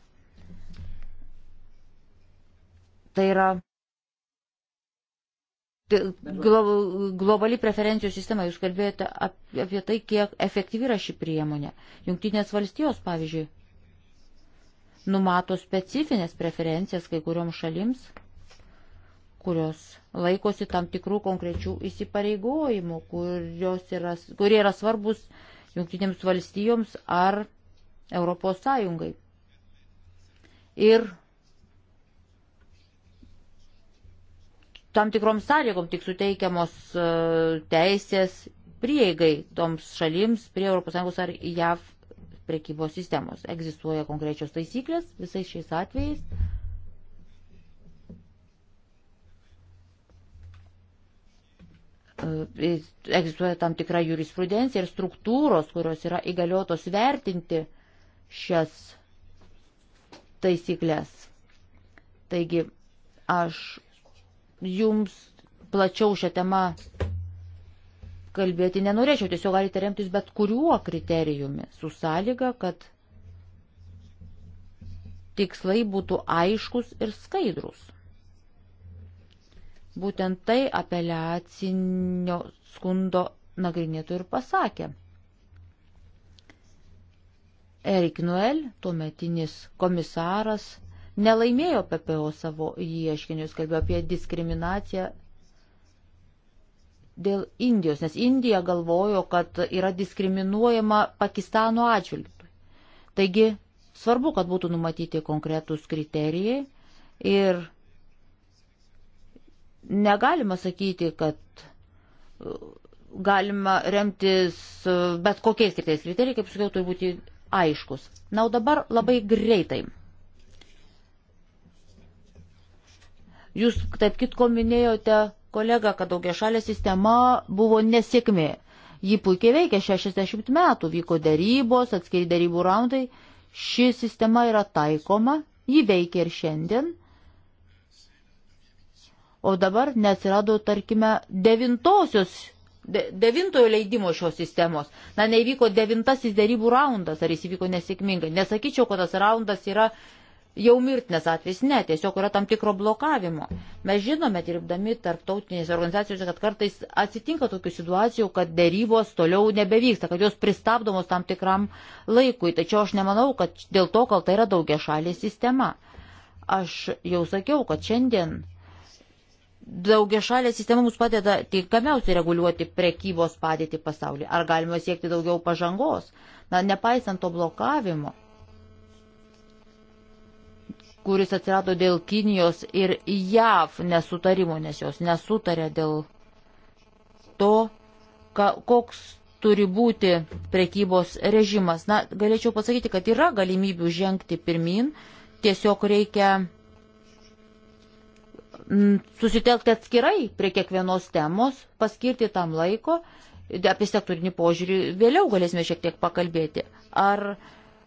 Tai yra globali preferencijų sistema, jūs kalbėjote apie tai, kiek efektyvi yra ši priemonė. Junktinės valstijos, pavyzdžiui, numato specifines preferencijas kai kurioms šalims, kurios laikosi tam tikrų konkrečių įsipareigojimų, yra, kurie yra svarbus Junktinėms valstijoms ar Europos Sąjungai. Ir tam tikrom sąlygom tik suteikiamos e, teisės prieigai toms šalims prie ES ar JAV prekybos sistemos. Egzistuoja konkrečios taisyklės visais šiais atvejais. E, egzistuoja tam tikra jurisprudencija ir struktūros, kurios yra įgaliotos vertinti šias taisyklės. Taigi, aš jums plačiau šią temą kalbėti nenorėčiau, tiesiog galite remtis bet kuriuo kriterijumi, su sąlyga, kad tikslai būtų aiškus ir skaidrus. Būtent tai apeliacinio skundo nagrinėtų ir pasakė. Erik Noel, tuometinis komisaras, nelaimėjo PPO savo ieškinius, kalbėjo apie diskriminaciją dėl Indijos, nes Indija galvojo, kad yra diskriminuojama Pakistano atžvilgiu. Taigi svarbu, kad būtų numatyti konkretūs kriterijai ir negalima sakyti, kad uh, galima remtis uh, bet kokiais kriterijais. Kriterijai, kaip sakiau, turi būti aiškus. Na, o dabar labai greitai Jūs, taip kitko, minėjote, kolega, kad daugia šalė sistema buvo nesėkmė. Ji puikiai veikia 60 metų, vyko darybos, atskiri darybų raundai. Ši sistema yra taikoma, ji veikia ir šiandien. O dabar neatsirado, tarkime, devintosios, de, devintojo leidimo šios sistemos. Na, nevyko devintasis darybų raundas, ar jis įvyko nesėkmingai. Nesakyčiau, kad tas raundas yra jau mirtinas atvejs, ne, tiesiog yra tam tikro blokavimo. Mes žinome, dirbdami tarptautinėse organizacijose, kad kartais atsitinka tokių situacijų, kad dėrybos toliau nebevyksta, kad jos pristabdomos tam tikram laikui. Tačiau aš nemanau, kad dėl to kalta yra daugia šalė sistema. Aš jau sakiau, kad šiandien daugia šalė sistema mums padeda tinkamiausiai reguliuoti prekybos padėtį pasaulyje. Ar galima siekti daugiau pažangos? Na, nepaisant to blokavimo kuris atsirado dėl Kinijos ir JAV nesutarimo, nes jos nesutarė dėl to, ka, koks turi būti prekybos režimas. Na, galėčiau pasakyti, kad yra galimybių žengti pirmin, tiesiog reikia mm, susitelkti atskirai prie kiekvienos temos, paskirti tam laiko, apie sektorinį požiūrį vėliau galėsime šiek tiek pakalbėti. Ar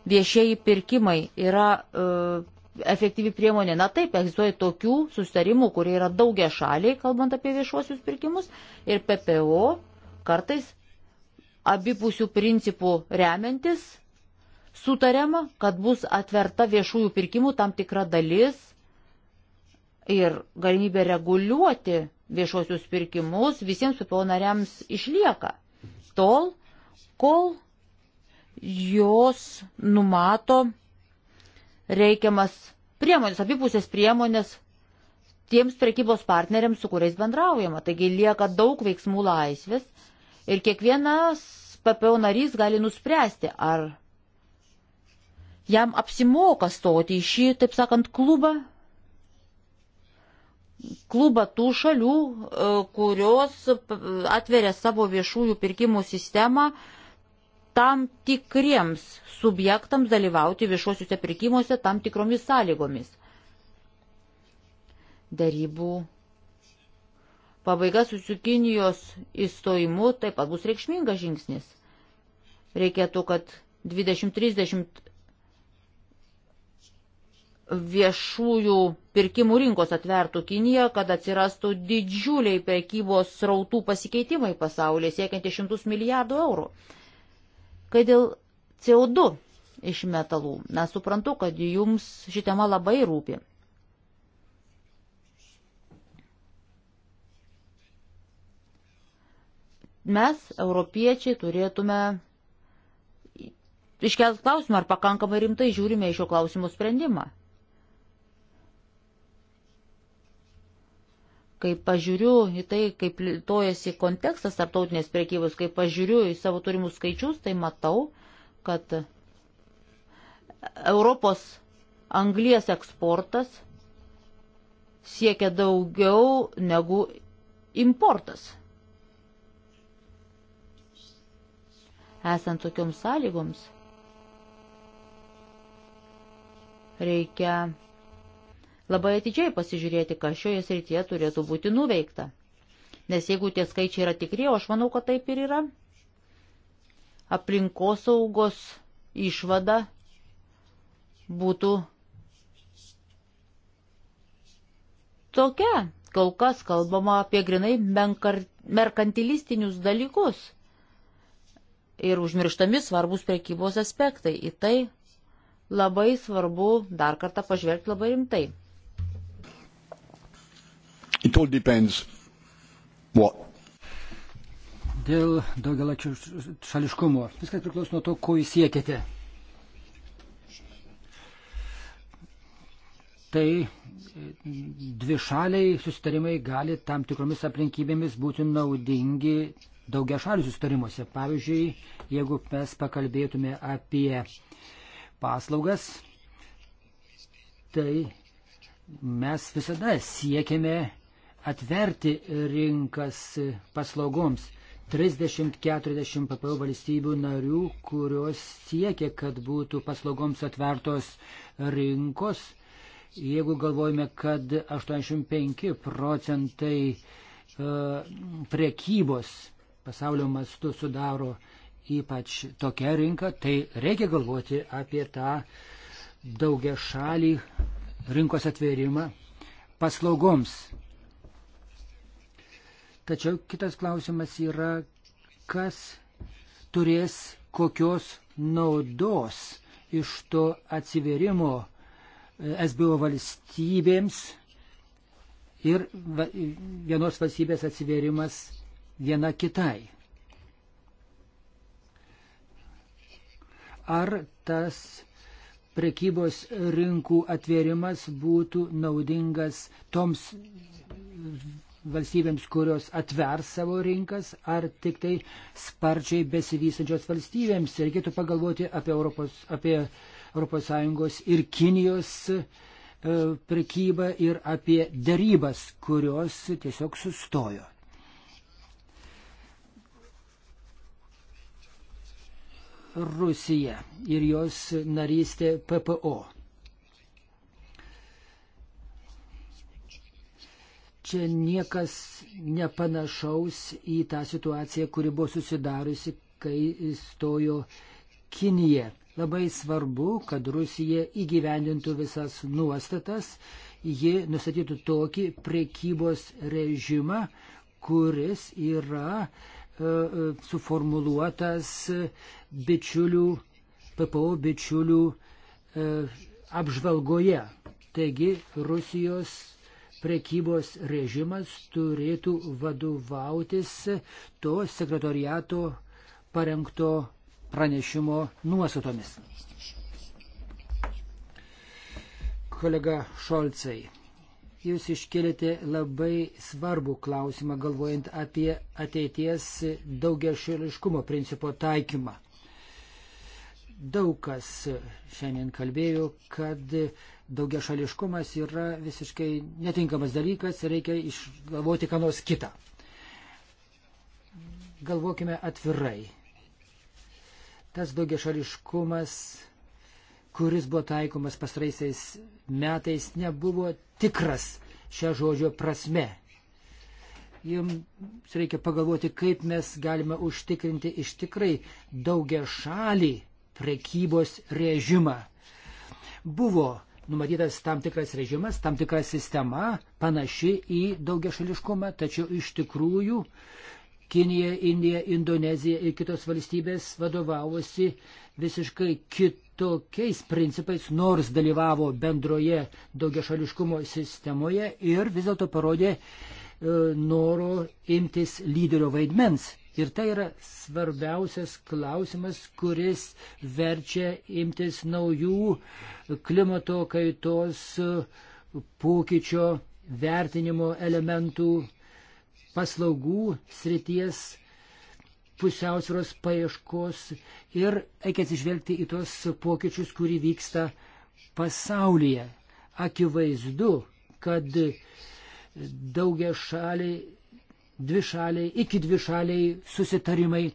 viešieji pirkimai yra uh, efektyvi priemonė. Na taip, egzistuoja tokių sustarimų, kurie yra daugia šaliai, kalbant apie viešuosius pirkimus, ir PPO kartais abipusių principų remiantis sutariama, kad bus atverta viešųjų pirkimų tam tikra dalis ir galimybė reguliuoti viešuosius pirkimus visiems PPO nariams išlieka. Tol, kol jos numato reikiamas priemonės, abipusės priemonės tiems prekybos partneriams, su kuriais bendraujama. Taigi lieka daug veiksmų laisvės ir kiekvienas PPO narys gali nuspręsti, ar jam apsimoka stoti į šį, taip sakant, klubą, klubą tų šalių, e, kurios atveria savo viešųjų pirkimų sistemą uh, tam tikriems subjektams dalyvauti viešuosiuose pirkimuose tam tikromis sąlygomis. Darybų pabaiga su Kinijos įstojimu taip pat bus reikšmingas žingsnis. Reikėtų, kad 2030 viešųjų pirkimų rinkos atvertų Kiniją, kad atsirastų didžiuliai prekybos srautų pasikeitimai pasaulyje, siekiantys šimtus milijardų eurų. Kai dėl CO2 iš metalų, na, suprantu, kad jums ši tema labai rūpi. Mes, europiečiai, turėtume iškelt klausimą, ar pakankamai rimtai žiūrime į šio klausimo sprendimą. kai pažiūriu į tai, kaip plėtojasi kontekstas tarptautinės priekybos, kai pažiūriu į savo turimus skaičius, tai matau, kad Europos anglies eksportas siekia daugiau negu importas. Esant tokioms sąlygoms, reikia labai atidžiai pasižiūrėti, kas šioje srityje turėtų būti nuveikta. Nes jeigu tie skaičiai yra tikri, o aš manau, kad taip ir yra, aplinkosaugos išvada būtų tokia. Kol kas kalbama apie grinai merkantilistinius dalykus ir užmirštami svarbus prekybos aspektai. Į tai labai svarbu dar kartą pažvelgti labai rimtai. It all depends what. Dėl daugialačių šališkumo. Viskas priklauso nuo to, ko jūs siekiate. tai e, dvi šaliai susitarimai gali tam tikromis aplinkybėmis būti naudingi daugia šalių susitarimuose. Pavyzdžiui, jeigu mes pakalbėtume apie paslaugas, tai mes visada siekiame atverti rinkas paslaugoms. 30-40 PPO valstybių narių, kurios siekia, kad būtų paslaugoms atvertos rinkos. Jeigu galvojame, kad 85 procentai e, prekybos pasaulio mastu sudaro ypač tokia rinka, tai reikia galvoti apie tą daugia šalį rinkos atvėrimą paslaugoms. Tačiau kitas klausimas yra, kas turės kokios naudos iš to atsiverimo e, SBO valstybėms ir vienos valstybės atsiverimas viena kitai. Ar tas prekybos rinkų atvėrimas būtų naudingas toms valstybėms, kurios atvers savo rinkas, ar tik tai sparčiai besivysančios valstybėms. Reikėtų pagalvoti apie Europos, apie Europos Sąjungos ir Kinijos e, prekybą ir apie darybas, kurios tiesiog sustojo. Rusija ir jos narystė PPO. čia niekas nepanašaus į tą situaciją, kuri buvo susidariusi, kai įstojo Kinija. Labai svarbu, kad Rusija įgyvendintų visas nuostatas, ji nustatytų tokį priekybos režimą, kuris yra e, e suformuluotas bičiulių, PPO bičiulių e, apžvalgoje. Taigi Rusijos prekybos režimas turėtų vadovautis to sekretoriato parengto pranešimo nuostatomis. Kolega Šolcai, jūs iškėlėte labai svarbų klausimą, galvojant apie ateities daugiašališkumo principo taikymą daug kas šiandien kalbėjo, kad daugia šališkumas yra visiškai netinkamas dalykas, reikia išgalvoti ką nors kitą. Galvokime atvirai. Tas daugia šališkumas, kuris buvo taikomas pastraisiais metais, nebuvo tikras šią žodžio prasme jums reikia pagalvoti, kaip mes galime užtikrinti iš tikrai daugia šalį prekybos režimą. Buvo numatytas tam tikras režimas, tam tikra sistema, panaši į daugiašališkumą, tačiau iš tikrųjų Kinija, Indija, Indonezija ir kitos valstybės vadovavosi visiškai kitokiais principais, nors dalyvavo bendroje daugiašališkumo sistemoje ir vis dėlto parodė e, noro imtis lyderio vaidmens Ir tai yra svarbiausias klausimas, kuris verčia imtis naujų klimato kaitos pokyčio vertinimo elementų paslaugų srities pusiausvėros paieškos ir reikia atsižvelgti į tos pokyčius, kurį vyksta pasaulyje. Akivaizdu, kad daugia šaliai dvišaliai, iki dvišaliai susitarimai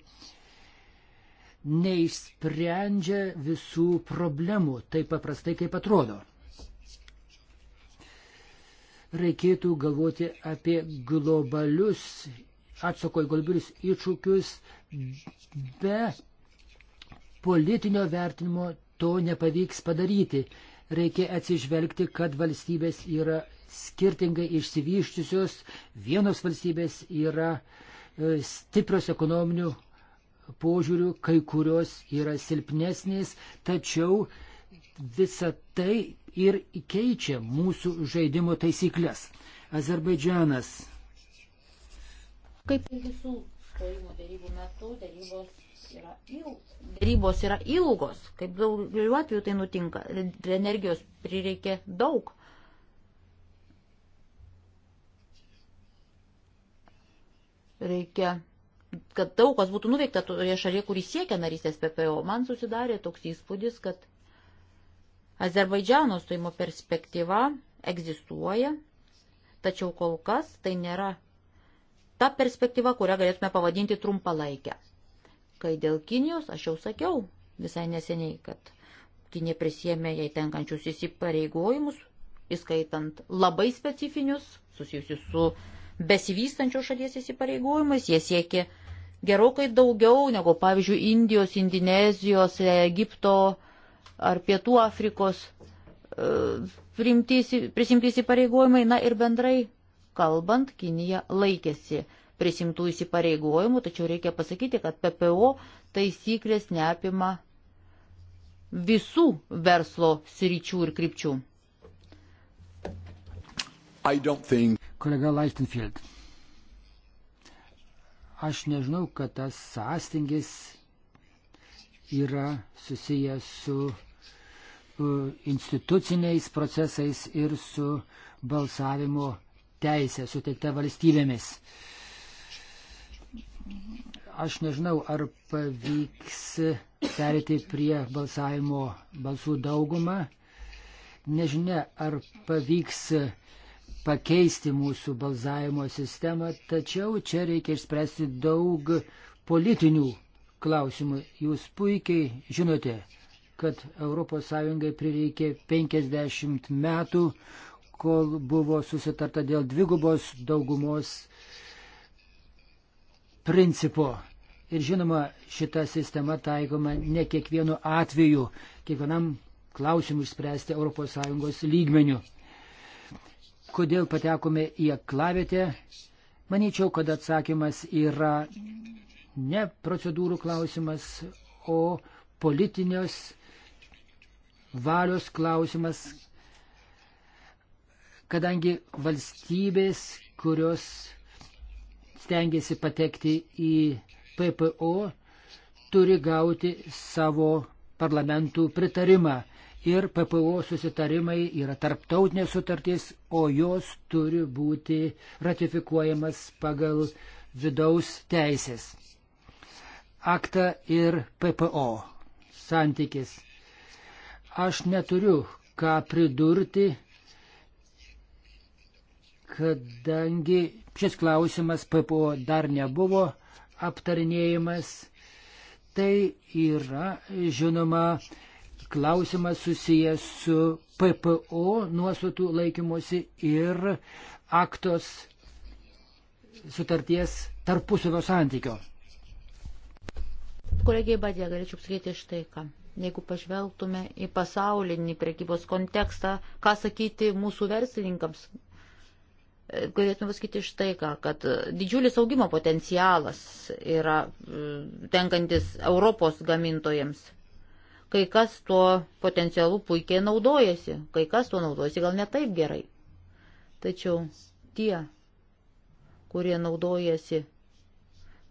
neišsprendžia visų problemų taip paprastai, kaip atrodo. Reikėtų galvoti apie globalius atsako į globalius iššūkius be politinio vertinimo to nepavyks padaryti. Reikia atsižvelgti, kad valstybės yra skirtingai išsivyščiusios, vienos valstybės yra e, stiprios ekonominių požiūrių, kai kurios yra silpnesnės, tačiau visa tai ir keičia mūsų žaidimo taisyklės. Azerbaidžianas. Kaip ir visų stojimo darybų metu, darybos yra, il... darybos yra ilgos, kaip daugeliu atveju tai nutinka. Energijos prireikia daug. Reikia, kad daug kas būtų nuveikta toje šalyje, kuri siekia narystės PPO. Man susidarė toks įspūdis, kad Azerbaidžiano stojimo perspektyva egzistuoja, tačiau kol kas tai nėra ta perspektyva, kurią galėtume pavadinti trumpalaikę. Kai dėl Kinijos, aš jau sakiau visai neseniai, kad Kinė prisėmė jai tenkančius įsipareigojimus, įskaitant labai specifinius, susijusius su besivystančios šalies įsipareigojimais, jie siekia gerokai daugiau negu, pavyzdžiui, Indijos, Indonezijos, e, Egipto ar Pietų Afrikos e, prisimti įsipareigojimai. Na ir bendrai kalbant, Kinija laikėsi prisimtų įsipareigojimų, tačiau reikia pasakyti, kad PPO taisyklės neapima visų verslo sričių ir krypčių. Think kolega Leichtenfield. Aš nežinau, kad tas sąstingis yra susijęs su instituciniais procesais ir su balsavimo teisė suteikta valstybėmis. Aš nežinau, ar pavyks perėti prie balsavimo balsų daugumą. Nežinia, ar pavyks uh, pakeisti mūsų balsavimo sistemą, tačiau čia reikia išspręsti daug politinių klausimų. Jūs puikiai žinote, kad ES prireikė 50 metų, kol buvo susitarta dėl dvigubos daugumos principo. Ir žinoma, šita sistema taikoma ne kiekvienu atveju, kiekvienam klausimui spręsti ES lygmeniu kodėl patekome į aklavietę, manyčiau, kad atsakymas yra ne procedūrų klausimas, o politinios valios klausimas, kadangi valstybės, kurios stengiasi patekti į PPO, turi gauti savo parlamentų pritarimą ir PPO susitarimai yra tarptautinės sutartys, o jos turi būti ratifikuojamas pagal vidaus teisės. Akta ir PPO santykis. Aš neturiu ką pridurti, kadangi šis klausimas PPO dar nebuvo aptarinėjimas. Tai yra, žinoma, klausimas susijęs su PPO nuostatų laikymosi ir aktos sutarties tarpusavio santykio. Kolegiai Badė, galėčiau sakyti štai ką. Jeigu pažvelgtume į pasaulinį prekybos kontekstą, ką sakyti mūsų verslininkams, e, galėtume pasakyti štai ką, kad e, didžiulis augimo potencialas yra e, tenkantis Europos gamintojams Kai kas tuo potencialu puikiai naudojasi, kai kas tuo naudojasi gal ne taip gerai. Tačiau tie, kurie naudojasi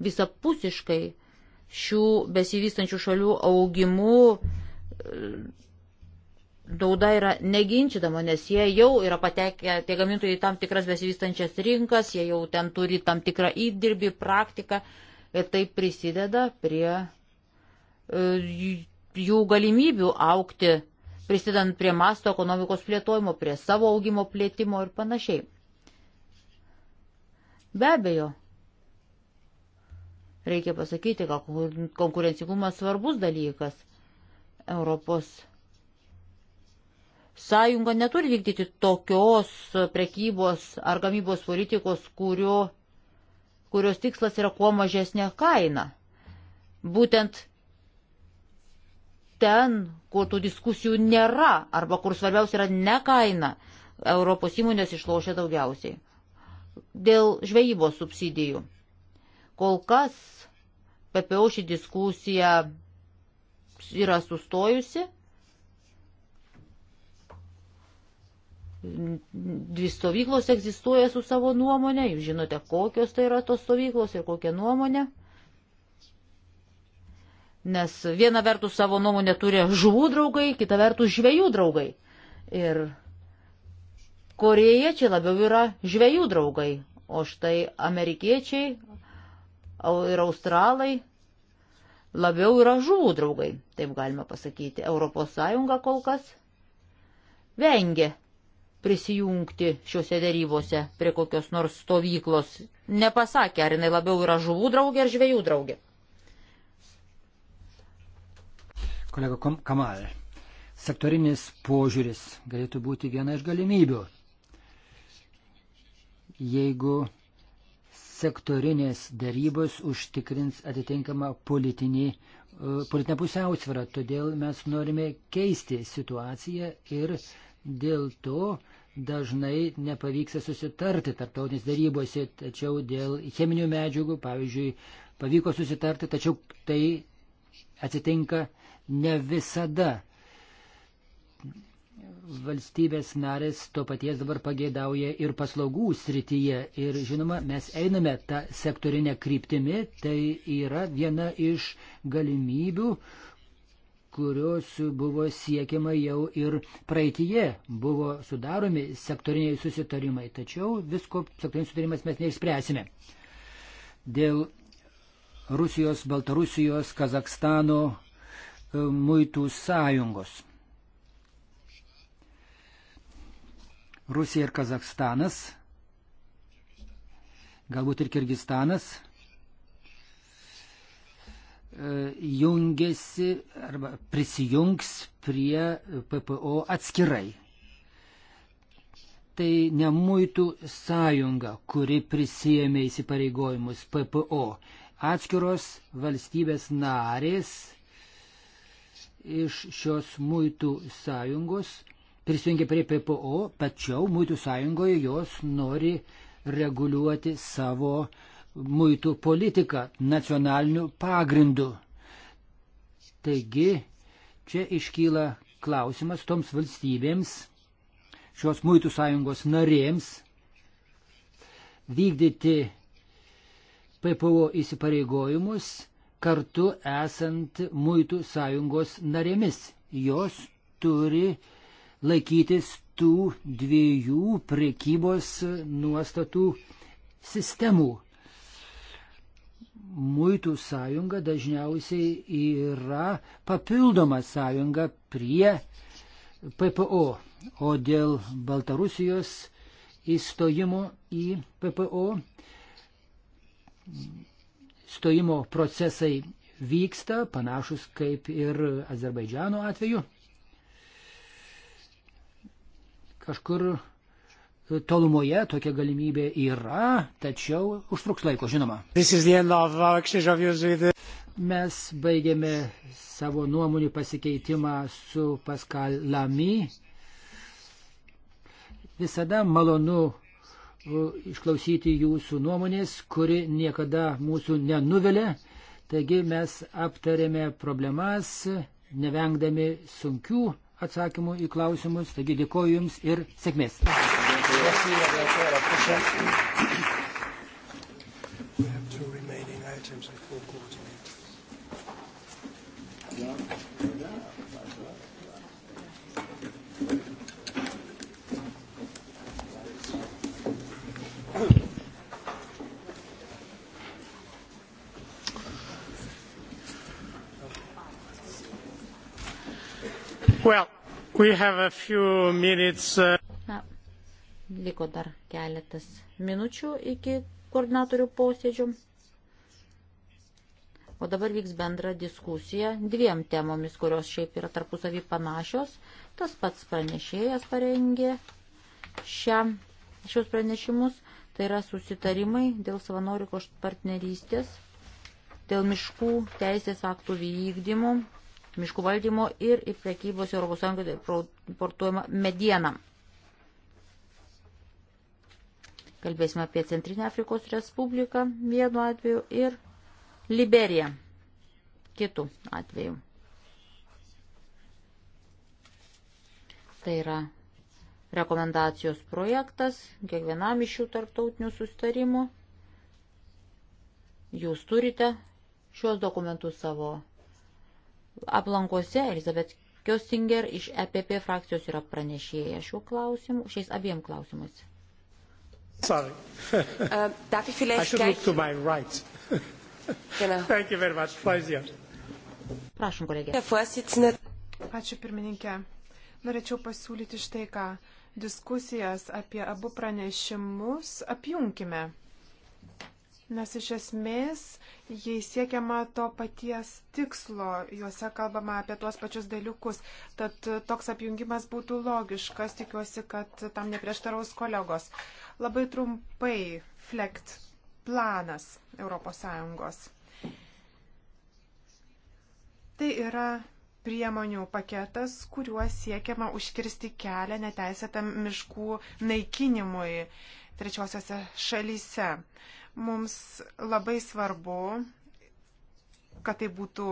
visapusiškai šių besivystančių šalių augimu, e, nauda yra neginčydama, nes jie jau yra patekę, tie gamintojai, tam tikras besivystančias rinkas, jie jau ten turi tam tikrą įdirbį, praktiką ir tai prisideda prie e, jų galimybių aukti, prisidant prie masto ekonomikos plėtojimo, prie savo augimo plėtimo ir panašiai. Be abejo, reikia pasakyti, kad konkurencingumas svarbus dalykas. Europos sąjunga neturi vykdyti tokios prekybos ar gamybos politikos, kurio, kurios tikslas yra kuo mažesnė kaina. Būtent ten, kur tų diskusijų nėra, arba kur svarbiausia yra ne kaina, Europos įmonės išlošia daugiausiai. Dėl žvejybos subsidijų. Kol kas PPO ši diskusija yra sustojusi. Dvi stovyklos egzistuoja su savo nuomonė, jūs žinote, kokios tai yra tos stovyklos ir kokia nuomonė. Nes viena vertus savo nuomonę turi žuvų draugai, kita vertus žvėjų draugai. Ir korėjiečiai labiau yra žvėjų draugai, o štai amerikiečiai ir australai labiau yra žuvų draugai, taip galima pasakyti. Europos Sąjunga kol kas vengia prisijungti šiuose dėrybose prie kokios nors stovyklos. Nepasakė, ar jinai labiau yra žuvų draugė ar žvėjų draugė. kolega Kamal. Sektorinis požiūris galėtų būti viena iš galimybių. Jeigu sektorinės darybos užtikrins atitinkamą politinį, e, politinę pusiausvyrą, todėl mes norime keisti situaciją ir dėl to dažnai nepavyksta susitarti tarptautinės darybose, tačiau dėl cheminių medžiagų, pavyzdžiui, pavyko susitarti, tačiau tai atsitinka ne visada valstybės narės to paties dabar pageidauja ir paslaugų srityje. Ir žinoma, mes einame tą sektorinę kryptimį, tai yra viena iš galimybių, kurios buvo siekiama jau ir praeitie, buvo sudaromi sektoriniai susitarimai. Tačiau visko sektorinis susitarimas mes neišspręsime. Dėl Rusijos, Baltarusijos, Kazakstano, muitų sąjungos. Rusija ir Kazakstanas, galbūt ir Kirgistanas e, jungiasi arba prisijungs prie PPO atskirai. Tai ne muitų sąjunga, kuri prisijėmė įsipareigojimus PPO. Atskiros valstybės narės iš šios muitų sąjungos, prisijungė prie PPO, tačiau muitų sąjungoje jos nori reguliuoti savo muitų politiką nacionaliniu pagrindu. Taigi, čia iškyla klausimas toms valstybėms, šios muitų sąjungos narėms, vykdyti PPO įsipareigojimus kartu esant muitų sąjungos narėmis. Jos turi laikytis tų dviejų priekybos nuostatų sistemų. Muitų sąjunga dažniausiai yra papildoma sąjunga prie PPO, o dėl Baltarusijos įstojimo į PPO stojimo procesai vyksta, panašus kaip ir Azerbaidžiano atveju. Kažkur tolumoje tokia galimybė yra, tačiau užtruks laiko, žinoma. Mes baigėme savo nuomonių pasikeitimą su Pascal Lamy. Visada malonu išklausyti jūsų nuomonės, kuri niekada mūsų nenuvelia. Taigi mes aptarėme problemas, nevengdami sunkių atsakymų į klausimus. Taigi dėkoju Jums ir sėkmės. Merci, merci, merci, merci, merci. Uh, Na, liko dar keletas minučių iki koordinatorių posėdžių. O dabar vyks bendra diskusija dviem temomis, kurios šiaip yra tarpusavį panašios. Tas pats pranešėjas parengė šią, šios pranešimus. Tai yra susitarimai dėl savanorių partnerystės, dėl miškų teisės aktų vykdymų miškų valdymo ir į prekybos ES importuojamą medieną. Kalbėsime apie Centrinę Afrikos Respubliką vienu atveju ir Liberiją kitų atveju. Tai yra rekomendacijos projektas kiekvienam iš šių tarptautinių sustarimų. Jūs turite šios dokumentus savo aplankose Elizabeth Kjostinger iš EPP frakcijos yra pranešėja šiuo klausimu, šiais abiem klausimais. Sorry. <laughs> uh, darf ich vielleicht I should gleich... look to my right. genau. <laughs> Thank you very much. Pleasure. Prašom, kolegė. Ačiū pirmininkė. Norėčiau pasiūlyti štai ką. Diskusijas apie abu pranešimus apjungkime nes iš esmės jais siekiama to paties tikslo, juose kalbama apie tuos pačius dalykus. Tad toks apjungimas būtų logiškas, tikiuosi, kad tam neprieštaraus kolegos. Labai trumpai, flekt planas ES. Tai yra priemonių paketas, kuriuo siekiama užkirsti kelią neteisėtam miškų naikinimui trečiosiose šalyse. Uh, Mums labai svarbu, kad tai būtų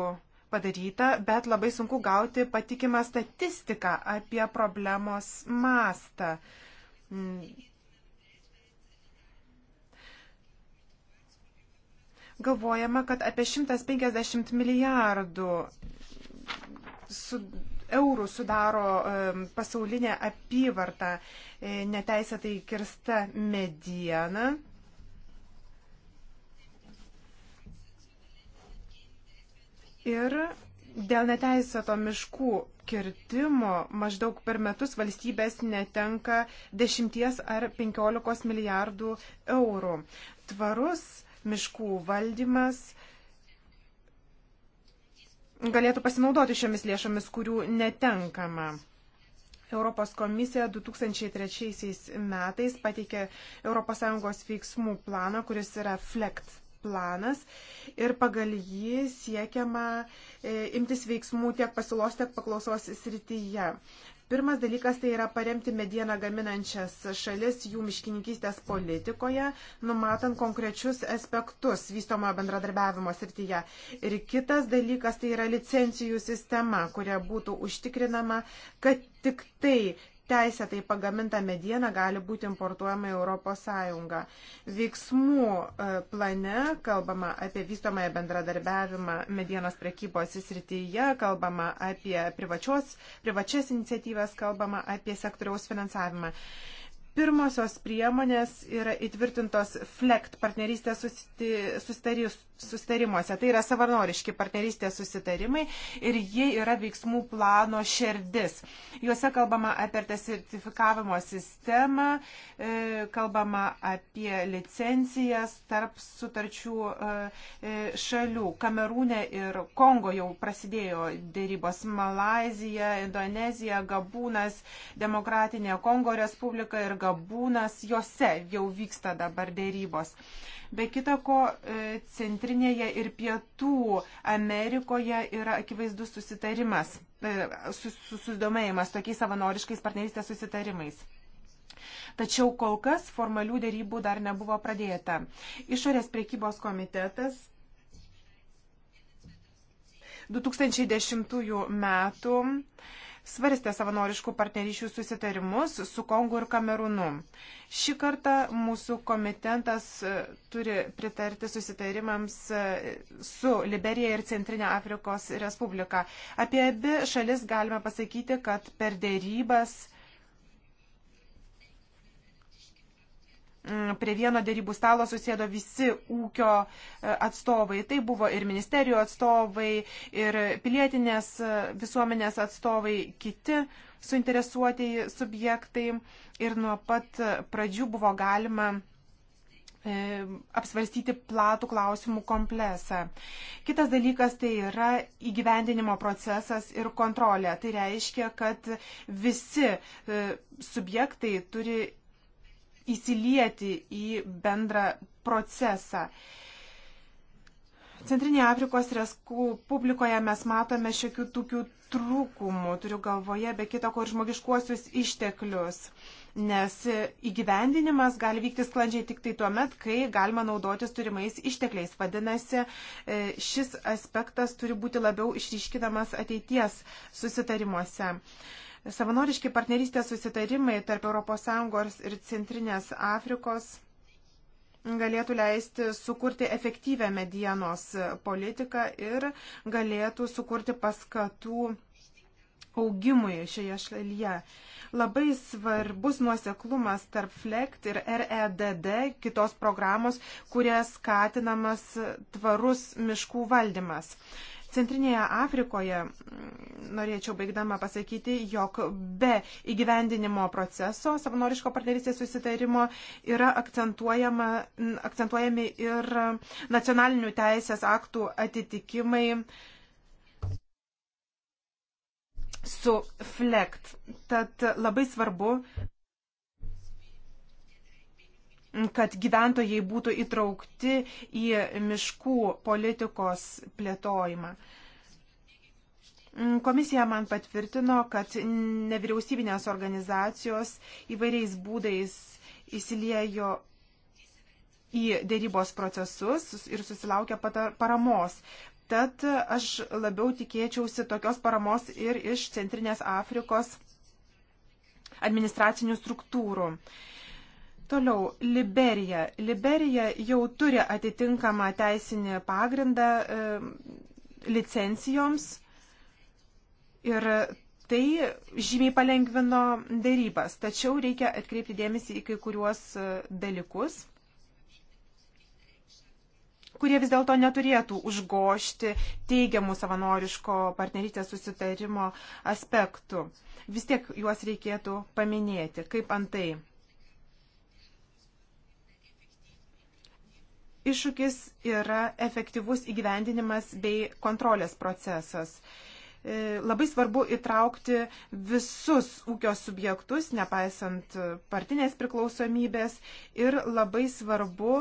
padaryta, bet labai sunku gauti patikimą statistiką apie problemos mastą. Galvojama, kad apie 150 milijardų su, eurų sudaro um, pasaulinė apyvarta e, neteisėtai kirsta mediena. Ir dėl neteisėto miškų kirtimo maždaug per metus valstybės netenka 10 ar 15 milijardų eurų. Tvarus miškų valdymas galėtų pasinaudoti šiomis lėšomis, kurių netenkama. Europos komisija 2003 metais pateikė ES veiksmų planą, kuris yra FLECT planas ir pagal jį siekiama e, imtis veiksmų tiek pasiūlos, tiek paklausos srityje. Pirmas dalykas tai yra paremti medieną gaminančias šalis jų miškininkystės politikoje, numatant konkrečius aspektus vystomojo bendradarbiavimo srityje. Ir kitas dalykas tai yra licencijų sistema, kuria būtų užtikrinama, kad tik tai teisėtai pagaminta mediena gali būti importuojama į ES. Veiksmų e, plane kalbama apie vystomąją bendradarbiavimą medienos prekybos įsrityje, kalbama apie privačios, privačias iniciatyvas, kalbama apie sektoriaus finansavimą. Pirmosios priemonės yra įtvirtintos FLECT partnerystės susitarimuose. Tai yra savanoriški partnerystės susitarimai ir jie yra veiksmų plano šerdis. Juose kalbama apie tą sertifikavimo sistemą, e, kalbama apie licencijas tarp sutarčių e, e, šalių. Kamerūne ir Kongo jau prasidėjo dėrybos. Malazija, Indonezija, Gabūnas, Demokratinė Kongo Respublika ir Gabūnas gabūnas, jose jau vyksta dabar dėrybos. Be kita ko, e, centrinėje ir pietų Amerikoje yra akivaizdus susitarimas, e, susidomėjimas tokiais savanoriškais partnerystės susitarimais. Tačiau kol kas formalių dėrybų dar nebuvo pradėta. Išorės priekybos komitetas 2010 metų svarstė savanoriškų partnerysčių susitarimus su Kongu ir Kamerunu. Šį kartą mūsų komitetas e, turi pritarti susitarimams e, su Liberija ir Centrinė Afrikos Respublika. Apie abi šalis galime pasakyti, kad per dėrybas Mm, prie vieno dėrybų stalo susėdo visi ūkio e, atstovai. Tai buvo ir ministerijų atstovai, ir pilietinės e, visuomenės atstovai, kiti suinteresuotieji subjektai. Ir nuo pat e, pradžių buvo galima apsvarstyti platų klausimų komplesą. Kitas dalykas tai yra įgyvendinimo procesas ir kontrolė. Tai reiškia, kad visi subjektai turi įsilieti į bendrą procesą. Centrinėje Afrikos Respublikoje mes matome šiokių tokių trūkumų, turiu galvoje, be kita ko ir žmogiškuosius išteklius, nes įgyvendinimas gali vykti sklandžiai tik tai tuo met, kai galima naudotis turimais ištekliais. Vadinasi, e, šis aspektas turi būti labiau išryškinamas ateities susitarimuose. Savanoriški partnerystės susitarimai tarp ES ir Centrinės Afrikos galėtų leisti sukurti efektyvę medienos politiką ir galėtų sukurti paskatų augimui šioje šalyje. Labai svarbus nuoseklumas tarp FLECT ir REDD kitos programos, kurie skatinamas tvarus miškų valdymas. Centrinėje Afrikoje mm, norėčiau baigdama pasakyti, jog be įgyvendinimo proceso savanoriško partnerystės susitarimo yra akcentuojami ir nacionalinių teisės aktų atitikimai su FLECT. Tad labai svarbu kad gyventojai būtų įtraukti į miškų politikos plėtojimą. Komisija man patvirtino, kad nevyriausybinės organizacijos įvairiais būdais įsiliejo į dėrybos procesus ir susilaukė paramos. Tad aš labiau tikėčiausi tokios paramos ir iš Centrinės Afrikos administracinių struktūrų. Uh, Toliau, Liberija. Liberija jau turi atitinkamą teisinį pagrindą e, licencijoms ir tai žymiai palengvino dėrybas. Tačiau reikia atkreipti dėmesį į kai kuriuos e, dalykus, kurie vis dėlto neturėtų užgošti teigiamų savanoriško partnerystės susitarimo aspektų. Vis tiek juos reikėtų paminėti, kaip antai Iššūkis yra efektyvus įgyvendinimas bei kontrolės procesas. E, labai svarbu įtraukti visus ūkio subjektus, nepaisant partinės priklausomybės, ir labai svarbu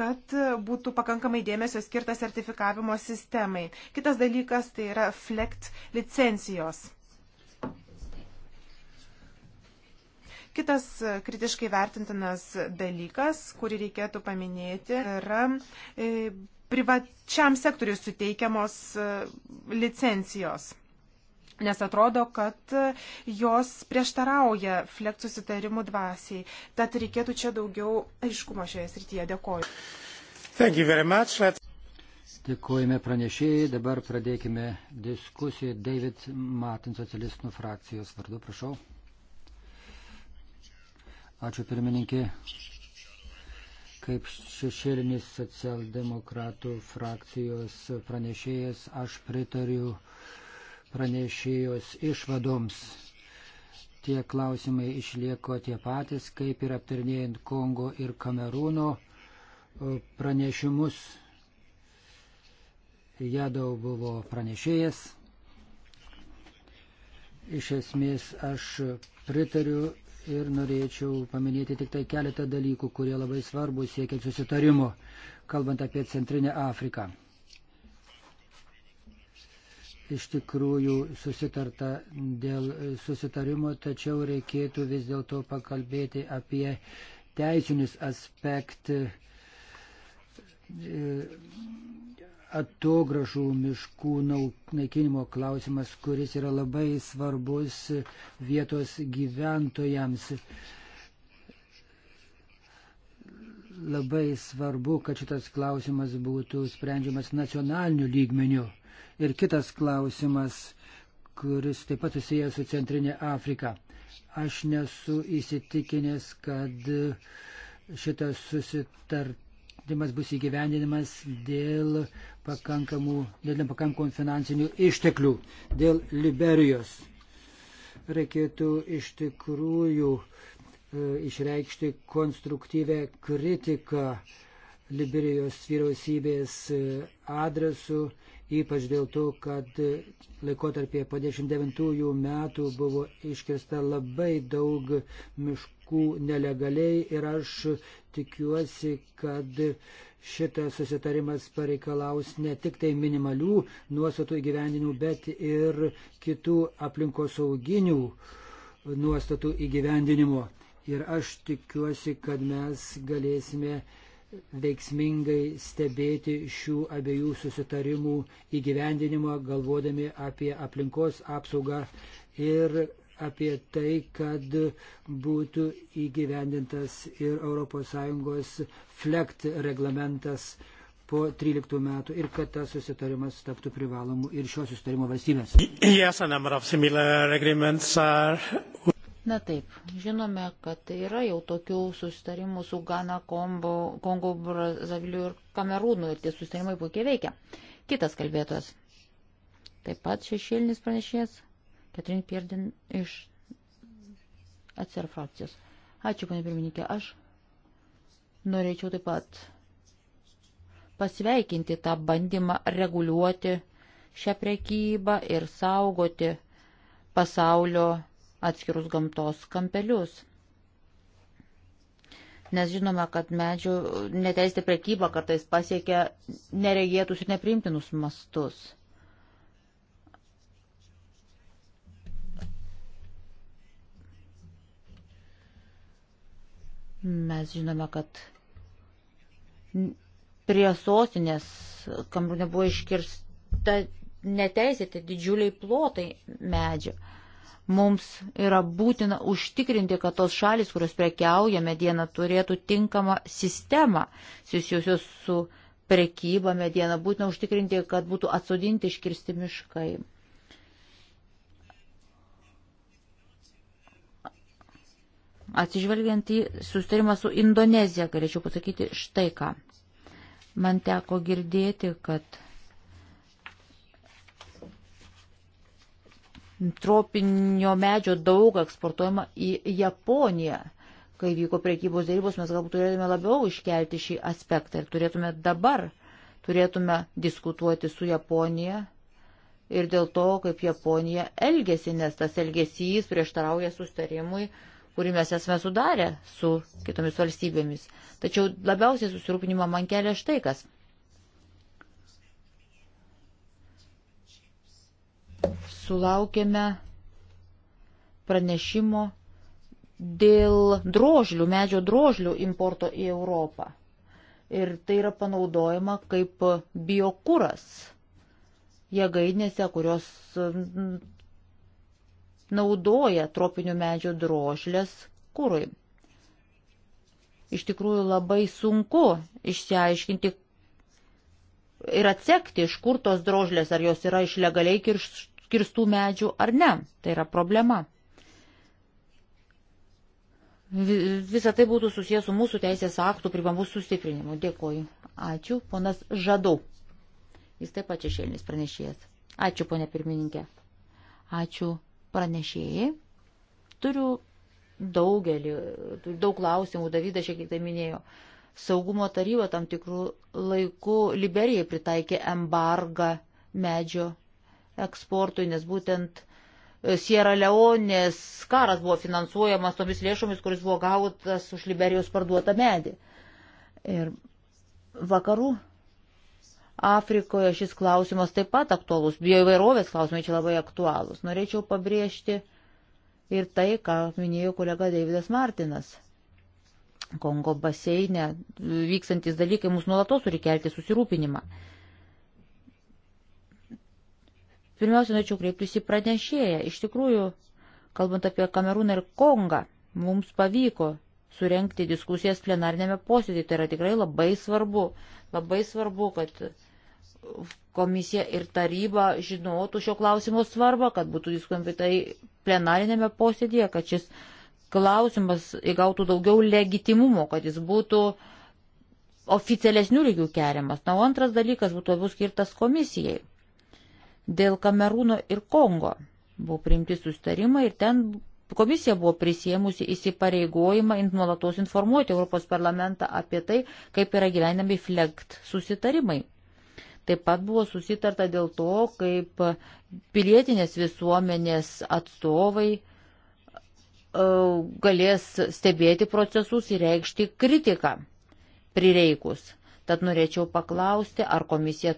kad būtų pakankamai dėmesio skirta sertifikavimo sistemai. Kitas dalykas tai yra FLECT licencijos. Kitas e, kritiškai vertintinas dalykas, kurį reikėtų paminėti, yra e, privačiam sektoriui suteikiamos e, licencijos. Nes atrodo, kad jos prieštarauja flekt susitarimų dvasiai. Tad reikėtų čia daugiau aiškumo šioje srityje. Dėkoju. Dėkojame pranešėjai. Dabar pradėkime diskusiją. David Martin, socialistų frakcijos vardu, prašau. Ačiū pirmininkė. Kaip šešėlinis socialdemokratų frakcijos pranešėjas, aš pritariu pranešėjos išvadoms. Tie klausimai išlieko tie patys, kaip ir aptarnėjant Kongo ir Kamerūno pranešimus. Jadau buvo pranešėjas. Iš esmės aš pritariu ir norėčiau paminėti tik tai keletą dalykų, kurie labai svarbus siekiant susitarimo, kalbant apie Centrinę Afriką. Iš tikrųjų susitarta dėl susitarimo, tačiau reikėtų vis dėlto pakalbėti apie teisinius aspektus atogražų miškų naikinimo klausimas, kuris yra labai svarbus vietos gyventojams. Labai svarbu, kad šitas klausimas būtų sprendžiamas nacionaliniu lygmeniu. Ir kitas klausimas, kuris taip pat susijęs su Centrinė Afrika. Aš nesu įsitikinęs, kad šitas susitart sprendimas bus įgyvendinimas dėl pakankamų, dėl nepakankamų finansinių išteklių, dėl Liberijos. Reikėtų iš tikrųjų e, išreikšti konstruktyvę kritiką Liberijos vyriausybės e, adresu, ypač dėl to, kad laikotarpėje po 19 metų buvo iškirsta labai daug miškų nelegaliai ir aš tikiuosi, kad šitas susitarimas pareikalaus ne tik tai minimalių nuostatų įgyvendinių, bet ir kitų aplinkosauginių nuostatų įgyvendinimo. Ir aš tikiuosi, kad mes galėsime veiksmingai stebėti šių abiejų susitarimų įgyvendinimą, galvodami apie aplinkos apsaugą ir apie tai, kad būtų įgyvendintas ir ES FLECT reglamentas po 13 metų ir kad tas susitarimas taptų privalomu ir šio susitarimo valstybės. Yes, are... Na taip, žinome, kad tai yra jau tokių susitarimų su Gana, Kombo, Kongo, Brazaviliu ir Kamerūnu ir tie susitarimai puikiai veikia. Kitas kalbėtojas. Taip pat šešėlinis pranešėjas Katrin Pierdin iš atsir frakcijos. Ačiū, panė pirmininkė. Aš norėčiau taip pat pasveikinti tą bandymą reguliuoti šią prekybą ir saugoti pasaulio atskirus gamtos kampelius. Nes žinome, kad medžių neteisė prekyba kartais pasiekia neregėtus ir nepriimtinus mastus. Mes žinome, kad prie sostinės, kam nebuvo iškirsta neteisėti didžiuliai plotai medžio. Mums yra būtina užtikrinti, kad tos šalis, kurios prekiauja medieną, turėtų tinkamą sistemą susijusios su prekyba medieną. Būtina užtikrinti, kad būtų atsodinti iškirsti miškai. atsižvelgiant į sustarimą su Indonezija, galėčiau pasakyti štai ką. Man teko girdėti, kad tropinio medžio daug eksportuojama į Japoniją. Kai vyko priekybos dėrybos, mes galbūt turėtume labiau iškelti šį aspektą ir turėtume dabar, turėtume diskutuoti su Japonija ir dėl to, kaip Japonija elgesi, nes tas elgesys prieštarauja sustarimui kurį mes esame sudarę su kitomis valstybėmis. Tačiau labiausiai susirūpinimą man kelia štai kas. Sulaukėme pranešimo dėl drožlių, medžio drožlių importo į Europą. Ir tai yra panaudojama kaip biokuras jėgainėse, kurios naudoja tropinių medžių drožlės kūrui. Iš tikrųjų labai sunku išsiaiškinti ir atsekti, iš kur tos drožlės, ar jos yra iš legaliai kirstų medžių ar ne. Tai yra problema. Visą tai būtų susijęs su mūsų teisės aktų privamų sustiprinimu. Dėkoju. Ačiū, ponas Žadau. Jis taip pat šešėlinis pranešėjas. Ačiū, ponė pirmininkė. Ačiū pranešėjai. Turiu daugelį, turiu daug klausimų, Davydas šiek tiek tai minėjo. Saugumo taryba tam tikrų laikų Liberijai pritaikė embargą medžio eksportui, nes būtent e, Sierra Leonės karas buvo finansuojamas tomis lėšomis, kuris buvo gautas už Liberijos parduotą medį. Ir vakarų Afrikoje šis klausimas taip pat aktualus, bioįvairovės klausimai čia labai aktualūs. Norėčiau pabrėžti ir tai, ką minėjo kolega Davidas Martinas. Kongo baseinė vykstantis dalykai mus nuolatos turi kelti susirūpinimą. Pirmiausia, norėčiau kreiptis į pranešėją. Iš tikrųjų, kalbant apie Kamerūną ir Kongą, mums pavyko surenkti diskusijas plenarnėme posėdėje. Tai yra tikrai labai svarbu. Labai svarbu, kad komisija ir taryba žinotų šio klausimo svarbą, kad būtų diskutuojama tai plenarinėme posėdėje, kad šis klausimas įgautų daugiau legitimumo, kad jis būtų oficialesnių lygių keliamas. Na, o antras dalykas būtų labiau skirtas komisijai. Dėl Kamerūno ir Kongo buvo priimti sustarimai ir ten komisija buvo prisėmusi įsipareigojimą nuolatos informuoti Europos parlamentą apie tai, kaip yra gyvenami flekt susitarimai. Taip pat buvo susitarta dėl to, kaip pilietinės visuomenės atstovai e, galės stebėti procesus ir reikšti kritiką prireikus. Tad norėčiau paklausti, ar komisija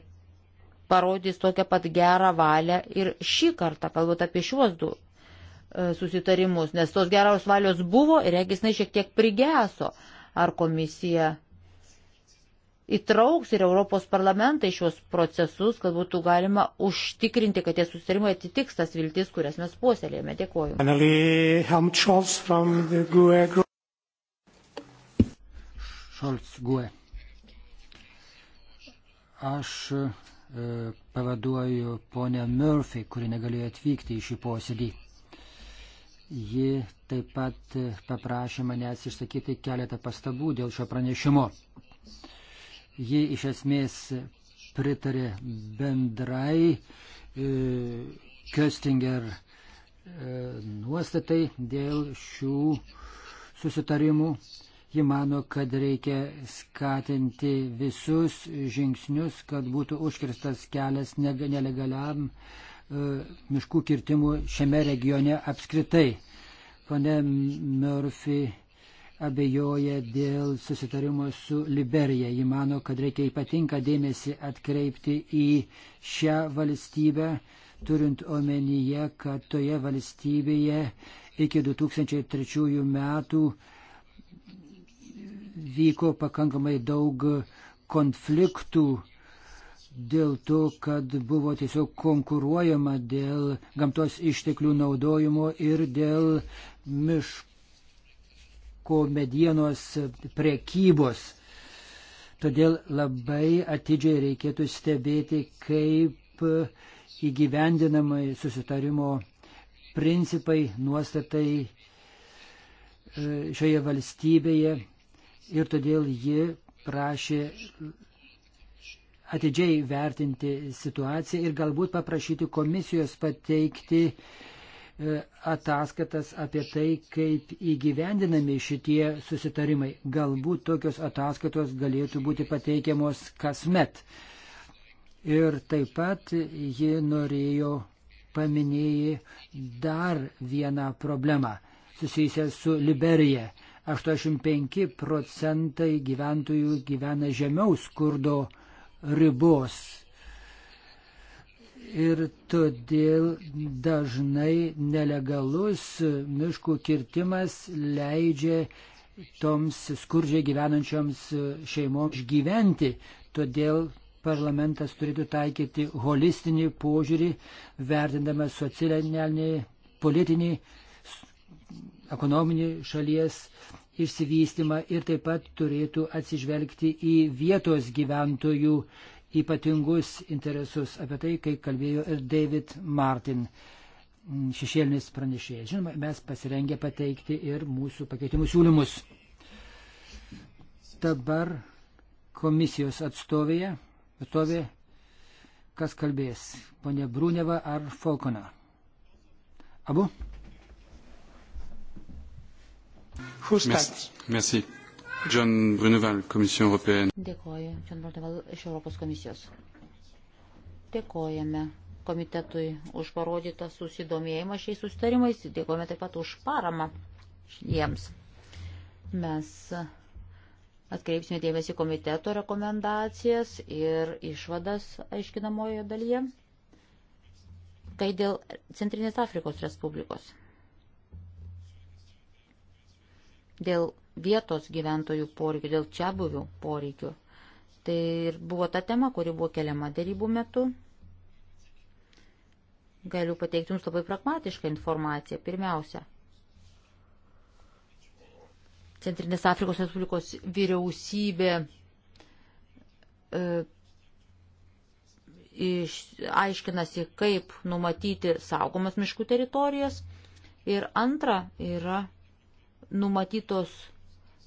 parodys tokią pat gerą valią ir šį kartą, kalbant apie šiuos du e, susitarimus, nes tos geros valios buvo ir regisnai šiek tiek prigeso. Ar komisija įtrauks ir Europos parlamentai šios procesus, kad būtų galima užtikrinti, kad tie sustarimai atitiks tas viltis, kurias mes puoselėjame. Dėkuoju. E e. Aš e, pavaduoju ponę Murphy, kuri negalėjo atvykti į šį posėdį. Ji taip pat e, paprašė manęs išsakyti keletą pastabų dėl šio pranešimo. Ji iš esmės pritarė bendrai e, Köstinger e, nuostatai dėl šių susitarimų. Ji mano, kad reikia skatinti visus žingsnius, kad būtų užkirstas kelias nelegaliam e, miškų kirtimų šiame regione apskritai. Pone Murphy abejoja dėl susitarimo su Liberija. Ji mano, kad reikia ypatingą dėmesį atkreipti į šią valstybę, turint omenyje, kad toje valstybėje iki 2003 metų vyko pakankamai daug konfliktų dėl to, kad buvo tiesiog konkuruojama dėl gamtos išteklių naudojimo ir dėl miškų tabako medienos prekybos. Todėl labai atidžiai reikėtų stebėti, kaip įgyvendinamai susitarimo principai, nuostatai e, šioje valstybėje ir todėl ji prašė atidžiai vertinti situaciją ir galbūt paprašyti komisijos pateikti uh, E, ataskaitas apie tai, kaip įgyvendinami šitie susitarimai. Galbūt tokios ataskaitos galėtų būti pateikiamos kasmet. Ir taip pat ji norėjo paminėjai dar vieną problemą susijusią su Liberija. 85 procentai gyventojų gyvena žemiaus skurdo ribos ir todėl dažnai nelegalus miškų kirtimas leidžia toms skurdžiai gyvenančioms šeimoms gyventi. Todėl parlamentas turėtų taikyti holistinį požiūrį, vertindamas socialinį, politinį, ekonominį šalies išsivystimą ir taip pat turėtų atsižvelgti į vietos gyventojų uh, ypatingus interesus. Apie tai, kai kalbėjo ir David Martin, mm, šešėlinis pranešėjas. Žinoma, mes pasirengę pateikti ir mūsų pakeitimų siūlymus. Dabar komisijos atstovėje, atstovė, kas kalbės, ponė Brūneva ar Falkona? Abu? Merci. Merci. John Bruneval, Komisija Europėja. Dėkoju, John Bruneval iš Europos komisijos. Dėkojame komitetui už parodytą susidomėjimą šiais sustarimais, dėkojame taip pat už paramą jiems. Mes atkreipsime dėmesį komiteto rekomendacijas ir išvadas aiškinamojo dalyje. Tai dėl Centrinės Afrikos Respublikos. Dėl vietos gyventojų poreikių, dėl čia buvių poreikių. Tai ir buvo ta tema, kuri buvo keliama dėrybų metu. Galiu pateikti Jums labai pragmatišką informaciją. Pirmiausia, Centrinės Afrikos Respublikos vyriausybė e, iš, aiškinasi, kaip numatyti saugomas miškų teritorijas. Ir antra yra numatytos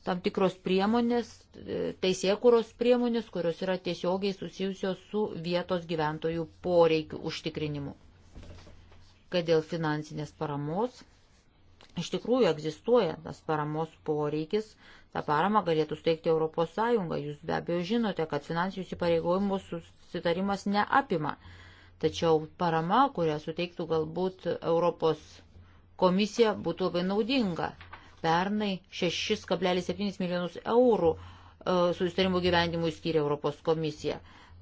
tam tikros priemonės, e, teisėkuros priemonės, kurios yra tiesiogiai susijusios su vietos gyventojų poreikių užtikrinimu. Kad dėl finansinės paramos iš tikrųjų egzistuoja tas paramos poreikis, tą paramą galėtų steigti ES. Jūs be abejo žinote, kad finansinių įsipareigojimų susitarimas neapima. Tačiau parama, kurią suteiktų galbūt Europos komisija, būtų labai naudinga Pernai 6,7 milijonus eurų e, susitarimų gyvendimui skiria Europos komisija.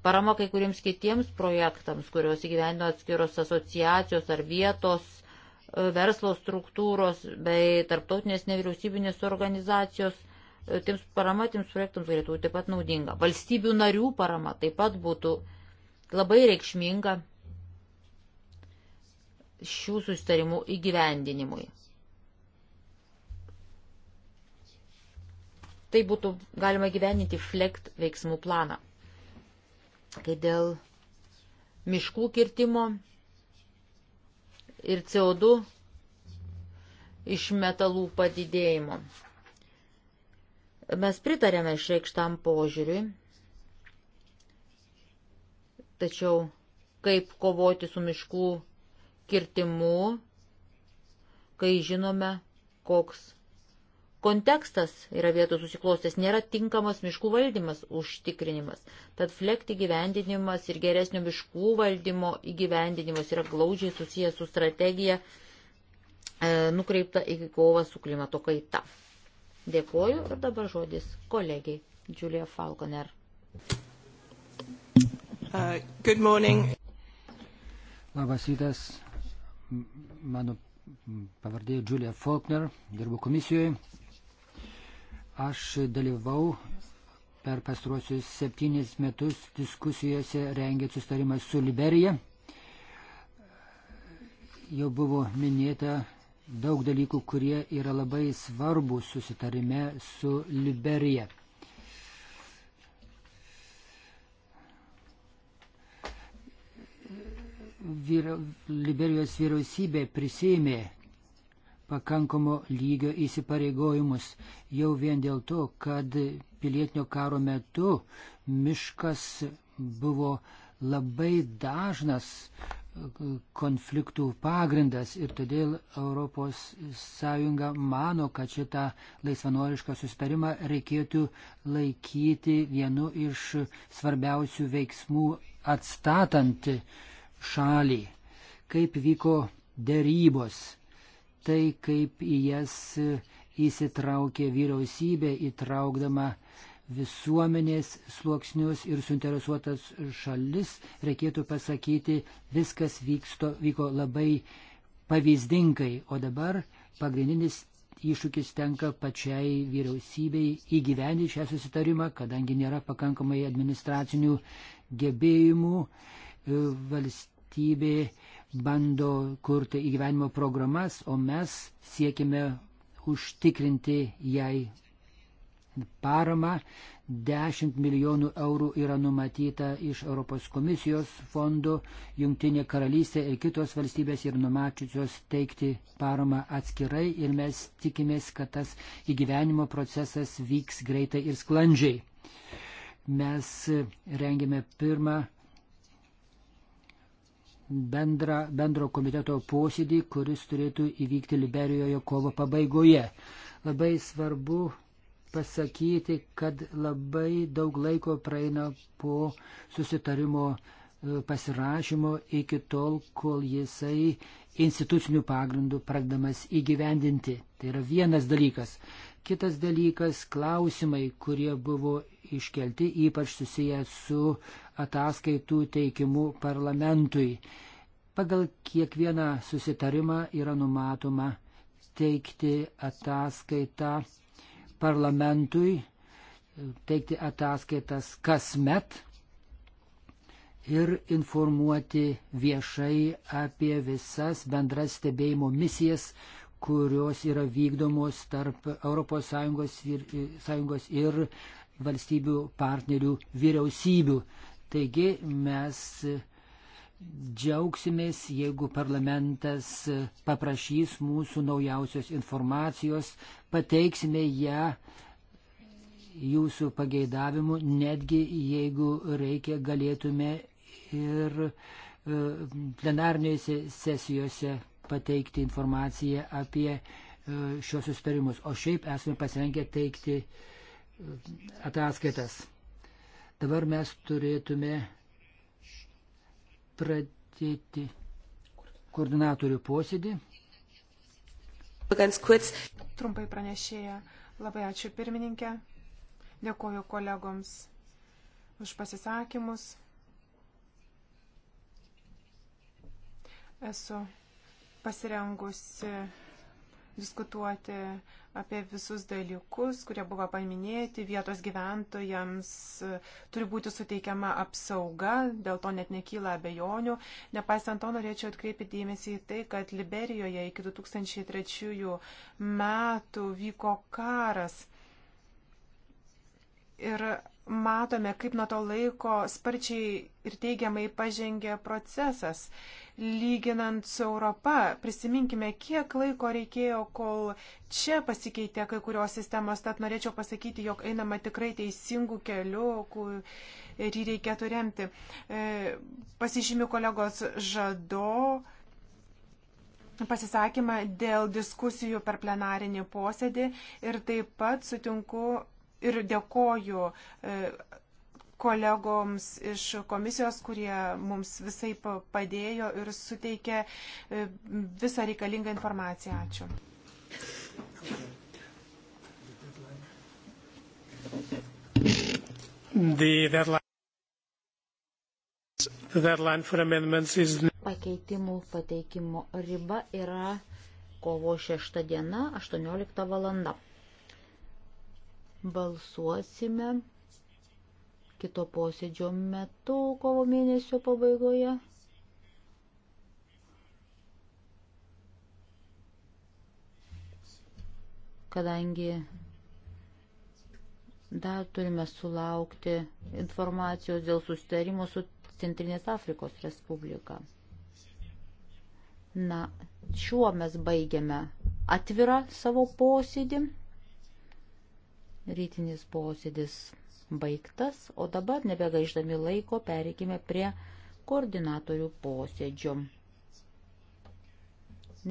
Parama kai kuriems kitiems projektams, kurios įgyvendino atskiros asociacijos ar vietos e, verslo struktūros bei tarptautinės nevyriausybinės organizacijos, e, tiems parama tiems projektams galėtų būti taip pat naudinga. Valstybių narių parama taip pat būtų labai reikšminga šių sustarimų įgyvendinimui. tai būtų galima gyveninti flekt veiksmų planą. Kai dėl miškų kirtimo ir CO2 iš metalų padidėjimo. Mes pritarėme išreikštam požiūriui, tačiau kaip kovoti su miškų kirtimu, kai žinome, koks kontekstas yra vietų susiklostęs, nėra tinkamas miškų valdymas užtikrinimas. Tad flekti gyvendinimas ir geresnio miškų valdymo įgyvendinimas yra glaudžiai susijęs su strategija e, nukreipta į kovą su klimato kaita. Dėkuoju ir dabar žodis kolegiai Julia Falconer. Uh, good morning. Labas rytas. Mano pavardė Julia Faulkner, dirbu komisijoje. Aš dalyvau per pastruosius septynis metus diskusijose rengėt sustarimą su Liberija. Jau buvo minėta daug dalykų, kurie yra labai svarbus susitarime su Liberija. Vyra, Liberijos vyriausybė prisėmė pakankamo lygio įsipareigojimus jau vien dėl to, kad pilietinio karo metu miškas buvo labai dažnas e, konfliktų pagrindas ir todėl ES mano, kad šitą laisvanorišką susitarimą reikėtų laikyti vienu iš svarbiausių veiksmų atstatant šalį. Kaip vyko dėrybos tai, kaip į jas įsitraukė vyriausybė, įtraukdama visuomenės sluoksnius ir suinteresuotas šalis, reikėtų pasakyti, viskas vyksto, vyko labai pavyzdingai, o dabar pagrindinis iššūkis tenka pačiai vyriausybei įgyvendinti šią susitarimą, kadangi nėra pakankamai administracinių gebėjimų valstybė bando kurti įgyvenimo programas, o mes siekime užtikrinti jai paramą. 10 milijonų eurų yra numatyta iš Europos komisijos fondų, Jungtinė karalystė ir kitos valstybės ir numačiusios teikti paramą atskirai ir mes tikimės, kad tas įgyvenimo procesas vyks greitai ir sklandžiai. Mes rengėme pirmą bendrą, bendro komiteto posėdį, kuris turėtų įvykti Liberijoje kovo pabaigoje. Labai svarbu pasakyti, kad labai daug laiko praeina po susitarimo e, pasirašymo iki tol, kol jisai institucinių pagrindų praddamas įgyvendinti. Tai yra vienas dalykas. Kitas dalykas - klausimai, kurie buvo iškelti, ypač susiję su ataskaitų teikimu parlamentui. Pagal kiekvieną susitarimą yra numatoma teikti ataskaitą parlamentui, teikti ataskaitas kasmet ir informuoti viešai apie visas bendras stebėjimo misijas, kurios yra vykdomos tarp ES ir, e, sąjungos ir valstybių partnerių vyriausybių. Taigi mes džiaugsimės, jeigu parlamentas paprašys mūsų naujausios informacijos, pateiksime ją jūsų pageidavimu, netgi jeigu reikia, galėtume ir e, plenarnėse sesijose pateikti informaciją apie e, šios sustarimus, o šiaip esame pasirengę teikti e, ataskaitas. Dabar mes turėtume pradėti koordinatorių posėdį. Trumpai pranešėja. Labai ačiū pirmininkė. Dėkoju kolegoms už pasisakymus. Esu pasirengusi diskutuoti apie visus dalykus, kurie buvo paminėti. Vietos gyventojams turi būti suteikiama apsauga, dėl to net nekyla abejonių. Nepaisant to, norėčiau atkreipti dėmesį į tai, kad Liberijoje iki 2003 metų vyko karas. Ir matome, kaip nuo to laiko sparčiai ir teigiamai pažengė procesas. Lyginant su Europa, prisiminkime, kiek laiko reikėjo, kol čia pasikeitė kai kurios sistemos, tad norėčiau pasakyti, jog einama tikrai teisingų kelių, kurį reikėtų remti. E, Pasižymiu kolegos žado pasisakymą dėl diskusijų per plenarinį posėdį ir taip pat sutinku ir dėkoju e, kolegoms iš komisijos, kurie mums visai padėjo ir suteikė e, visą reikalingą informaciją. Ačiū. The deadline. The deadline for amendments is... Pakeitimų pateikimo riba yra kovo 6 diena, 18 valanda balsuosime kito posėdžio metu kovo mėnesio pabaigoje. Kadangi dar turime sulaukti informacijos dėl susitarimo su Centrinės Afrikos Respublika. Na, šiuo mes baigiame atvirą savo posėdį. Rytinis posėdis baigtas, o dabar nebegaiždami laiko pereikime prie koordinatorių posėdžio.